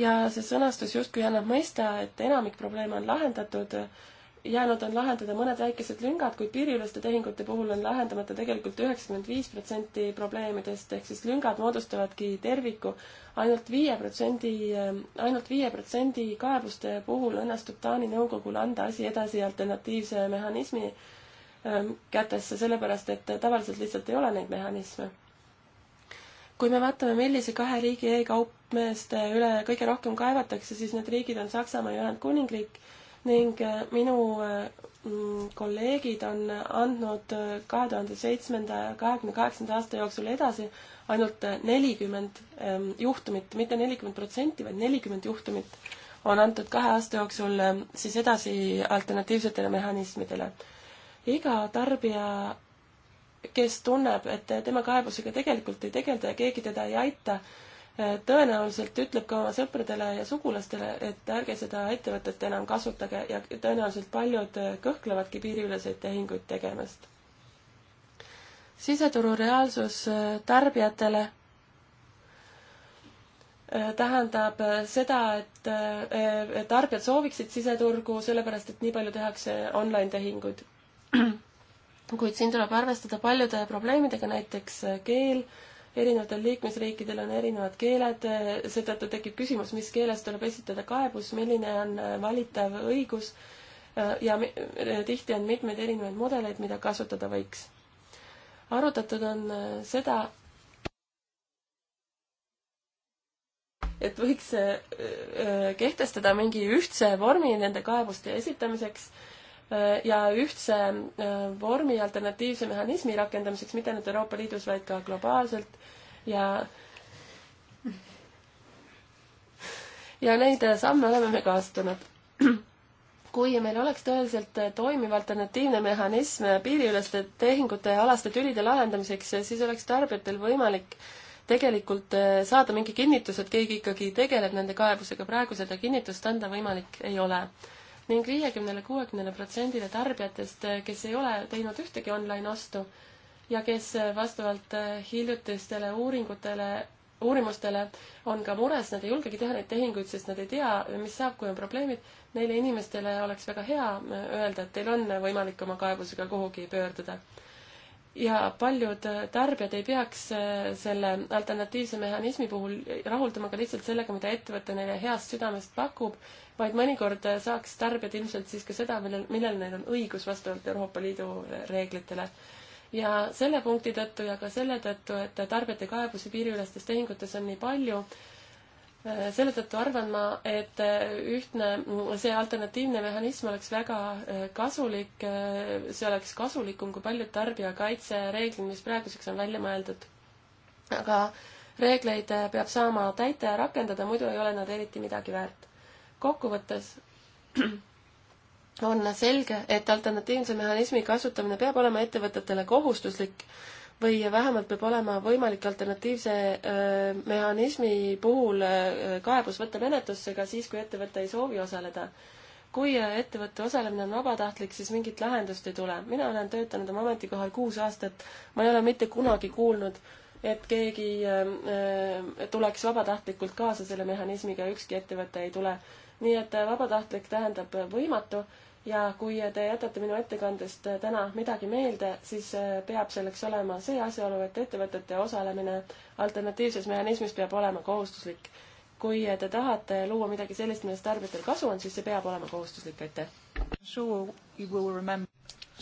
ja see sõnastus justkui annab mõista, et enamik probleeme on lahendatud jäänud on lahendada mõned väikesed lüngad, kuid piiriüleste tehingute puhul on lahendamata tegelikult üheksakümmend viis protsenti probleemidest, ehk siis lüngad moodustavadki terviku ainult. ainult viie protsendi, ähm, ainult viie protsendi kaebuste puhul õnnestub Taani nõukogul anda asi edasi alternatiivse mehhanismi ähm, kätesse, sellepärast et tavaliselt lihtsalt ei ole neid mehhanisme kui me vaatame, millise kahe riigi e-kaupmeeste üle kõige rohkem kaevatakse, siis need riigid on Saksamaa ja Ühendkuningriik ning äh, minu äh, mm, kolleegid on andnud äh, kahe tuhande seitsmenda ja kahekümne kaheksanda aasta jooksul edasi ainult nelikümmend ähm, juhtumit, mitte nelikümmend protsenti, vaid nelikümmend juhtumit on antud kahe aasta jooksul ähm, siis edasi alternatiivsetele mehhanismidele. iga tarbija, kes tunneb, et tema kaebusega tegelikult ei tegelda ja keegi teda ei aita, tõenäoliselt ütleb ka oma sõpradele ja sugulastele, et ärge seda ettevõtet enam kasutage ja tõenäoliselt paljud kõhklevadki piiriüleseid tehinguid tegemast. siseturu reaalsus äh, tarbijatele äh, tähendab äh, seda, et tarbijad sooviksid siseturgu, sellepärast et nii palju tehakse online-tehinguid. <clears throat> kuid siin tuleb arvestada paljude probleemidega, näiteks keel, erinevatel liikmesriikidel on erinevad keeled, seetõttu tekib küsimus, mis keeles tuleb esitada kaebus, milline on äh, valitav õigus äh, ja tihti on mitmeid erinevaid mudeleid, mida kasutada võiks. arutatud on äh, seda, et võiks kehtestada mingi ühtse vormi nende kaebuste esitamiseks Äh, ja ühtse äh, vormi alternatiivse mehhanismi rakendamiseks, mitte ainult Euroopa Liidus, vaid ka globaalselt ja ja neid samme oleme me ka astunud. <clears throat> kui meil oleks tõeliselt toimiv alternatiivne mehhanism piiriüleste tehingute alaste tülide lahendamiseks, siis oleks tarbijatel võimalik tegelikult äh, saada mingi kinnitus, et keegi ikkagi tegeleb nende kaebusega, praegu seda kinnitust anda võimalik ei ole ning viiekümnele, kuuekümnele protsendile tarbijatest, kes ei ole teinud ühtegi online ostu ja kes vastavalt äh, hiljutistele uuringutele, uurimustele on ka mures, nad ei julgegi teha neid tehinguid, sest nad ei tea, mis saab, kui on probleemid. Neile inimestele oleks väga hea äh, öelda, et teil on võimalik oma kaebusega kuhugi pöörduda ja paljud tarbijad ei peaks äh, selle alternatiivse mehhanismi puhul rahulduma ka lihtsalt sellega, mida ettevõte neile heast südamest pakub, vaid mõnikord äh, saaks tarbijad ilmselt siis ka seda, millel, millel neil on õigus vastavalt Euroopa Liidu reeglitele. ja selle punkti tõttu ja ka selle tõttu, et tarbijate kaebusi piiriülestes tehingutes on nii palju, selle tõttu arvan ma, et ühtne, see alternatiivne mehhanism oleks väga äh, kasulik, äh, see oleks kasulikum kui paljud tarbijakaitsereeglid, mis praeguseks on välja mõeldud. aga reegleid äh, peab saama täita ja rakendada, muidu ei ole nad eriti midagi väärt. kokkuvõttes <clears throat> on selge, et alternatiivse mehhanismi kasutamine peab olema ettevõtetele kohustuslik või vähemalt peab olema võimalik alternatiivse mehhanismi puhul kaebus võtta menetlusse ka siis, kui ettevõte ei soovi osaleda. kui ettevõtte osalemine on vabatahtlik, siis mingit lahendust ei tule. mina olen töötanud oma ametikohal kuus aastat, ma ei ole mitte kunagi kuulnud, et keegi tuleks vabatahtlikult kaasa selle mehhanismiga, ükski ettevõte ei tule. nii et vabatahtlik tähendab võimatu ja kui te jätate minu ettekandest äh, täna midagi meelde, siis äh, peab selleks olema see asjaolu, et ettevõtete osalemine alternatiivses mehhanismis peab olema kohustuslik. kui äh, te tahate luua midagi sellist, millest tarbijatel kasu on, siis see peab olema kohustuslik, aitäh.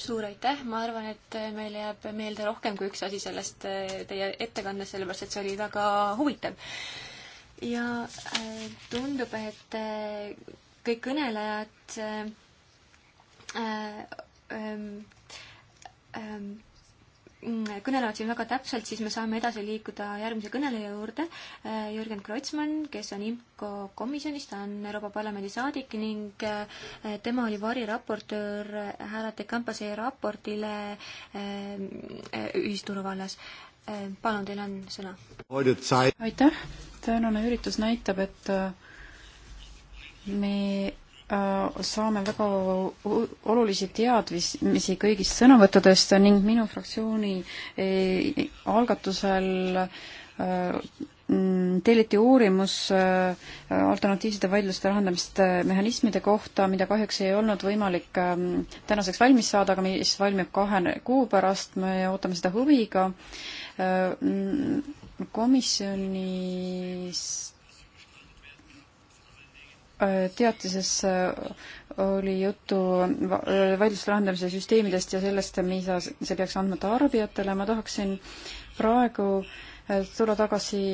suur aitäh, ma arvan, et meile jääb meelde rohkem kui üks asi sellest teie ettekandest, sellepärast et see oli väga huvitav. ja tundub, et kõik kõnelejad Äh, ähm, ähm, mm, kõnelevad siin väga täpselt, siis me saame edasi liikuda järgmise kõneleja juurde, äh, Jürgen Kreutzmann, kes on IMCO komisjonis, ta on Euroopa Parlamendi saadik ning äh, tema oli variraportöör Häälete Campasi raportile ühisturu vallas. palun, teil on sõna. aitäh, tänane üritus näitab, et me Äh, saame väga olulisi teadmisi kõigist sõnavõttudest ning minu fraktsiooni äh, algatusel äh, mm, telliti uurimus alternatiivsete vaidluste lahendamist mehhanismide kohta, mida kahjuks ei olnud võimalik ähm, tänaseks valmis saada, aga mis valmib kahe kuu pärast, me ootame seda huviga. Mm, komisjonis Äh, teatises äh, oli juttu äh, vaidluste lahendamise süsteemidest ja sellest, mida see peaks andma tarbijatele, ma tahaksin praegu tulla tagasi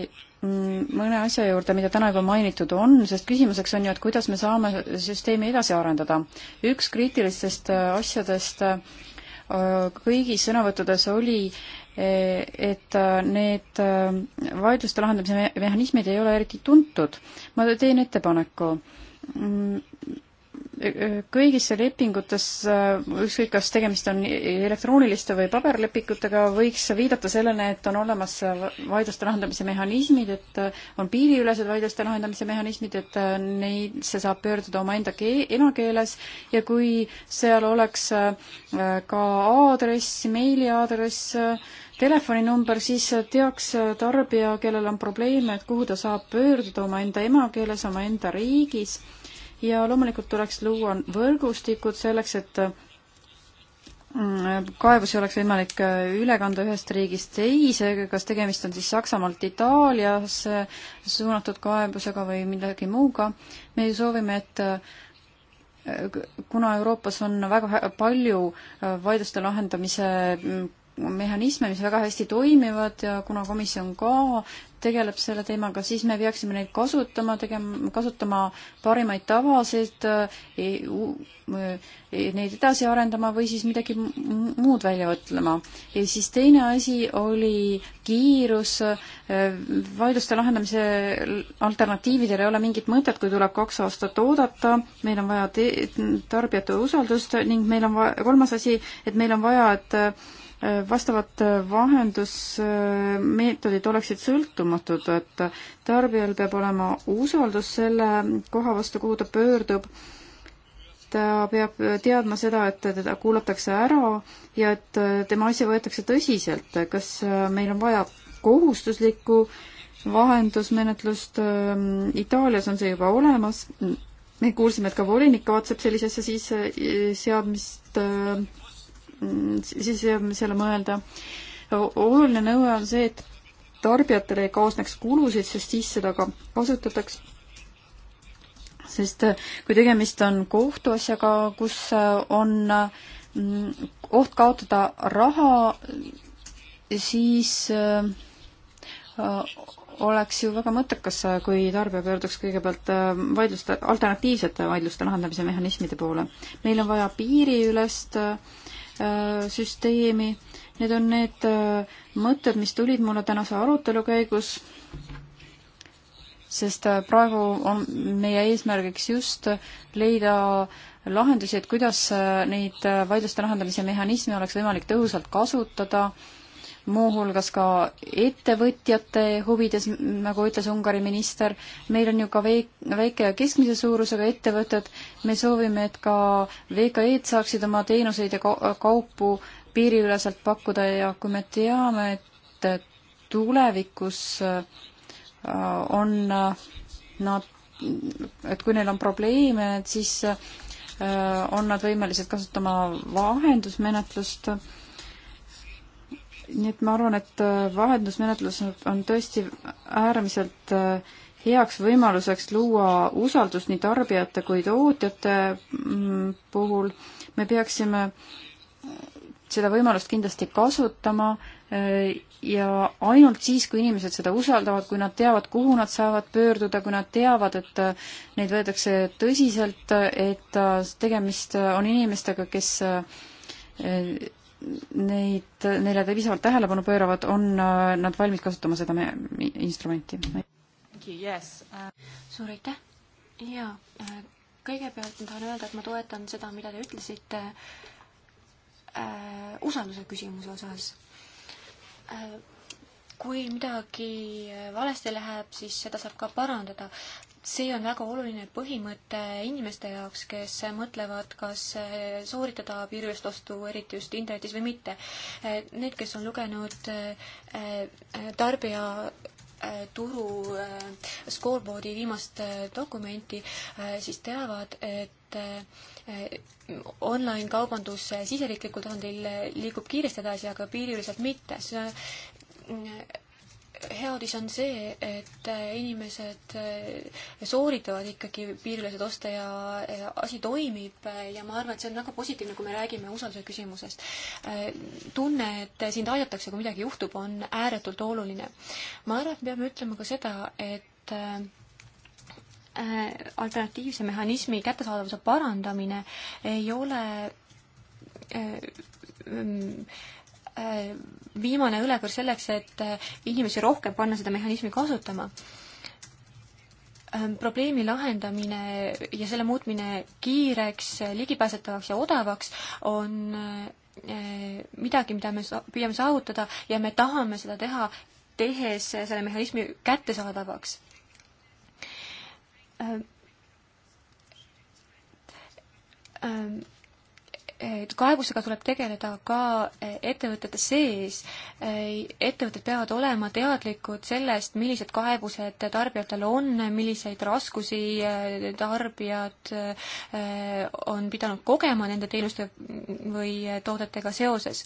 mm, mõne asja juurde, mida täna juba mainitud on, sest küsimuseks on ju, et kuidas me saame süsteemi edasi arendada. üks kriitilistest asjadest kõigis sõnavõttudes oli äh, et äh, need äh, vaidluste lahendamise mehhanismid ei ole eriti tuntud. ma teen ettepaneku mm, äh, kõigisse lepingutes, ükskõik kas tegemist on elektrooniliste või paberlepikutega, võiks viidata sellele, et on olemas vaidluste lahendamise mehhanismid, et on piiriülesed vaidluste lahendamise mehhanismid, et neisse saab pöörduda omaenda keel, emakeeles ja kui seal oleks ka aadress, meiliaadress, telefoninumber, siis teaks tarbija, kellel on probleeme, et kuhu ta saab pöörduda omaenda emakeeles, omaenda riigis ja loomulikult tuleks luua võrgustikud selleks, et mm, kaebusi oleks võimalik üle kanda ühest riigist teise, kas tegemist on siis Saksamaalt Itaaliasse suunatud kaebusega või midagi muuga. me ju soovime, et eh, kuna Euroopas on väga palju eh, vaidluste lahendamise mm, mehhanisme, mis väga hästi toimivad ja kuna komisjon ka tegeleb selle teemaga, siis me peaksime neid kasutama, tegema, kasutama parimaid tavasid, e, e, e, neid edasi arendama või siis midagi muud välja mõtlema. ja siis teine asi oli kiirus, vaidluste lahendamise alternatiividel ei ole mingit mõtet, kui tuleb kaks aastat oodata, meil on vaja tarbijate usaldust ning meil on vaja, kolmas asi, et meil on vaja, et vastavad vahendusmeetodid oleksid sõltumatud, et tarbijal peab olema usaldus selle koha vastu, kuhu ta pöördub, ta peab teadma seda, et teda kuulatakse ära ja et tema asja võetakse tõsiselt, kas meil on vaja kohustuslikku vahendusmenetlust, Itaalias on see juba olemas, me kuulsime, et ka volinik kavatseb sellise asja sisse seadmist Mm, siis selle mõelda. oluline nõue on see, et tarbijatele ei kaasneks kulusid, sest siis seda ka kasutataks. sest äh, kui tegemist on kohtuasjaga, kus äh, on mm, oht kaotada raha, siis äh, oleks ju väga mõttekas, kui tarbija pöörduks kõigepealt vaidluste, alternatiivsete vaidluste lahendamise mehhanismide poole. meil on vaja piiriülest äh, Äh, süsteemi. Need on need äh, mõtted, mis tulid mulle tänase arutelu käigus, sest äh, praegu on meie eesmärgiks just leida lahendusi, et kuidas neid vaidluste lahendamise mehhanisme oleks võimalik tõhusalt kasutada äh, muuhulgas ka ettevõtjate huvides, nagu ütles Ungari minister. meil on ju ka veik-, väike ja keskmise suurusega ettevõtted, me soovime, et ka VKE-d saaksid oma teenuseid ja kaupu piiriüleselt pakkuda ja kui me teame, et tulevikus äh, on äh, nad, et kui neil on probleeme, et siis äh, on nad võimelised kasutama vahendusmenetlust nii et ma arvan, et äh, vahendusmenetlus on tõesti äärmiselt äh, heaks võimaluseks luua usaldust nii tarbijate kui tootjate mm, puhul. me peaksime äh, seda võimalust kindlasti kasutama ja ainult siis, kui inimesed seda usaldavad, kui nad teavad, kuhu nad saavad pöörduda, kui nad teavad, et neid võetakse tõsiselt, et tegemist on inimestega, kes neid, neile te piisavalt tähelepanu pööravad, on äh, nad valmis kasutama seda me-, instrumenti? Yes. Uh... suur aitäh! jaa, äh, kõigepealt ma tahan öelda, et ma toetan seda, mida te ütlesite äh, usalduse küsimuse osas äh, kui midagi valesti läheb, siis seda saab ka parandada see on väga oluline põhimõte inimeste jaoks, kes mõtlevad, kas sooritada piiriülest ostu, eriti just internetis või mitte. Need, kes on lugenud eh, tarbija eh, turu eh, scoreboard'i viimast dokumenti, siis teavad, et online-kaubandus siseriiklikul tasandil liigub kiiresti edasi, aga piiriüleselt mitte. see mm, hea uudis on see, et äh, inimesed äh, sooritavad ikkagi piirilased osta ja asi toimib äh, ja ma arvan, et see on väga positiivne, kui me räägime usalduse küsimusest. tunne, et sind aidatakse, kui midagi juhtub, on ääretult oluline. ma arvan, et me peame ütlema ka seda, et alternatiivse mehhanismi kättesaadavuse parandamine ei ole mm, Äh, viimane õlekõrs selleks, et äh, inimesi rohkem panna seda mehhanismi kasutama. Ähm, probleemi lahendamine ja selle muutmine kiireks, äh, ligipääsetavaks ja odavaks on midagi, mida me püüame saavutada ja me tahame seda teha, tehes selle mehhanismi kättesaadavaks ähm, ähm kaebustega tuleb tegeleda ka eh, ettevõtete sees. Eh, ettevõtted peavad olema teadlikud sellest, millised kaebused tarbijatel on, milliseid raskusi eh, tarbijad on pidanud kogema nende teenuste või toodetega seoses.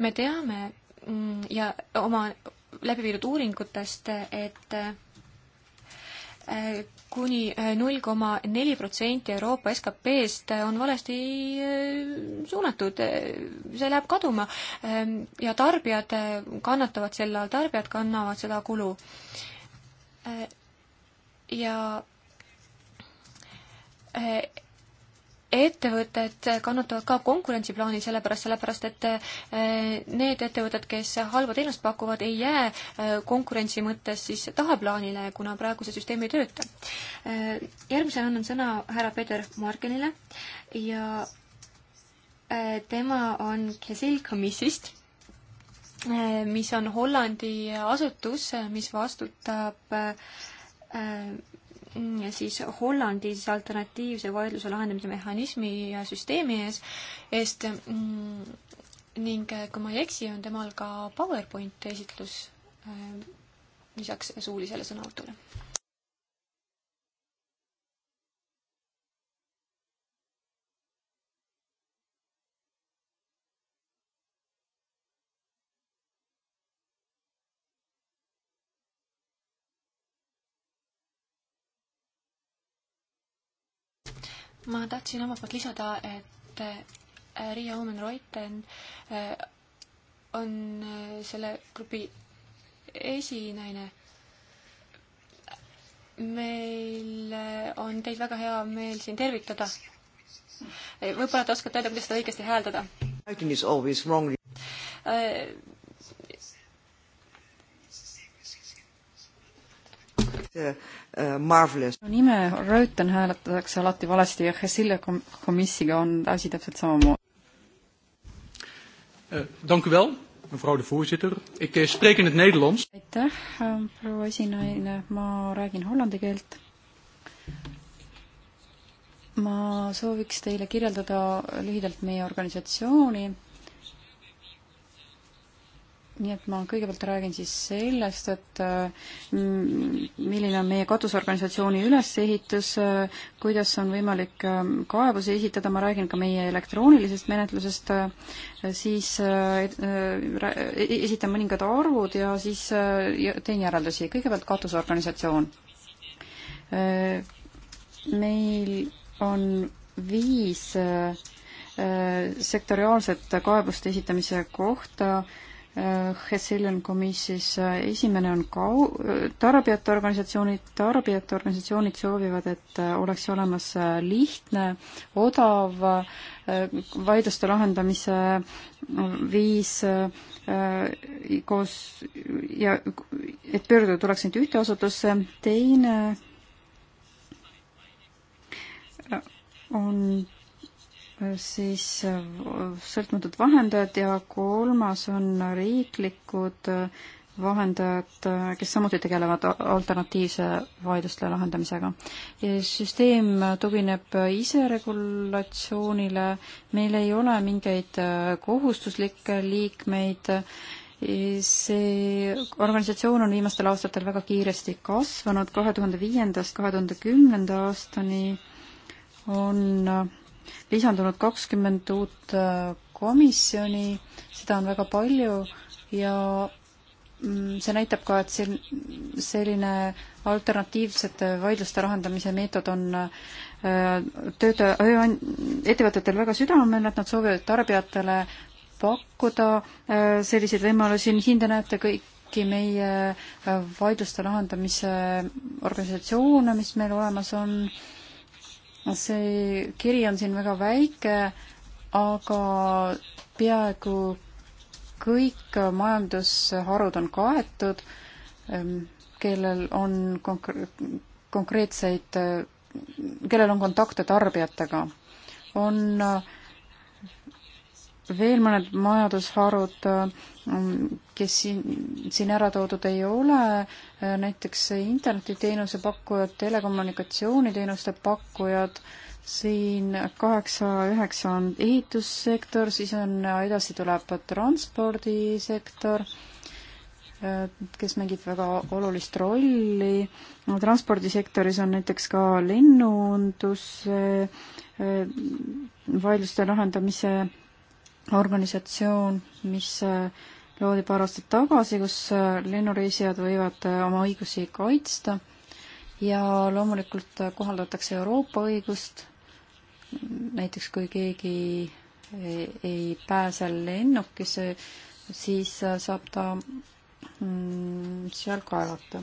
me teame mm, ja oma läbi viidud uuringutest, et kuni äh, null koma neli protsenti Euroopa SKP-st äh, on valesti äh, suunatud, see läheb kaduma ähm, ja tarbijad kannatavad selle all, tarbijad kannavad seda kulu. ja ettevõtted kannatavad ka konkurentsiplaani sellepärast, sellepärast et eh, need ettevõtted, kes halba teenust pakuvad, ei jää eh, konkurentsi mõttes siis tahaplaanile, kuna praegu see süsteem ei tööta. Eh, järgmisena annan sõna härra Peeter Markenile ja tema on Kesilkomissist, mis on Hollandi asutus, mis vastutab siis Hollandis alternatiivse vaidluse lahendamise mehhanismi ja süsteemi ees, eest mm, ning eh, kui ma ei eksi, on temal ka PowerPoint esitlus eh, lisaks suulisele sõnavõtule ma tahtsin omalt poolt lisada, et äh, Riia Omen-Reuten äh, on äh, selle grupi esinaine. meil on teid väga hea meel siin tervitada. võib-olla te oskate öelda, kuidas seda õigesti hääldada? Äh, äh, no, nime Rööten hääletatakse alati valesti ja Hesille kom-, komissiga on asi täpselt samamoodi. Eh, dank u wel, mevrouw de voorzitter. Ik eh, spreek in het Nederlands. aitäh, ähm, proua esinaine, ma räägin hollandi keelt. ma sooviks teile kirjeldada lühidalt meie organisatsiooni nii et ma kõigepealt räägin siis sellest, et mm, milline on meie katusorganisatsiooni ülesehitus, kuidas on võimalik ähm, kaebusi esitada, ma räägin ka meie elektroonilisest menetlusest, äh, siis äh, äh, e-, e-, esitan mõningad arvud ja siis teen järeldusi. kõigepealt katusorganisatsioon. meil on viis sektoriaalset kaebuste esitamise kohta, Äh, Hesselian komissis, äh, esimene on kau-, äh, tarbijate organisatsioonid, tarbijate organisatsioonid soovivad, et oleks olemas lihtne, odav vaidluste lahendamise viis koos ja et pöörduda tuleks ainult ühte asutusse, teine on siis äh, sõltumatud vahendajad ja kolmas on riiklikud äh, vahendajad, äh, kes samuti tegelevad alternatiivse vaidluste lahendamisega. süsteem tugineb iseregulatsioonile, meil ei ole mingeid kohustuslikke liikmeid, see organisatsioon on viimastel aastatel väga kiiresti kasvanud, kahe tuhande viiendast kahe tuhande kümnenda aastani on lisandunud kakskümmend uut äh, komisjoni, seda on väga palju ja mm, see näitab ka, et siin selline alternatiivsete vaidluste lahendamise meetod on äh, töötaja, ettevõtetel väga südamel, et nad soovivad tarbijatele pakkuda äh, selliseid võimalusi, siin te näete kõiki meie vaidluste lahendamise organisatsioone, mis meil olemas on see kiri on siin väga väike, aga peaaegu kõik majandusharud on kaetud, ehm, kellel on konkre-, konkreetseid, kellel on kontakte tarbijatega. on äh, veel mõned majandusharud, mm, kes siin, siin ära toodud ei ole, näiteks internetiteenuse pakkujad, telekommunikatsiooniteenuste pakkujad, siin kaheksa-üheksa on ehitussektor, siis on, edasi tuleb transpordisektor, kes mängib väga olulist rolli. transpordisektoris on näiteks ka lennundus, vaidluste lahendamise organisatsioon, mis äh, loodi paar aastat tagasi, kus äh, lennureisijad võivad äh, oma õigusi kaitsta ja loomulikult kohaldatakse Euroopa õigust, näiteks kui keegi ei, ei pääse lennukisse, siis saab ta mm, seal kaevata.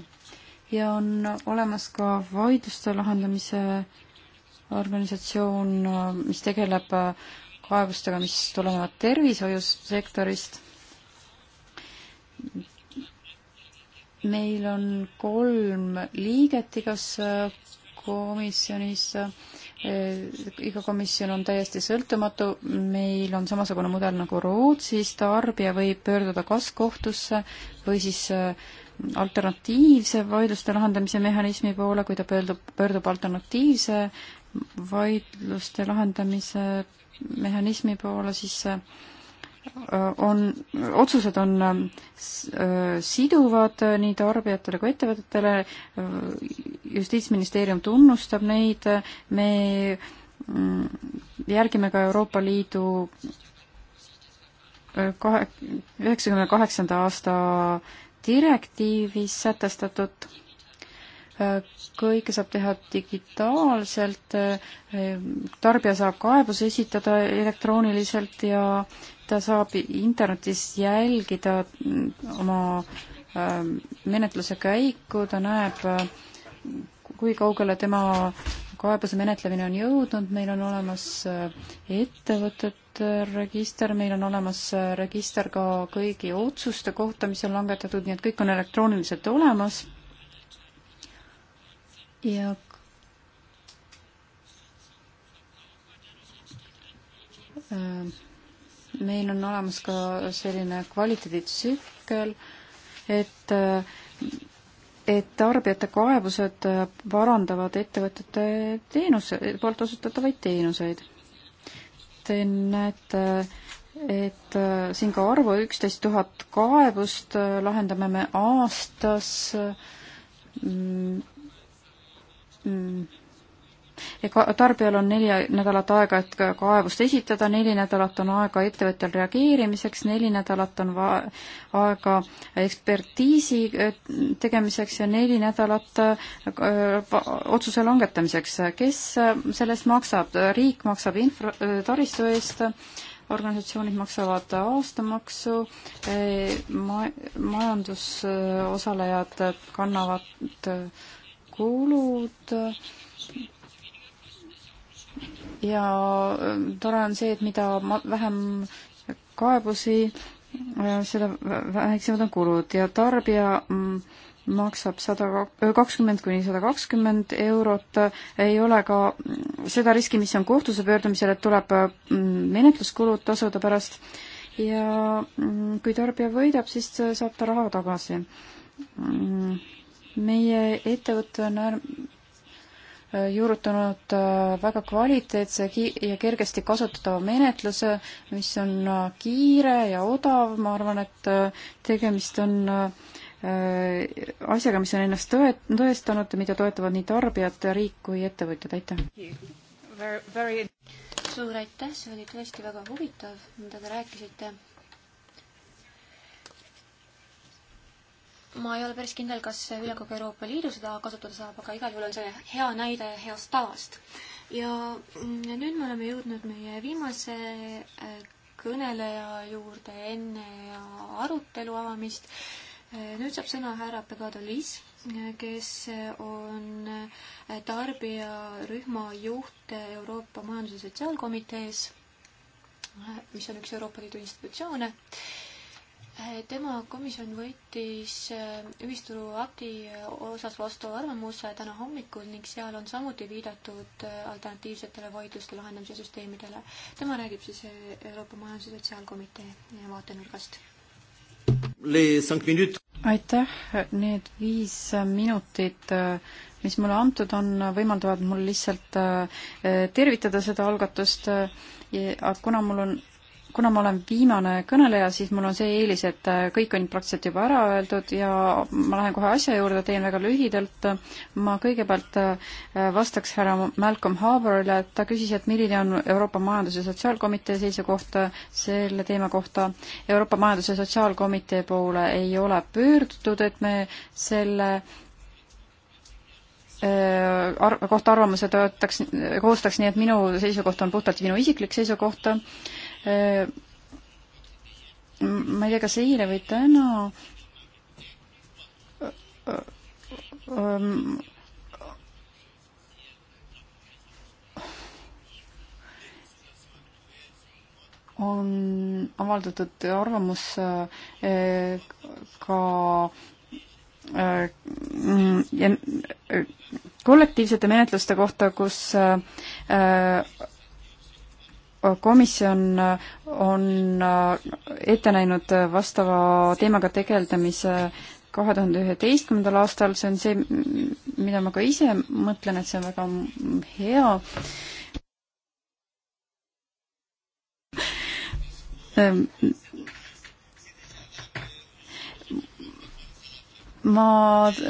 ja on olemas ka vaidluste lahendamise organisatsioon, mis tegeleb kaebustega, mis tulenevad tervishoiusektorist. meil on kolm liiget igas äh, komisjonis, äh, iga komisjon on täiesti sõltumatu, meil on samasugune mudel nagu Rootsis, tarbija võib pöörduda kas kohtusse või siis äh, alternatiivse vaidluste lahendamise mehhanismi poole, kui ta pöördub, pöördub alternatiivse vaidluste lahendamise mehhanismi poole, siis äh, on, otsused on äh, äh, siduvad nii tarbijatele kui ettevõtetele, Justiitsministeerium tunnustab neid, me mm, järgime ka Euroopa Liidu kahe, üheksakümne kaheksanda aasta direktiivis sätestatud kõike saab teha digitaalselt, tarbija saab kaebuse esitada elektrooniliselt ja ta saab internetis jälgida oma ähm, menetluse käiku, ta näeb, kui kaugele tema kaebuse menetlemine on jõudnud, meil on olemas äh, ettevõtete register, meil on olemas äh, register ka kõigi otsuste kohta, mis on langetatud, nii et kõik on elektrooniliselt olemas ja äh, meil on olemas ka selline kvaliteeditsükkel, et, äh, et tarbijate kaebused äh, parandavad ettevõtete teenuse, poolt osutatavaid teenuseid. Te näete, et siin ka arvu üksteist tuhat kaebust lahendame me aastas mm, Mm. tarbijal on neli nädalat aega, et kaebust esitada, neli nädalat on aega ettevõtjal reageerimiseks, neli nädalat on aega ekspertiisi tegemiseks ja neli nädalat äh, otsuse langetamiseks. kes sellest maksab? riik maksab infra, taristu eest, organisatsioonid maksavad aastamaksu, eh, ma-, majandusosalejad kannavad kulud ja ähm, tore on see, et mida vähem kaebusi, äh, seda väiksemad on kulud ja tarbija mm, maksab sada kakskümmend kuni sada kakskümmend eurot, ei ole ka mm, seda riski, mis on kohtusse pöördumisel, et tuleb äh, mm, menetluskulud tasuda pärast ja kui tarbija võidab, siis äh, saab ta raha tagasi meie ettevõte on äär... Äh, juurutanud äh, väga kvaliteetse ja kergesti kasutatava menetluse, mis on äh, kiire ja odav, ma arvan, et tegemist on asjaga, mis on ennast tõet-, tõestanud ja mida toetavad nii tarbijad, riik kui ettevõtjad, aitäh! suur aitäh, see oli tõesti väga huvitav, mida te rääkisite ma ei ole päris kindel, kas üle kogu Euroopa Liidu seda kasutada saab, aga igal juhul on see hea näide heast tavast. ja mm, nüüd me oleme jõudnud meie viimase äh, kõneleja juurde enne arutelu avamist. Äh, nüüd saab sõna härra Pegado Liis, äh, kes on tarbijarühma juht Euroopa Majandus- ja Sotsiaalkomitees, mis on üks Euroopa Liidu institutsioone tema komisjon võttis äh, ühisturu akti osas vastu arvamuse täna hommikul ning seal on samuti viidatud äh, alternatiivsetele vaidluste lahendamise süsteemidele. tema räägib siis äh, Euroopa Majandus- ja Sotsiaalkomitee vaatenurgast. aitäh, need viis minutit mis mulle antud on, võimaldavad mul lihtsalt tervitada seda algatust, kuna mul on kuna ma olen viimane kõneleja, siis mul on see eelis, et äh, kõik on praktiliselt juba ära öeldud ja ma lähen kohe asja juurde, teen väga lühidalt. ma kõigepealt äh, vastaks härra Malcolm Harbourile, et ta küsis, et milline on Euroopa Majandus- ja Sotsiaalkomitee seisukoht äh, selle teema kohta. Euroopa Majandus- ja Sotsiaalkomitee poole ei ole pöördutud, et me selle ar-, kohta arvamuse toetaks, koostaks, nii et minu seisukoht on puhtalt minu isiklik seisukoht Äh, ma ei tea, kas eile või täna um, on avaldatud arvamus ka kollektiivsete menetluste kohta, kus komisjon on ette näinud vastava teemaga tegeldamise kahe tuhande üheteistkümnendal aastal, see on see, mida ma ka ise mõtlen, et see on väga hea. Ehm, ma,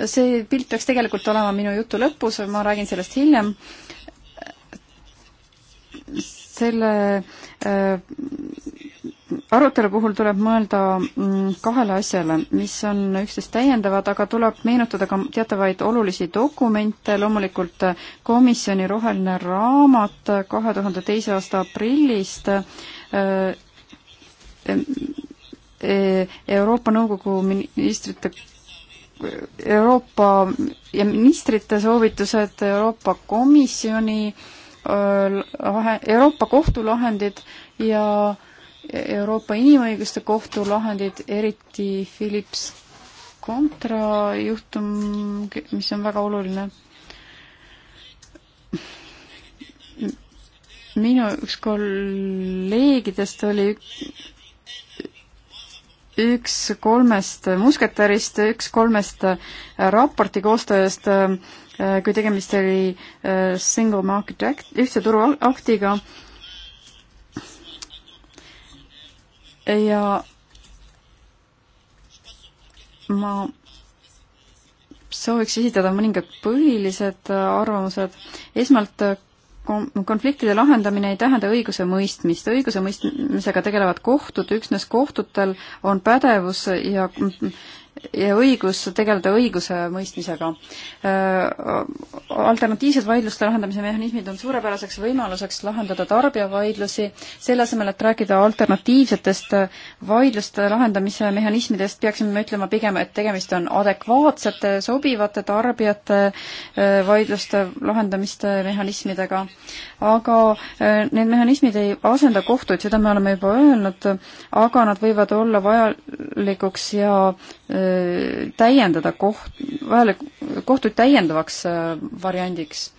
see pilt peaks tegelikult olema minu jutu lõpus, ma räägin sellest hiljem selle äh, arutelu puhul tuleb mõelda mm, kahele asjale, mis on üksteist täiendavad, aga tuleb meenutada ka teatavaid olulisi dokumente, loomulikult äh, komisjoni roheline raamat äh, kahe tuhande teise aasta aprillist, e, Euroopa Nõukogu ministrite Euroopa ja ministrite soovitused Euroopa Komisjoni äh, Euroopa Kohtu lahendid ja Euroopa Inimõiguste Kohtu lahendid, eriti Philips kontra juhtum, mis on väga oluline. minu üks kolleegidest oli üks kolmest musketärist, üks kolmest raporti koostajast äh, Äh, kui tegemist oli äh, Single Market Act, ühtse turu aktiga. ja ma sooviks esitada mõningad põhilised äh, arvamused. esmalt konfliktide lahendamine ei tähenda õigusemõistmist. õigusemõistmisega tegelevad kohtud, üksnes kohtutel on pädevus ja ja õigus tegeleda õigusemõistmisega. Äh, alternatiivsed vaidluste lahendamise mehhanismid on suurepäraseks võimaluseks lahendada tarbijavaidlusi, selle asemel, et rääkida alternatiivsetest vaidluste lahendamise mehhanismidest, peaksime me ütlema pigem, et tegemist on adekvaatsete, sobivate tarbijate äh, vaidluste lahendamiste mehhanismidega. aga äh, need mehhanismid ei asenda kohtuid, seda me oleme juba öelnud, aga nad võivad olla vajalikuks ja täiendada koht, vahele kohtuid täiendavaks äh, variandiks.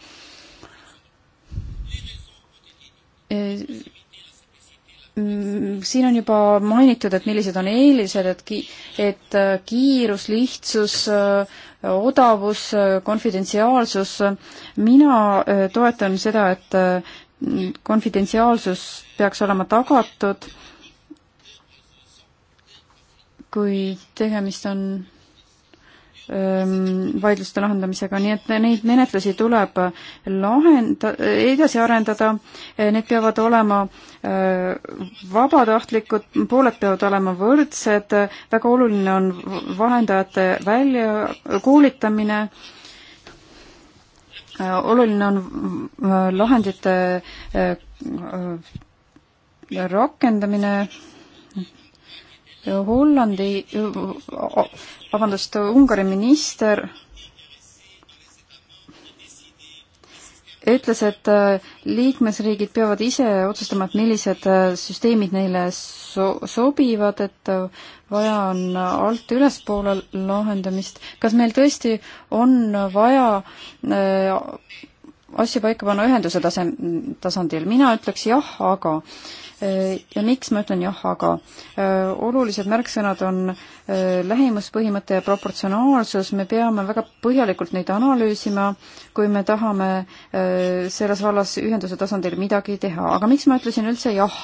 siin on juba mainitud, et millised on eelised, et ki-, et äh, kiirus, lihtsus, äh, odavus, konfidentsiaalsus, mina toetan seda, et konfidentsiaalsus peaks olema tagatud kui tegemist on ähm, vaidluste lahendamisega, nii et neid menetlusi tuleb lahenda, edasi arendada, eh, need peavad olema äh, vabatahtlikud, pooled peavad olema võrdsed, väga oluline on vahendajate välja, koolitamine, äh, oluline on äh, lahendite rakendamine, Hollandi, vabandust, Ungari minister ütles, et äh, liikmesriigid peavad ise otsustama, et millised äh, süsteemid neile so-, sobivad, et äh, vaja on alt ülespoole lahendamist. kas meil tõesti on vaja äh, asju paika panna ühenduse tase, tasandil? mina ütleks jah, aga äh, Äh, ja miks ma ütlen jah, aga äh, olulised märksõnad on äh, lähimuspõhimõte ja proportsionaalsus, me peame väga põhjalikult neid analüüsima, kui me tahame selles vallas ühenduse tasandil midagi teha, aga miks ma ütlesin üldse jah?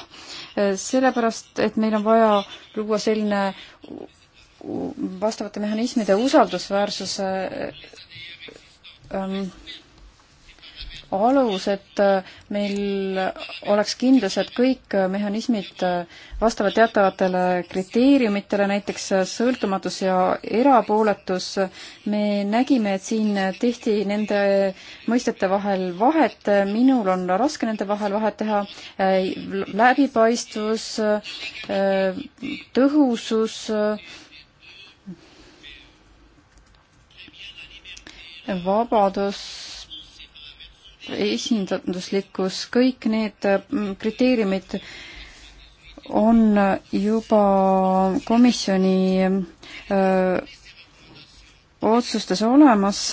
sellepärast, et meil on vaja luua selline vastavate mehhanismide usaldusväärsuse ähm, alus, et äh, meil oleks kindlus, et kõik äh, mehhanismid äh, vastavad teatavatele kriteeriumitele, näiteks sõltumatus ja erapooletus. me nägime, et siin tehti nende mõistete vahel vahet, minul on raske nende vahel vahet teha, läbipaistvus, tõhusus, vabadus esinduslikkus, kõik need äh, kriteeriumid on juba komisjoni öö, äh, otsustes olemas.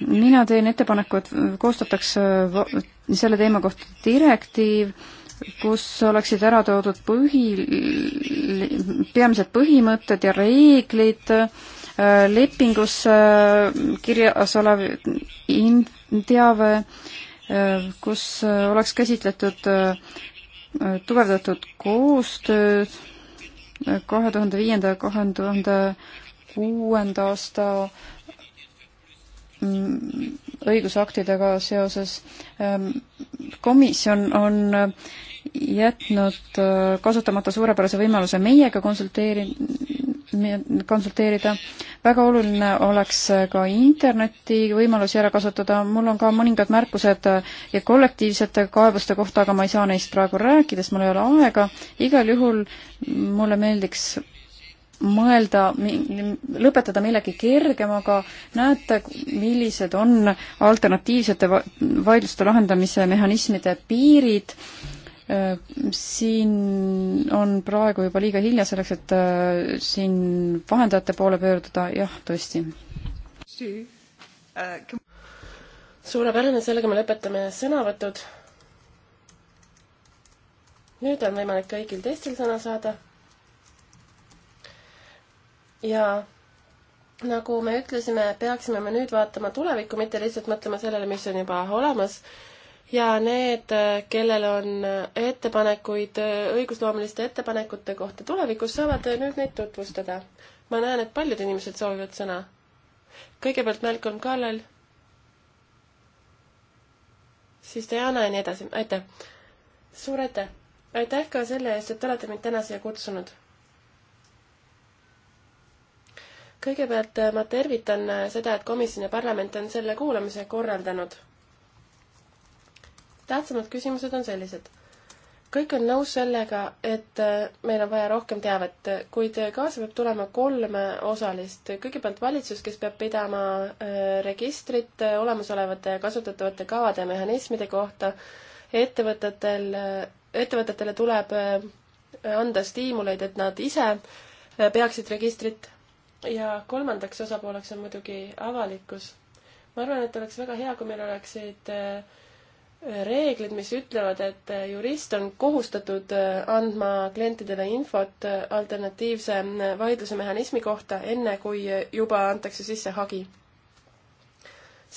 mina teen ettepaneku, et koostataks äh, selle teema kohta direktiiv, kus oleksid ära toodud põhi, peamised põhimõtted ja reeglid öö, lepingus äh, kirjas olev teave, äh, kus äh, oleks käsitletud tugevdatud koostööd kahe tuhande viienda ja kahe tuhande kuuenda aasta mm, õigusaktidega seoses. Ähm, komisjon on jätnud kasutamata suurepärase võimaluse meiega konsulteeri-, konsulteerida. väga oluline oleks ka interneti võimalusi ära kasutada, mul on ka mõningad märkused ja kollektiivsete kaebuste kohta, aga ma ei saa neist praegu rääkida, sest mul ei ole aega, igal juhul mulle meeldiks mõelda, lõpetada millegi kergemaga, näete, millised on alternatiivsete vaidluste lahendamise mehhanismide piirid Äh, siin on praegu juba liiga hilja selleks, et äh, siin vahendajate poole pöörduda, jah, tõesti. suurepärane, sellega me lõpetame sõnavõtud. nüüd on võimalik kõigil teistel sõna saada. ja nagu me ütlesime, peaksime me nüüd vaatama tulevikku, mitte lihtsalt mõtlema sellele, mis on juba olemas ja need, kellel on ettepanekuid õigusloomeliste ettepanekute kohta tulevikus, saavad nüüd neid tutvustada. ma näen, et paljud inimesed soovivad sõna. kõigepealt Malcolm Kallel, siis Diana ja nii edasi, aitäh! suur aitäh! aitäh ka selle eest, et olete mind täna siia kutsunud! kõigepealt ma tervitan seda, et komisjon ja parlament on selle kuulamise korraldanud tähtsamad küsimused on sellised. kõik on nõus sellega, et äh, meil on vaja rohkem teavet, kuid kaasa peab tulema kolm osalist. kõigepealt valitsus, kes peab pidama äh, registrit äh, olemasolevate ja kasutatavate kavade ja mehhanismide kohta, ettevõtetel, ettevõtetele tuleb anda stiimuleid, et nad ise peaksid registrit ja kolmandaks osapooleks on muidugi avalikkus. ma arvan, et oleks väga hea, kui meil oleksid äh, reeglid, mis ütlevad, et äh, jurist on kohustatud äh, andma klientidele infot äh, alternatiivse vaidluse mehhanismi kohta, enne kui juba antakse sisse hagi.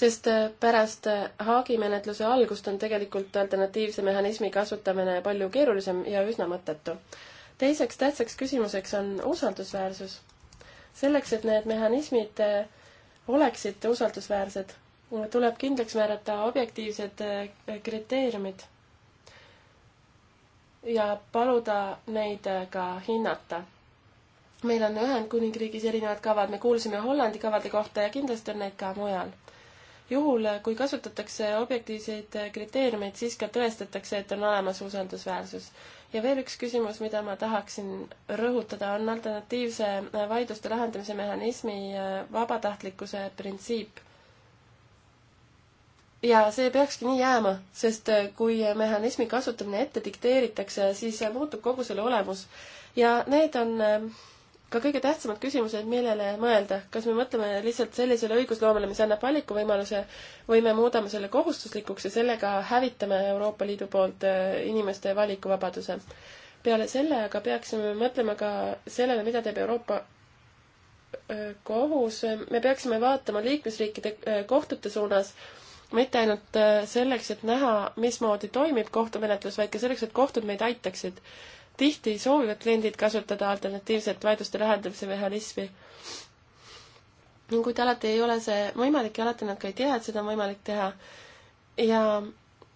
sest pärast hagimenetluse algust on tegelikult alternatiivse mehhanismi kasutamine palju keerulisem ja üsna mõttetu. teiseks tähtsaks küsimuseks on usaldusväärsus. selleks, et need mehhanismid oleksid usaldusväärsed, tuleb kindlaks määrata objektiivsed äh, kriteeriumid ja paluda neid äh, ka hinnata. meil on Ühendkuningriigis erinevad kavad, me kuulsime Hollandi kavade kohta ja kindlasti on neid ka mujal. juhul, äh, kui kasutatakse objektiivseid kriteeriumeid, siis ka tõestatakse, et on olemas usaldusväärsus. ja veel üks küsimus, mida ma tahaksin rõhutada, on alternatiivse vaidluste lahendamise mehhanismi vabatahtlikkuse printsiip ja see peakski nii jääma, sest äh, kui mehhanismi kasutamine ette dikteeritakse, siis äh, muutub kogu selle olemus. ja need on ähm, ka kõige tähtsamad küsimused, millele mõelda. kas me mõtleme lihtsalt sellisele õigusloomele, mis annab valikuvõimaluse või me muudame selle kohustuslikuks ja sellega hävitame Euroopa Liidu poolt äh, inimeste valikuvabaduse. peale selle aga peaksime mõtlema ka sellele, mida teeb Euroopa kohus, me peaksime vaatama liikmesriikide kohtute suunas mitte ainult äh, selleks, et näha, mismoodi toimib kohtumenetlus, vaid ka selleks, et kohtud meid aitaksid. tihti soovivad kliendid kasutada alternatiivset vaidluste lahendamise mehhanismi. kuid alati ei ole see võimalik ja alati nad ka ei tea, et seda on võimalik teha. ja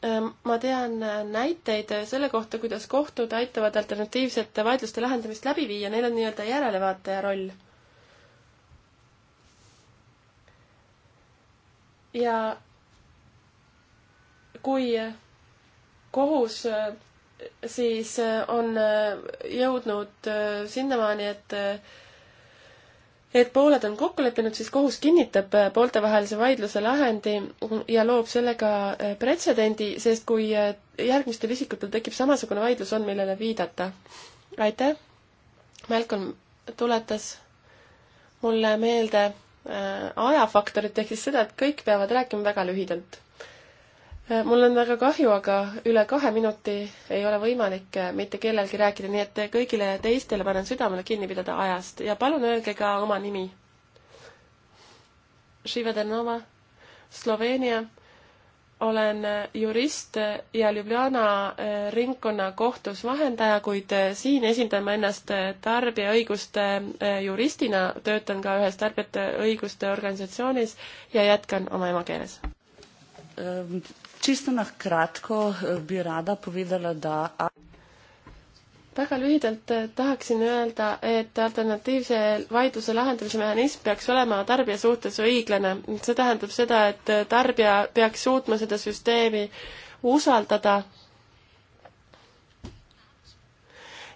ähm, ma tean näiteid selle kohta, kuidas kohtud aitavad alternatiivsete vaidluste lahendamist läbi viia, neil on nii-öelda järelevaataja roll. ja kui kohus äh, siis äh, on äh, jõudnud sinnamaani, et et pooled on kokku leppinud, siis kohus kinnitab pooltevahelise vaidluse lahendi ja loob sellega pretsedendi, sest kui järgmistel isikutel tekib samasugune vaidlus, on millele viidata. aitäh! Malcolm tuletas mulle meelde ajafaktorit, ehk siis seda, et kõik peavad rääkima väga lühidalt Äh, mul on väga kahju, aga üle kahe minuti ei ole võimalik äh, mitte kellelgi rääkida, nii et äh, kõigile teistele panen südamele kinni pidada ajast ja palun öelge ka oma nimi. Živa Denova, Sloveenia olen jurist ja Ljubljana ringkonnakohtus vahendaja, kuid siin esindan ma ennast tarbijaõiguste juristina, töötan ka ühes tarbijate õiguste organisatsioonis ja jätkan oma emakeeles. Ehm, čisto na kratko eh, bi rada povedala, da. väga lühidalt eh, tahaksin öelda, et alternatiivse vaidluse lahendamise mehhanism peaks olema tarbija suhtes õiglane. see tähendab seda, et tarbija peaks suutma seda süsteemi usaldada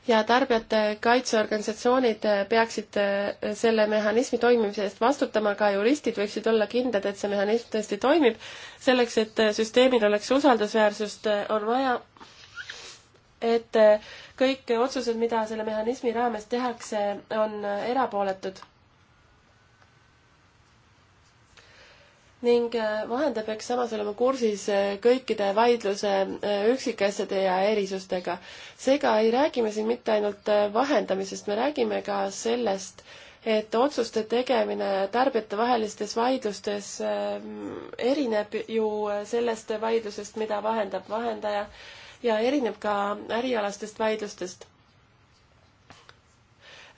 ja tarbijate kaitseorganisatsioonid peaksid eh, selle mehhanismi toimimise eest vastutama, ka juristid võiksid olla kindlad, et see mehhanism tõesti toimib. selleks, et eh, süsteemil oleks usaldusväärsust, eh, on vaja, et kõik otsused, mida selle mehhanismi raames tehakse, on erapooletud ning äh, vahendaja peaks samas olema kursis äh, kõikide vaidluse äh, üksikasjade ja erisustega. seega ei räägi me siin mitte ainult vahendamisest, me räägime ka sellest, et otsuste tegemine tarbijatevahelistes vaidlustes erineb ju sellest vaidlusest, mida vahendab vahendaja ja erineb ka ärialastest vaidlustest.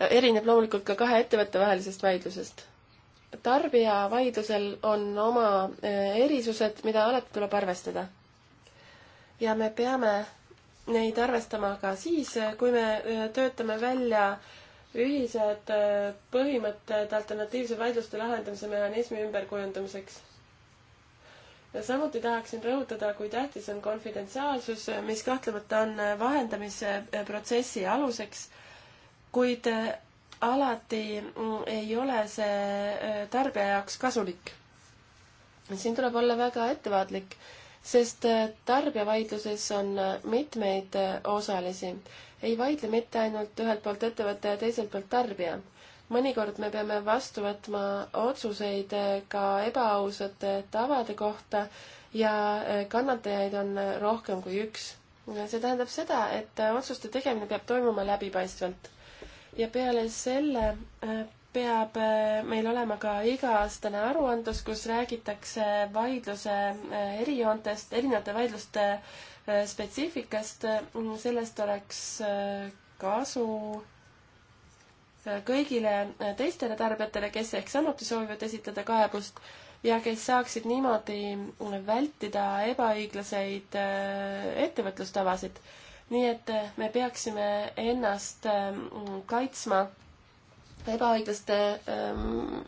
erineb loomulikult ka kahe ettevõtte vahelisest vaidlusest tarbija vaidlusel on oma eh, erisused, mida alati tuleb arvestada. ja me peame neid arvestama ka siis, kui me eh, töötame välja ühised eh, põhimõtted alternatiivse vaidluste lahendamise mehhanismi ümberkujundamiseks. ja samuti tahaksin rõhutada, kui tähtis on konfidentsiaalsus, mis kahtlemata on vahendamise protsessi aluseks, kuid alati mm, ei ole see äh, tarbija jaoks kasulik. siin tuleb olla väga ettevaatlik, sest äh, tarbijavaidluses on äh, mitmeid osalisi. ei vaidle mitte ainult ühelt poolt ettevõte ja teiselt poolt tarbija. mõnikord me peame vastu võtma otsuseid ka ebaausate tavade kohta ja kannatajaid on rohkem kui üks. see tähendab seda, et otsuste tegemine peab toimuma läbipaistvalt ja peale selle äh, peab äh, meil olema ka iga-aastane aruandlus, kus räägitakse vaidluse äh, erijoontest, erinevate vaidluste spetsiifikast, sellest oleks kasu kõigile teistele tarbijatele, kes ehk samuti soovivad esitada kaebust ja kes saaksid niimoodi vältida ebaõiglaseid ettevõtlustavasid nii et äh, me peaksime ennast ähm, kaitsma ebaõiglaste ähm,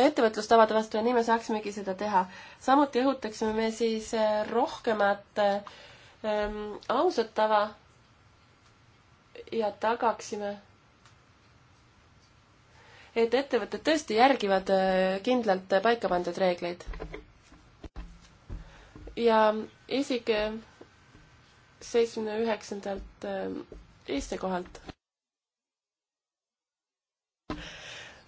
ettevõtlustavade vastu ja nii me saaksimegi seda teha. samuti õhutaksime me siis äh, rohkemat äh, ähm, ausat tava ja tagaksime, et ettevõtted tõesti järgivad kindlalt paika pandud reegleid. ja isik seitsmekümne üheksandalt äh, Eesti kohalt.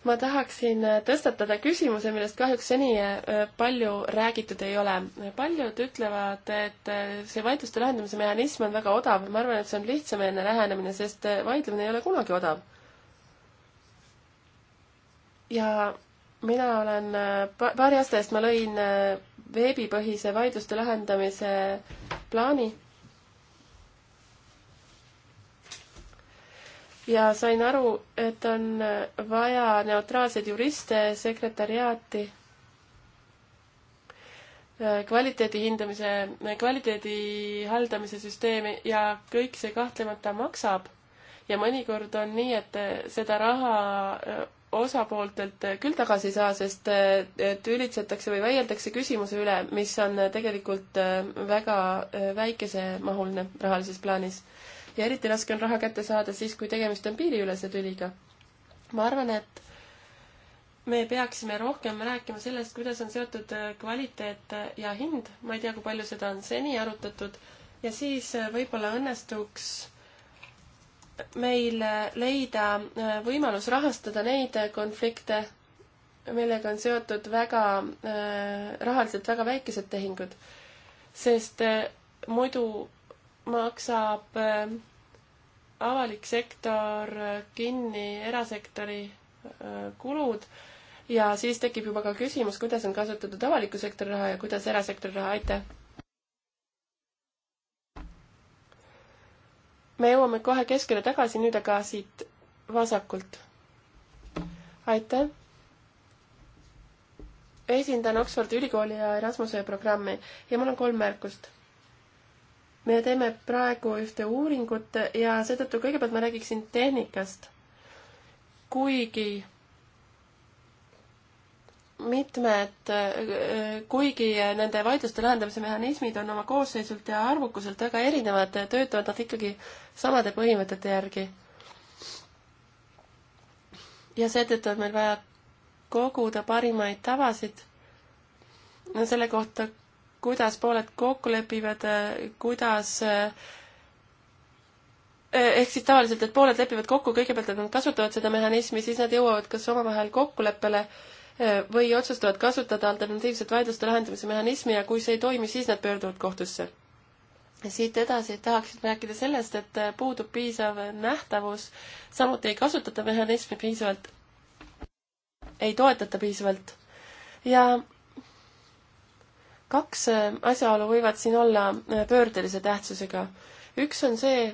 ma tahaksin äh, tõstatada küsimuse, millest kahjuks seni äh, palju räägitud ei ole. paljud ütlevad, et see vaidluste lahendamise mehhanism on väga odav. ma arvan, et see on lihtsameelne lähenemine, sest vaidlemine ei ole kunagi odav. ja mina olen, paari aasta eest ma lõin veebipõhise vaidluste lahendamise plaani ja sain aru, et on vaja neutraalseid juriste, sekretäriaati, äh, kvaliteedi hindamise, äh, kvaliteedi haldamise süsteemi ja kõik see kahtlemata maksab. ja mõnikord on nii, et äh, seda raha osapooltelt küll tagasi ei saa, sest tülitsetakse või väieldakse küsimuse üle, mis on tegelikult väga väikesemahuline rahalises plaanis ja eriti raske on raha kätte saada siis, kui tegemist on piiriülese tüliga. ma arvan, et me peaksime rohkem rääkima sellest, kuidas on seotud äh, kvaliteet ja hind, ma ei tea, kui palju seda on seni arutatud, ja siis äh, võib-olla õnnestuks meil äh, leida võimalus rahastada neid konflikte, millega on seotud väga äh,, rahaliselt väga väikesed tehingud. sest äh, muidu maksab ähm, avalik sektor äh, kinni erasektori äh, kulud ja siis tekib juba ka küsimus, kuidas on kasutatud avaliku sektori raha ja kuidas erasektori raha, aitäh! me jõuame kohe keskele tagasi, nüüd aga siit vasakult. aitäh! esindan Oxfordi ülikooli ja Erasmuse programmi ja mul on kolm märkust me teeme praegu ühte uuringut ja seetõttu kõigepealt ma räägiksin tehnikast. kuigi mitmed, kuigi nende vaidluste lahendamise mehhanismid on oma koosseisult ja arvukuselt väga erinevad, töötavad nad ikkagi samade põhimõtete järgi. ja seetõttu on meil vaja koguda parimaid tavasid no selle kohta, kuidas pooled kokku lepivad, kuidas eh, ehk siis tavaliselt, et pooled lepivad kokku kõigepealt, et nad kasutavad seda mehhanismi, siis nad jõuavad kas omavahel kokkuleppele eh, või otsustavad kasutada alternatiivset vaidluste lahendamise mehhanismi ja kui see ei toimi, siis nad pöörduvad kohtusse. siit edasi tahaksin rääkida sellest, et eh, puudub piisav nähtavus, samuti ei kasutata mehhanismi piisavalt, ei toetata piisavalt ja kaks äh, asjaolu võivad siin olla äh, pöördelise tähtsusega. üks on see,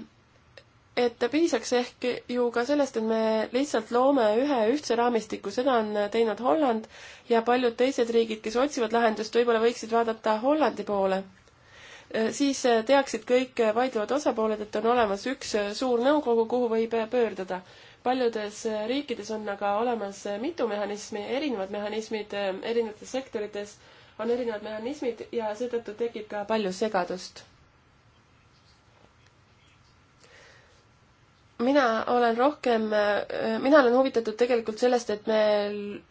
et piisaks ehk ju ka sellest, et me lihtsalt loome ühe ühtse raamistiku, seda on äh, teinud Holland ja paljud teised riigid, kes otsivad lahendust, võib-olla võiksid vaadata Hollandi poole. siis teaksid kõik vaidlevad osapooled, et on olemas üks suur nõukogu, kuhu võib pöörduda. paljudes riikides on aga olemas mitu mehhanismi, erinevad mehhanismid erinevates sektorites on erinevad mehhanismid ja seetõttu tekib ka palju segadust. mina olen rohkem, äh, mina olen huvitatud tegelikult sellest, et me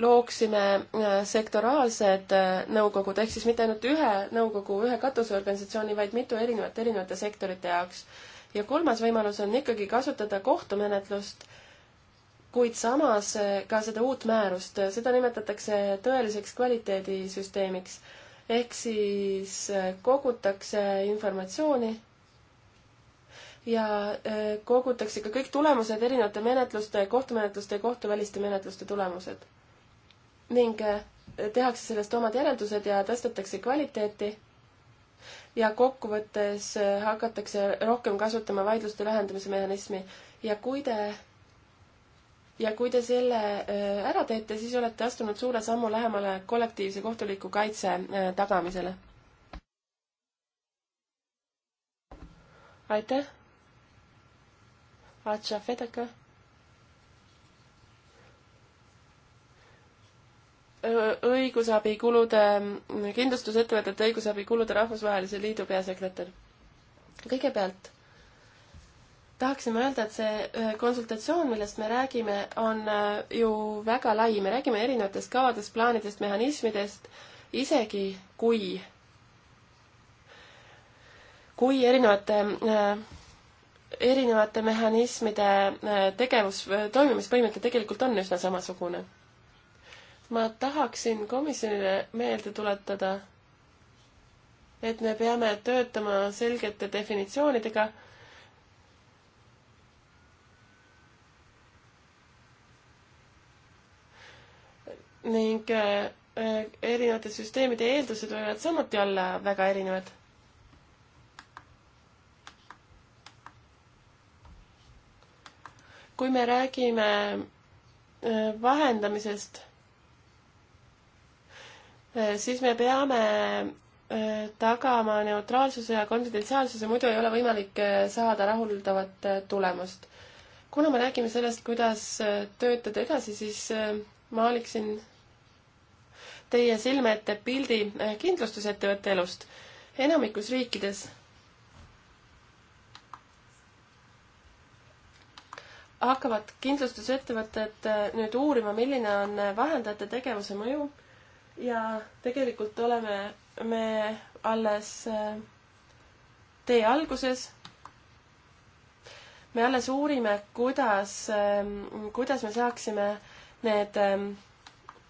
looksime äh, sektoraalsed äh, nõukogud, ehk siis mitte ainult ühe nõukogu, ühe katuseorganisatsiooni, vaid mitu erinevat erinevate sektorite jaoks. ja kolmas võimalus on ikkagi kasutada kohtumenetlust kuid samas eh, ka seda uut määrust, eh, seda nimetatakse tõeliseks kvaliteedisüsteemiks. ehk siis eh, kogutakse informatsiooni ja kogutakse ka kõik tulemused erinevate menetluste, kohtumenetluste ja kohtuväliste menetluste tulemused. ning tehakse sellest omad järeldused ja tõstetakse kvaliteeti ja kokkuvõttes hakatakse rohkem kasutama vaidluste lahendamise mehhanismi ja kui te ja kui te selle äh, ära teete, siis olete astunud suure sammu lähemale kollektiivse kohtuliku kaitse äh, tagamisele. aitäh. Atša Fedaka. õigusabikulude, kindlustusettevõtete õigusabikulude rahvusvahelise liidu peasekretär. kõigepealt tahaksime öelda, et see äh, konsultatsioon, millest me räägime, on äh, ju väga lai, me räägime erinevatest kavadest, plaanidest, mehhanismidest, isegi kui, kui erinevate, äh, erinevate mehhanismide tegevus, toimimispõhimõte tegelikult on üsna samasugune. ma tahaksin komisjonile meelde tuletada, et me peame töötama selgete definitsioonidega ning äh, erinevate süsteemide eeldused võivad samuti olla väga erinevad. kui me räägime äh, vahendamisest, äh, siis me peame tagama neutraalsuse ja konfidentsiaalsuse, muidu ei ole võimalik saada rahuldavat tulemust. kuna me räägime sellest, kuidas töötada edasi, siis maaliksin teie silme ette pildi eh, kindlustusettevõtte elust. enamikus riikides hakkavad kindlustusettevõtted eh, nüüd uurima, milline on eh, vahendajate tegevuse mõju ja tegelikult oleme me alles tee alguses. me alles uurime, kuidas, kuidas me saaksime need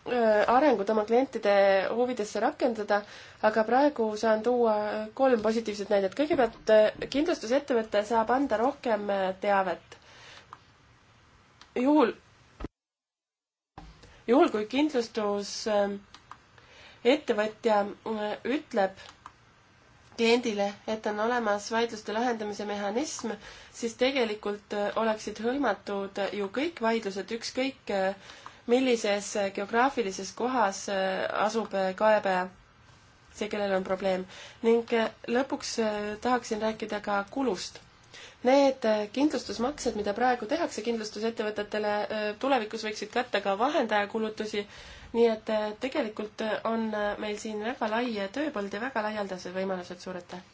Äh, arengut oma klientide huvidesse rakendada, aga praegu saan tuua kolm positiivset näidet. kõigepealt äh, kindlustusettevõte saab anda rohkem äh, teavet. juhul, juhul kui kindlustusettevõtja ütleb kliendile, et on olemas vaidluste lahendamise mehhanism, siis tegelikult oleksid hõlmatud ju kõik vaidlused, ükskõik millises geograafilises kohas äh, asub äh, kaebaja, see, kellel on probleem. ning äh, lõpuks tahaksin rääkida ka kulust. Need kindlustusmaksed, mida praegu tehakse kindlustusettevõtetele, tulevikus võiksid katta ka vahendajakulutusi, nii et tegelikult on meil siin väga lai tööpõld ja väga laialdased võimalused, suur aitäh!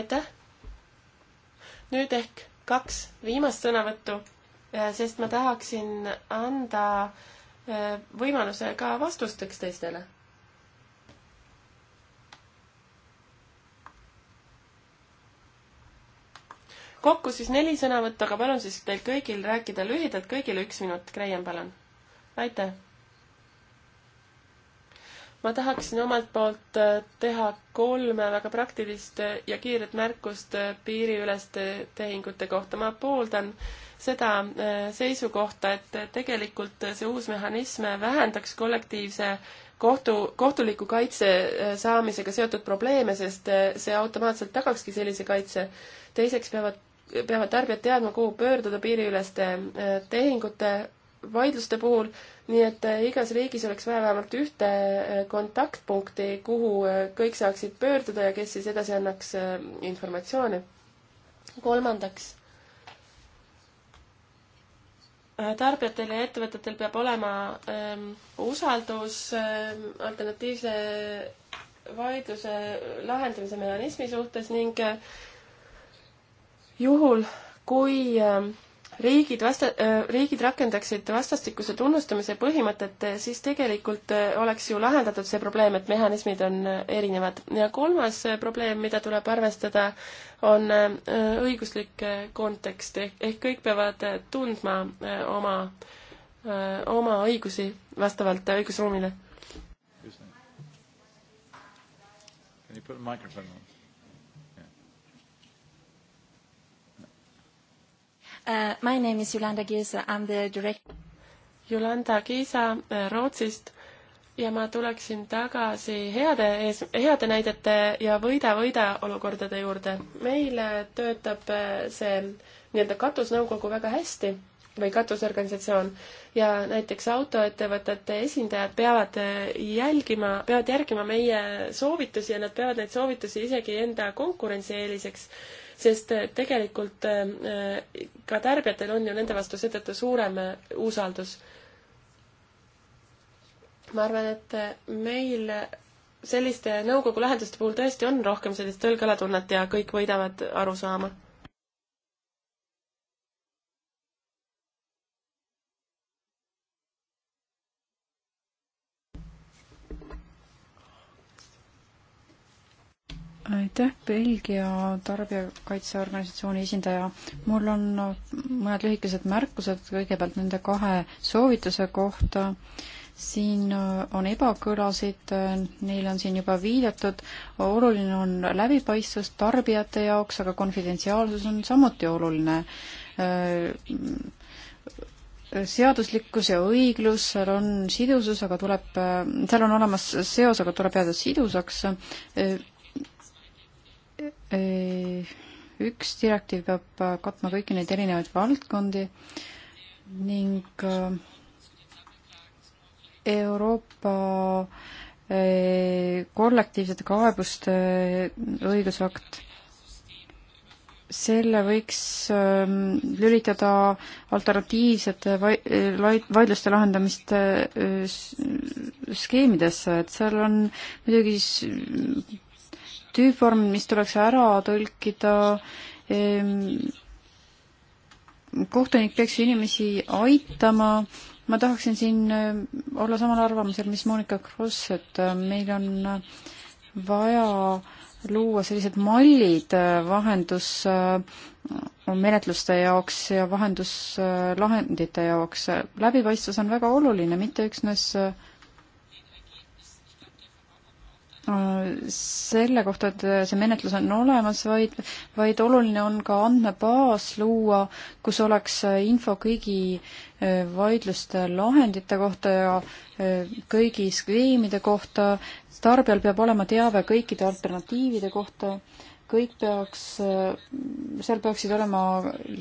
aitäh! nüüd ehk kaks viimast sõnavõttu Äh, sest ma tahaksin anda äh, võimaluse ka vastusteks teistele. kokku siis neli sõnavõttu, aga palun siis teil kõigil rääkida lühidalt, kõigile üks minut, Kreien, palun. aitäh! ma tahaksin omalt poolt äh, teha kolme väga praktilist ja kiiret märkust piiriüleste tehingute kohta. ma pooldan äh, seda äh, seisukohta, et tegelikult see uus mehhanism vähendaks kollektiivse kohtu, kohtuliku kaitse äh, saamisega seotud probleeme, sest äh, see automaatselt tagakski sellise kaitse. teiseks peavad, peavad tarbijad teadma, kuhu pöörduda piiriüleste tehingute vaidluste puhul, nii et igas riigis oleks vaja vähemalt ühte kontaktpunkti, kuhu kõik saaksid pöörduda ja kes siis edasi annaks informatsiooni. kolmandaks tarbijatel ja ettevõtetel peab olema ähm, usaldus ähm, alternatiivse vaidluse lahendamise mehhanismi suhtes ning äh, juhul, kui ähm, riigid vasta-, äh, riigid rakendaksid vastastikuse tunnustamise põhimõtet, äh, siis tegelikult äh, oleks ju lahendatud see probleem, et mehhanismid on erinevad. ja kolmas probleem, mida tuleb arvestada, on õiguslik kontekst, ehk, ehk kõik peavad tundma oma, oma õigusi vastavalt õigusruumile. Can you put a microphone on? Uh, my name is Yolanda Kiisa, I am the director. Yolanda Kiisa uh, Rootsist ja ma tuleksin tagasi heade ees, heade näidete ja võida-võida olukordade juurde. meil uh, töötab uh, see nii-öelda katusnõukogu väga hästi või katusorganisatsioon ja näiteks autoettevõtete esindajad peavad jälgima, peavad järgima meie soovitusi ja nad peavad neid soovitusi isegi enda konkurentsieeliseks sest äh, tegelikult äh, ka tarbijatel on ju nende vastu seetõttu suurem äh, usaldus. ma arvan, et meil selliste nõukogu lahenduste puhul tõesti on rohkem sellist tõlgalatunnet ja kõik võidavad aru saama aitäh, Belgia tarbijakaitseorganisatsiooni esindaja. mul on mõned lühikesed märkused kõigepealt nende kahe soovituse kohta. siin on ebakõlasid, neile on siin juba viidatud. oluline on läbipaistvus tarbijate jaoks, aga konfidentsiaalsus on samuti oluline seaduslikkus ja õiglus, seal on sidusus, aga tuleb, seal on olemas seos, aga tuleb jääda sidusaks. Äh, üks direktiiv peab äh, katma kõiki neid erinevaid valdkondi ning äh, Euroopa kollektiivsete kaebuste õigusakt, selle võiks ähm, lülitada alternatiivsete vaidluste lahendamist skeemidesse, et seal on muidugi tüüpvorm, mis tuleks ära tõlkida, ehm, kohtunik peaks ju inimesi aitama, ma tahaksin siin ehm, olla samal arvamusel, mis Monika Kross, et ehm, meil on vaja luua sellised mallid vahendusmenetluste jaoks ja vahenduslahendite jaoks. läbipaistvus on väga oluline, mitte üksnes äh, Äh, selle kohta, et äh, see menetlus on olemas, vaid, vaid oluline on ka andmebaas luua, kus oleks äh, info kõigi vaidluste lahendite kohta ja kõigi skeemide kohta. tarbijal peab olema teave kõikide alternatiivide kohta, kõik peaks, seal peaksid olema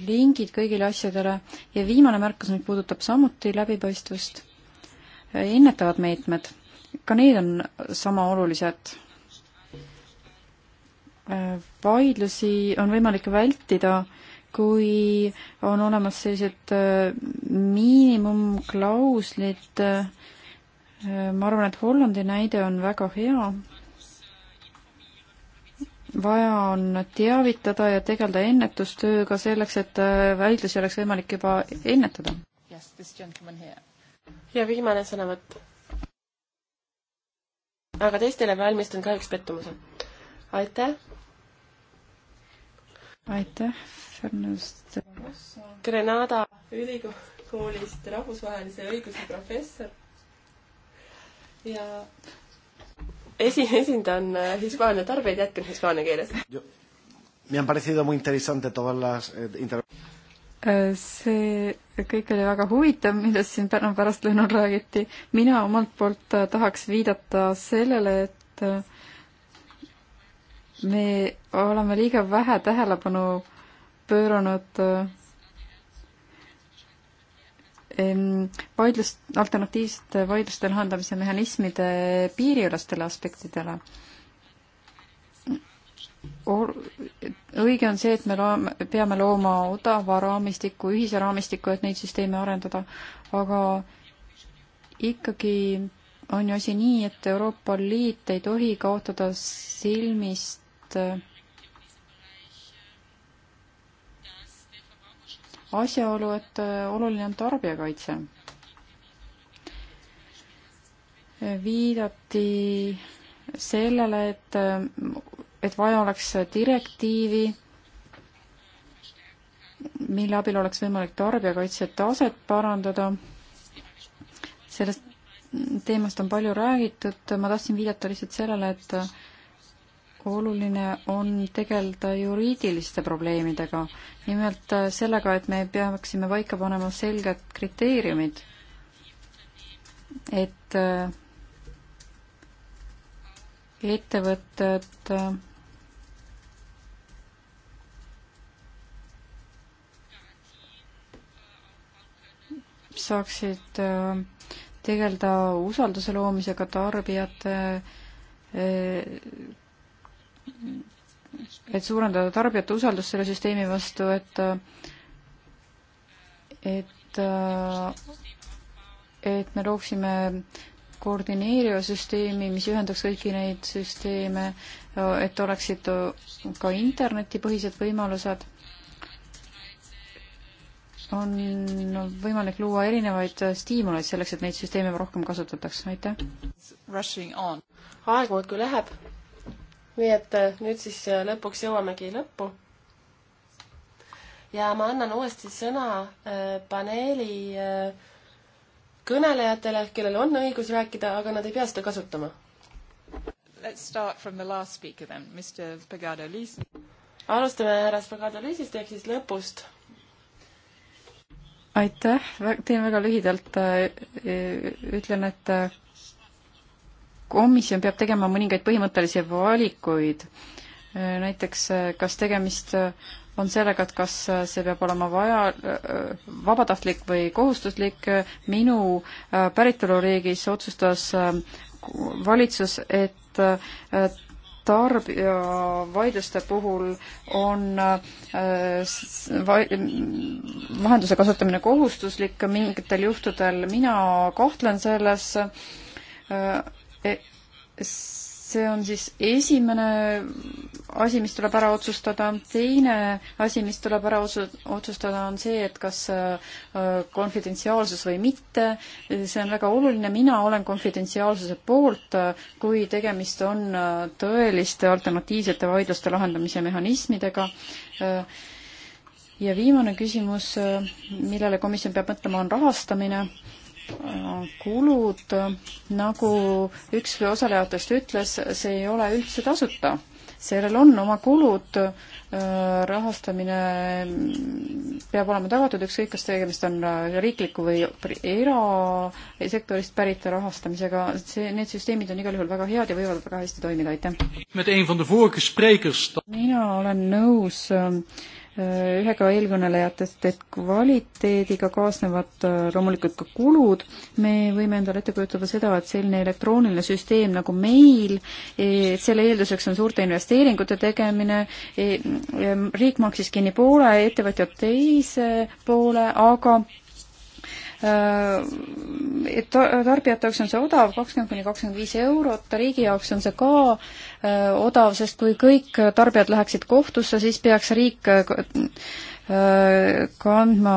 lingid kõigile asjadele ja viimane märkus nüüd puudutab samuti läbipaistvust, ennetavad meetmed ka need on sama olulised. vaidlusi on võimalik vältida, kui on olemas sellised äh, miinimumklauslid. Äh, ma arvan, et Hollandi näide on väga hea. vaja on teavitada ja tegeleda ennetustööga selleks, et äh, vaidlusi oleks võimalik juba ennetada. ja viimane sõnavõtt aga teistele valmistan kahjuks pettumuse. aitäh! aitäh, Fernest! Grenada ülikoolist rahvusvahelise õiguse professor ja esi, esindan Hispaania tarbijaid, jätkan hispaania keeles. Me han parecido muy interesante todas las eh, intervenciones see kõik oli väga huvitav, millest siin täna pärastlõunal räägiti. mina omalt poolt äh, tahaks viidata sellele, et äh, me oleme liiga vähe tähelepanu pööranud äh, vaidlust, alternatiivsete vaidluste lahendamise mehhanismide piiriülestele aspektidele õige on see, et me loome, peame looma odava raamistiku, ühise raamistiku, et neid süsteeme arendada, aga ikkagi on ju asi nii, et Euroopa Liit ei tohi kaotada silmist äh, asjaolu, et äh, oluline on tarbijakaitse. viidati sellele, et äh, et vaja oleks direktiivi, mille abil oleks võimalik tarbijakaitse taset parandada. sellest teemast on palju räägitud, ma tahtsin viidata lihtsalt sellele, et oluline on tegeleda juriidiliste probleemidega. nimelt sellega, et me peaksime paika panema selged kriteeriumid, et ettevõtted et saaksid äh, tegeleda usalduse loomisega tarbijate, äh, et suurendada tarbijate usaldust selle süsteemi vastu, et, äh, et, et me looksime koordineeriva süsteemi, mis ühendaks kõiki neid süsteeme, et oleksid ka internetipõhised võimalused on võimalik luua erinevaid stiimuleid selleks, et neid süsteeme rohkem kasutataks, aitäh! aeg muudkui läheb, nii et äh, nüüd siis äh, lõpuks jõuamegi lõppu. ja ma annan uuesti sõna äh, paneeli kõnelejatele, kellel on õigus rääkida, aga nad ei pea seda kasutama. Let's start from the last speaker then, Mr Pagado Liis. alustame härra Pagado Liisist ehk siis lõpust aitäh, teen väga lühidalt, äh, äh, ütlen, et äh, komisjon peab tegema mõningaid põhimõttelisi valikuid, näiteks kas tegemist on sellega, et kas see peab olema vaja, vabatahtlik või kohustuslik, minu päritoluriigis otsustas valitsus, et tarbijavaidluste puhul on äh, vahenduse kasutamine kohustuslik mingitel juhtudel. mina kahtlen selles äh, e-, see on siis esimene asi, mis tuleb ära otsustada. teine asi, mis tuleb ära otsustada, on see, et kas äh, konfidentsiaalsus või mitte. see on väga oluline, mina olen konfidentsiaalsuse poolt, kui tegemist on äh, tõeliste alternatiivsete vaidluste lahendamise mehhanismidega äh, ja viimane küsimus, millele komisjon peab mõtlema, on rahastamine kulud, nagu üks osalejatest ütles, see ei ole üldse tasuta. sellel on oma kulud, äh, rahastamine peab olema tagatud, ükskõik, kas tegemist on äh, riikliku või erasektorist pärit rahastamisega, see, need süsteemid on igal juhul väga head ja võivad väga hästi toimida, aitäh! mina olen nõus äh, ühega eelkõnelejatest, et kvaliteediga kaasnevad äh, loomulikult ka kulud. me võime endale ette kujutada seda, et selline elektrooniline süsteem nagu meil, e, et selle eelduseks on suurte investeeringute tegemine, e, e, riik maksis kinni poole, ettevõtjad teise poole, aga Äh, et tarbijate jaoks on see odav, kakskümmend kuni kakskümmend viis eurot, riigi jaoks on see ka äh, odav, sest kui kõik tarbijad läheksid kohtusse, siis peaks riik äh, kandma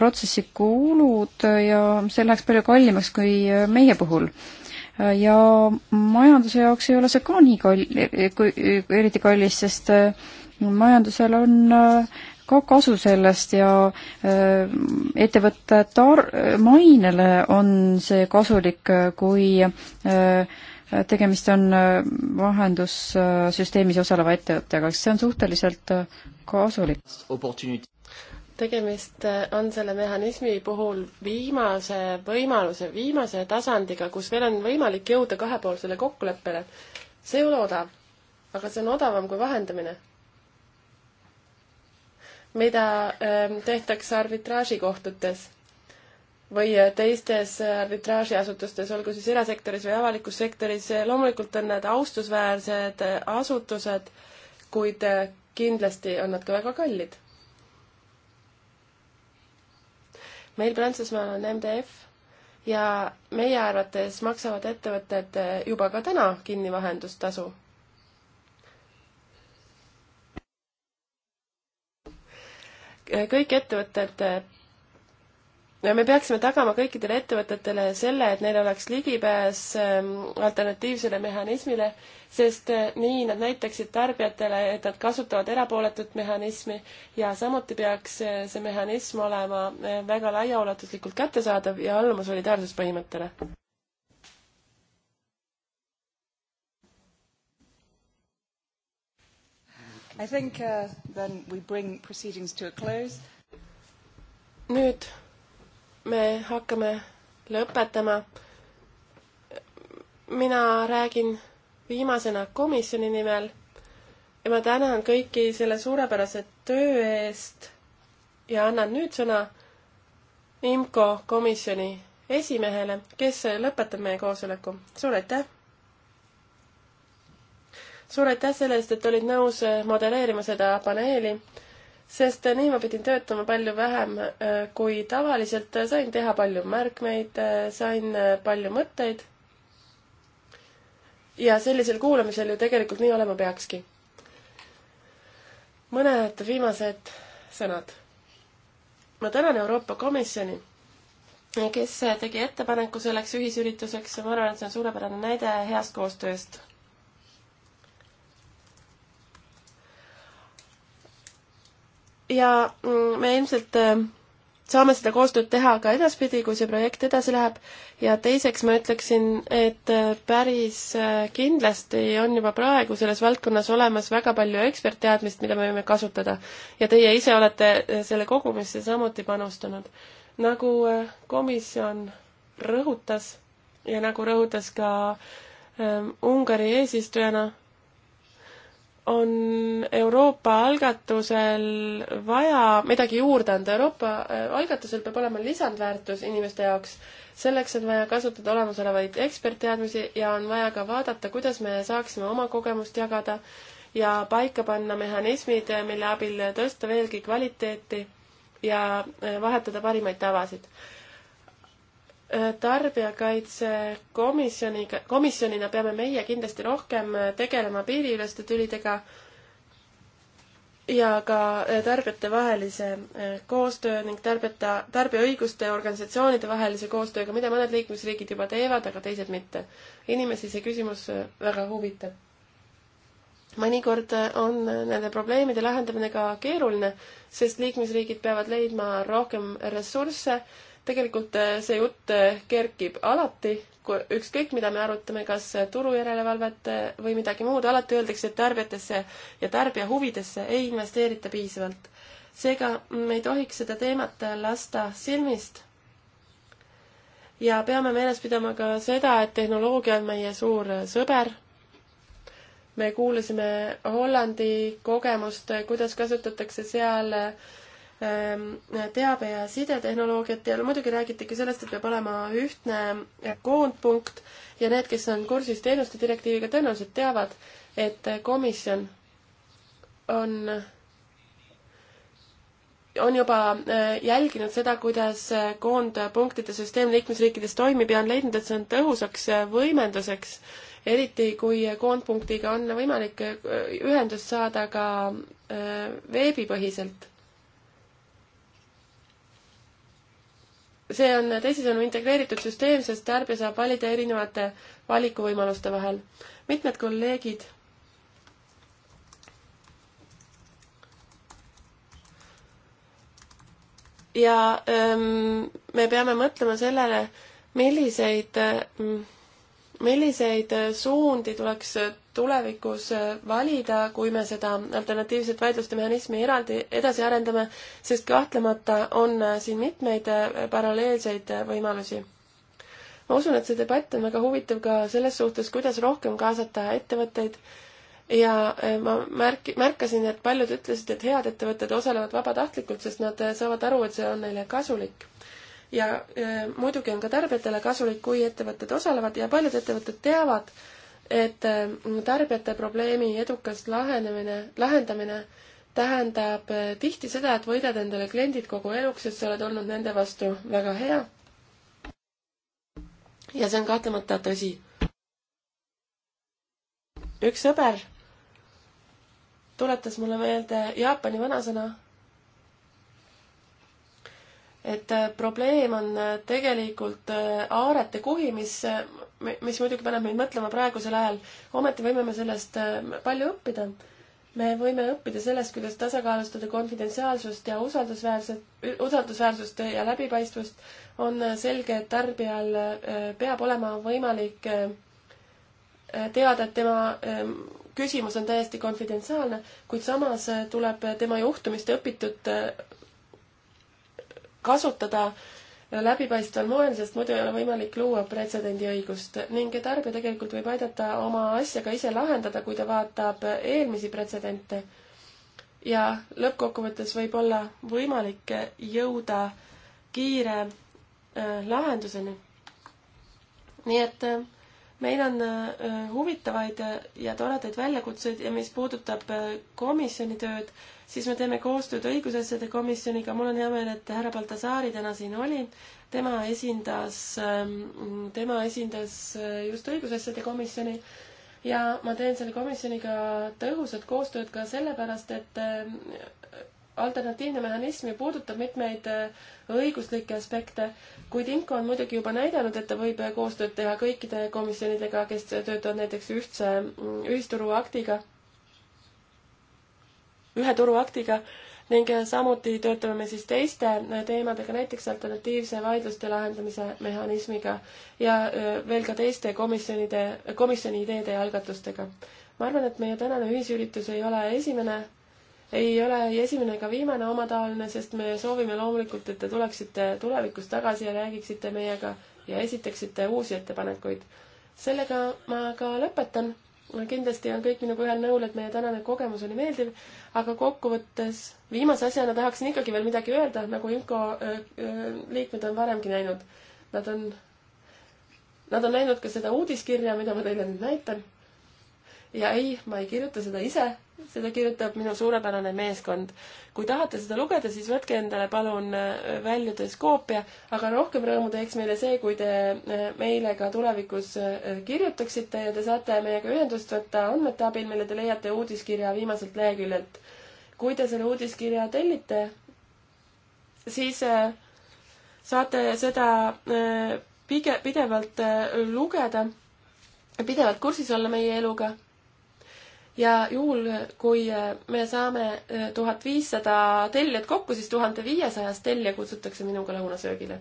protsessi kulud ja see läheks palju kallimaks kui meie puhul. ja majanduse jaoks ei ole see ka nii kall-, kui eriti kallis, sest majandusel on ka kasu sellest ja ettevõtte tar-, mainele on see kasulik, kui tegemist on vahendussüsteemis osaleva ettevõttega, kas see on suhteliselt kasulik? tegemist on selle mehhanismi puhul viimase võimaluse, viimase tasandiga, kus veel on võimalik jõuda kahepoolsele kokkuleppele. see ei ole odav, aga see on odavam kui vahendamine mida ähm, tehtakse arbitraažikohtutes või äh, teistes äh, arbitraažiasutustes, olgu siis erasektoris või avalikus sektoris. Äh, loomulikult on need austusväärsed asutused, kuid kindlasti on nad ka väga kallid. meil Prantsusmaal on MDF ja meie arvates maksavad ettevõtted juba ka täna kinni vahendustasu kõik ettevõtted ja me peaksime tagama kõikidele ettevõtetele selle, et neil oleks ligipääs ähm, alternatiivsele mehhanismile, sest äh, nii nad näitaksid tarbijatele, et nad kasutavad erapooletut mehhanismi ja samuti peaks äh, see mehhanism olema äh, väga laiaulatuslikult kättesaadav ja alluma solidaarsuspõhimõttele. I think uh, then we bring proceedings to a close. nüüd me hakkame lõpetama. mina räägin viimasena komisjoni nimel ja ma tänan kõiki selle suurepärase töö eest ja annan nüüd sõna IMCO komisjoni esimehele, kes lõpetab meie koosoleku. suur aitäh! suur aitäh selle eest, et olid nõus äh, modelleerima seda paneeli, sest äh, nii ma pidin töötama palju vähem äh, kui tavaliselt, sain teha palju märkmeid, sain palju mõtteid. ja sellisel kuulamisel ju tegelikult nii olema peakski. mõned viimased sõnad. ma tänan Euroopa Komisjoni kes tegi ettepaneku selleks ühisürituseks ja ma arvan, et see on suurepärane näide heast koostööst ja mm, me ilmselt äh, saame seda koostööd teha ka edaspidi, kui see projekt edasi läheb. ja teiseks ma ütleksin, et äh, päris äh, kindlasti on juba praegu selles valdkonnas olemas väga palju ekspertteadmist, mida me võime kasutada. ja teie ise olete selle kogumisse samuti panustanud. nagu komisjon rõhutas ja nagu rõhutas ka Ungari eesistujana, on Euroopa algatusel vaja midagi juurde anda. Euroopa äh, algatusel peab olema lisandväärtus inimeste jaoks. selleks on vaja kasutada olemasolevaid ekspertteadmisi ja on vaja ka vaadata, kuidas me saaksime oma kogemust jagada ja paika panna mehhanismid, mille abil tõsta veelgi kvaliteeti ja äh, vahetada parimaid tavasid Äh, tarbijakaitsekomisjoniga, komisjonina peame meie kindlasti rohkem äh, tegelema piiriüleste tülidega ja ka äh, tarbijatevahelise koostöö ning tarbijate, tarbijaõiguste organisatsioonide vahelise koostööga, mida mõned liikmesriigid juba teevad, aga teised mitte. inimesi see küsimus väga huvitab. mõnikord on nende probleemide lahendamine ka keeruline, sest liikmesriigid peavad leidma rohkem ressursse tegelikult äh, see jutt äh, kerkib alati, ükskõik mida me arutame, kas äh, turujärelevalvet või midagi muud, alati öeldakse, et tarbijatesse ja tarbija huvidesse ei investeerita piisavalt. seega me ei tohiks seda teemat lasta silmist. ja peame meeles pidama ka seda, et tehnoloogia on meie suur sõber me kuulasime Hollandi kogemust, kuidas kasutatakse seal äh, Ähm, teabe- ja sidetehnoloogiat ja muidugi räägitigi sellest, et peab olema ühtne koondpunkt ja need, kes on kursis teenuste direktiiviga, tõenäoliselt teavad, et komisjon on, on juba äh, jälginud seda, kuidas koondpunktide süsteem liikmesriikides toimib ja on leidnud, et see on tõhusaks võimenduseks, eriti kui koondpunktiga on võimalik äh, ühendust saada ka äh, veebipõhiselt see on teisisõnu integreeritud süsteem, sest tarbija saab valida erinevate valikuvõimaluste vahel. mitmed kolleegid ja ähm, me peame mõtlema sellele, milliseid ähm, milliseid suundi tuleks tulevikus valida, kui me seda alternatiivset vaidluste mehhanismi eraldi edasi arendame, sest kahtlemata on siin mitmeid paralleelseid võimalusi. ma usun, et see debatt on väga huvitav ka selles suhtes, kuidas rohkem kaasata ettevõtteid ja ma märk-, märkasin, et paljud ütlesid, et head ettevõtted osalevad vabatahtlikult, sest nad saavad aru, et see on neile kasulik ja e, muidugi on ka tarbijatele kasulik, kui ettevõtted osalevad ja paljud ettevõtted teavad, et e, tarbijate probleemi edukas lahenemine, lahendamine tähendab e, tihti seda, et võidad endale kliendid kogu eluks, et sa oled olnud nende vastu väga hea. ja see on kahtlemata tõsi. üks sõber tuletas mulle meelde Jaapani vanasõna et äh, probleem on äh, tegelikult äh, aarete kuhi, mis, mis muidugi paneb meid mõtlema praegusel ajal. ometi võime me sellest palju õppida. me võime õppida sellest, kuidas tasakaalustada konfidentsiaalsust ja usaldusväärset, usaldusväärsust ja läbipaistvust. on selge, et tarbijal peab olema võimalik teada, et tema ähm, küsimus on täiesti konfidentsiaalne, kuid samas tuleb tema juhtumist õpitud kasutada läbipaistval moel, sest muidu ei ole võimalik luua pretsedendiõigust ning tarbija tegelikult võib aidata oma asja ka ise lahendada, kui ta vaatab eelmisi pretsedente. ja lõppkokkuvõttes võib olla võimalik jõuda kiire äh, lahenduseni. nii et äh, meil on äh, huvitavaid äh, ja toredaid väljakutseid ja mis puudutab äh, komisjoni tööd, siis me teeme koostööd õigusasjade komisjoniga, mul on hea meel, et härra Baltasaari täna siin oli, tema esindas, ähm, tema esindas just õigusasjade komisjoni ja ma teen selle komisjoniga tõhusat koostööd ka sellepärast, et ähm, alternatiivne mehhanism ju puudutab mitmeid äh, õiguslikke aspekte, kuid IMCO on muidugi juba näidanud, et ta võib äh, koostööd teha kõikide komisjonidega, kes töötavad näiteks ühtse mm, ühisturuaktiga, ühe turuaktiga ning äh, samuti töötame me siis teiste teemadega, näiteks alternatiivse vaidluste lahendamise mehhanismiga ja veel ka teiste komisjonide, komisjoni ideede ja algatustega. ma arvan, et meie tänane ühisüritus ei ole esimene ei ole ei esimene ega viimane omataoline, sest me soovime loomulikult, et te tuleksite tulevikus tagasi ja räägiksite meiega ja esitaksite uusi ettepanekuid. sellega ma ka lõpetan. kindlasti on kõik minuga ühel nõul, et meie tänane kogemus oli meeldiv, aga kokkuvõttes viimase asjana tahaksin ikkagi veel midagi öelda, nagu Inko liikmed on varemgi näinud. Nad on, nad on näinud ka seda uudiskirja, mida ma teile nüüd näitan ja ei, ma ei kirjuta seda ise, seda kirjutab minu suurepärane meeskond. kui tahate seda lugeda, siis võtke endale palun äh, väljudes koopia, aga rohkem rõõmu teeks meile see, kui te äh, meile ka tulevikus äh, kirjutaksite ja te saate meiega ühendust võtta andmete abil, mille te leiate uudiskirja viimaselt leheküljelt. kui te selle uudiskirja tellite, siis saate seda pige-, pidevalt lugeda, pidevalt kursis olla meie eluga ja juhul, kui äh, me saame äh, tuhat viissada tellijat kokku, siis tuhande viiesajast tellija kutsutakse minuga lõunasöögile.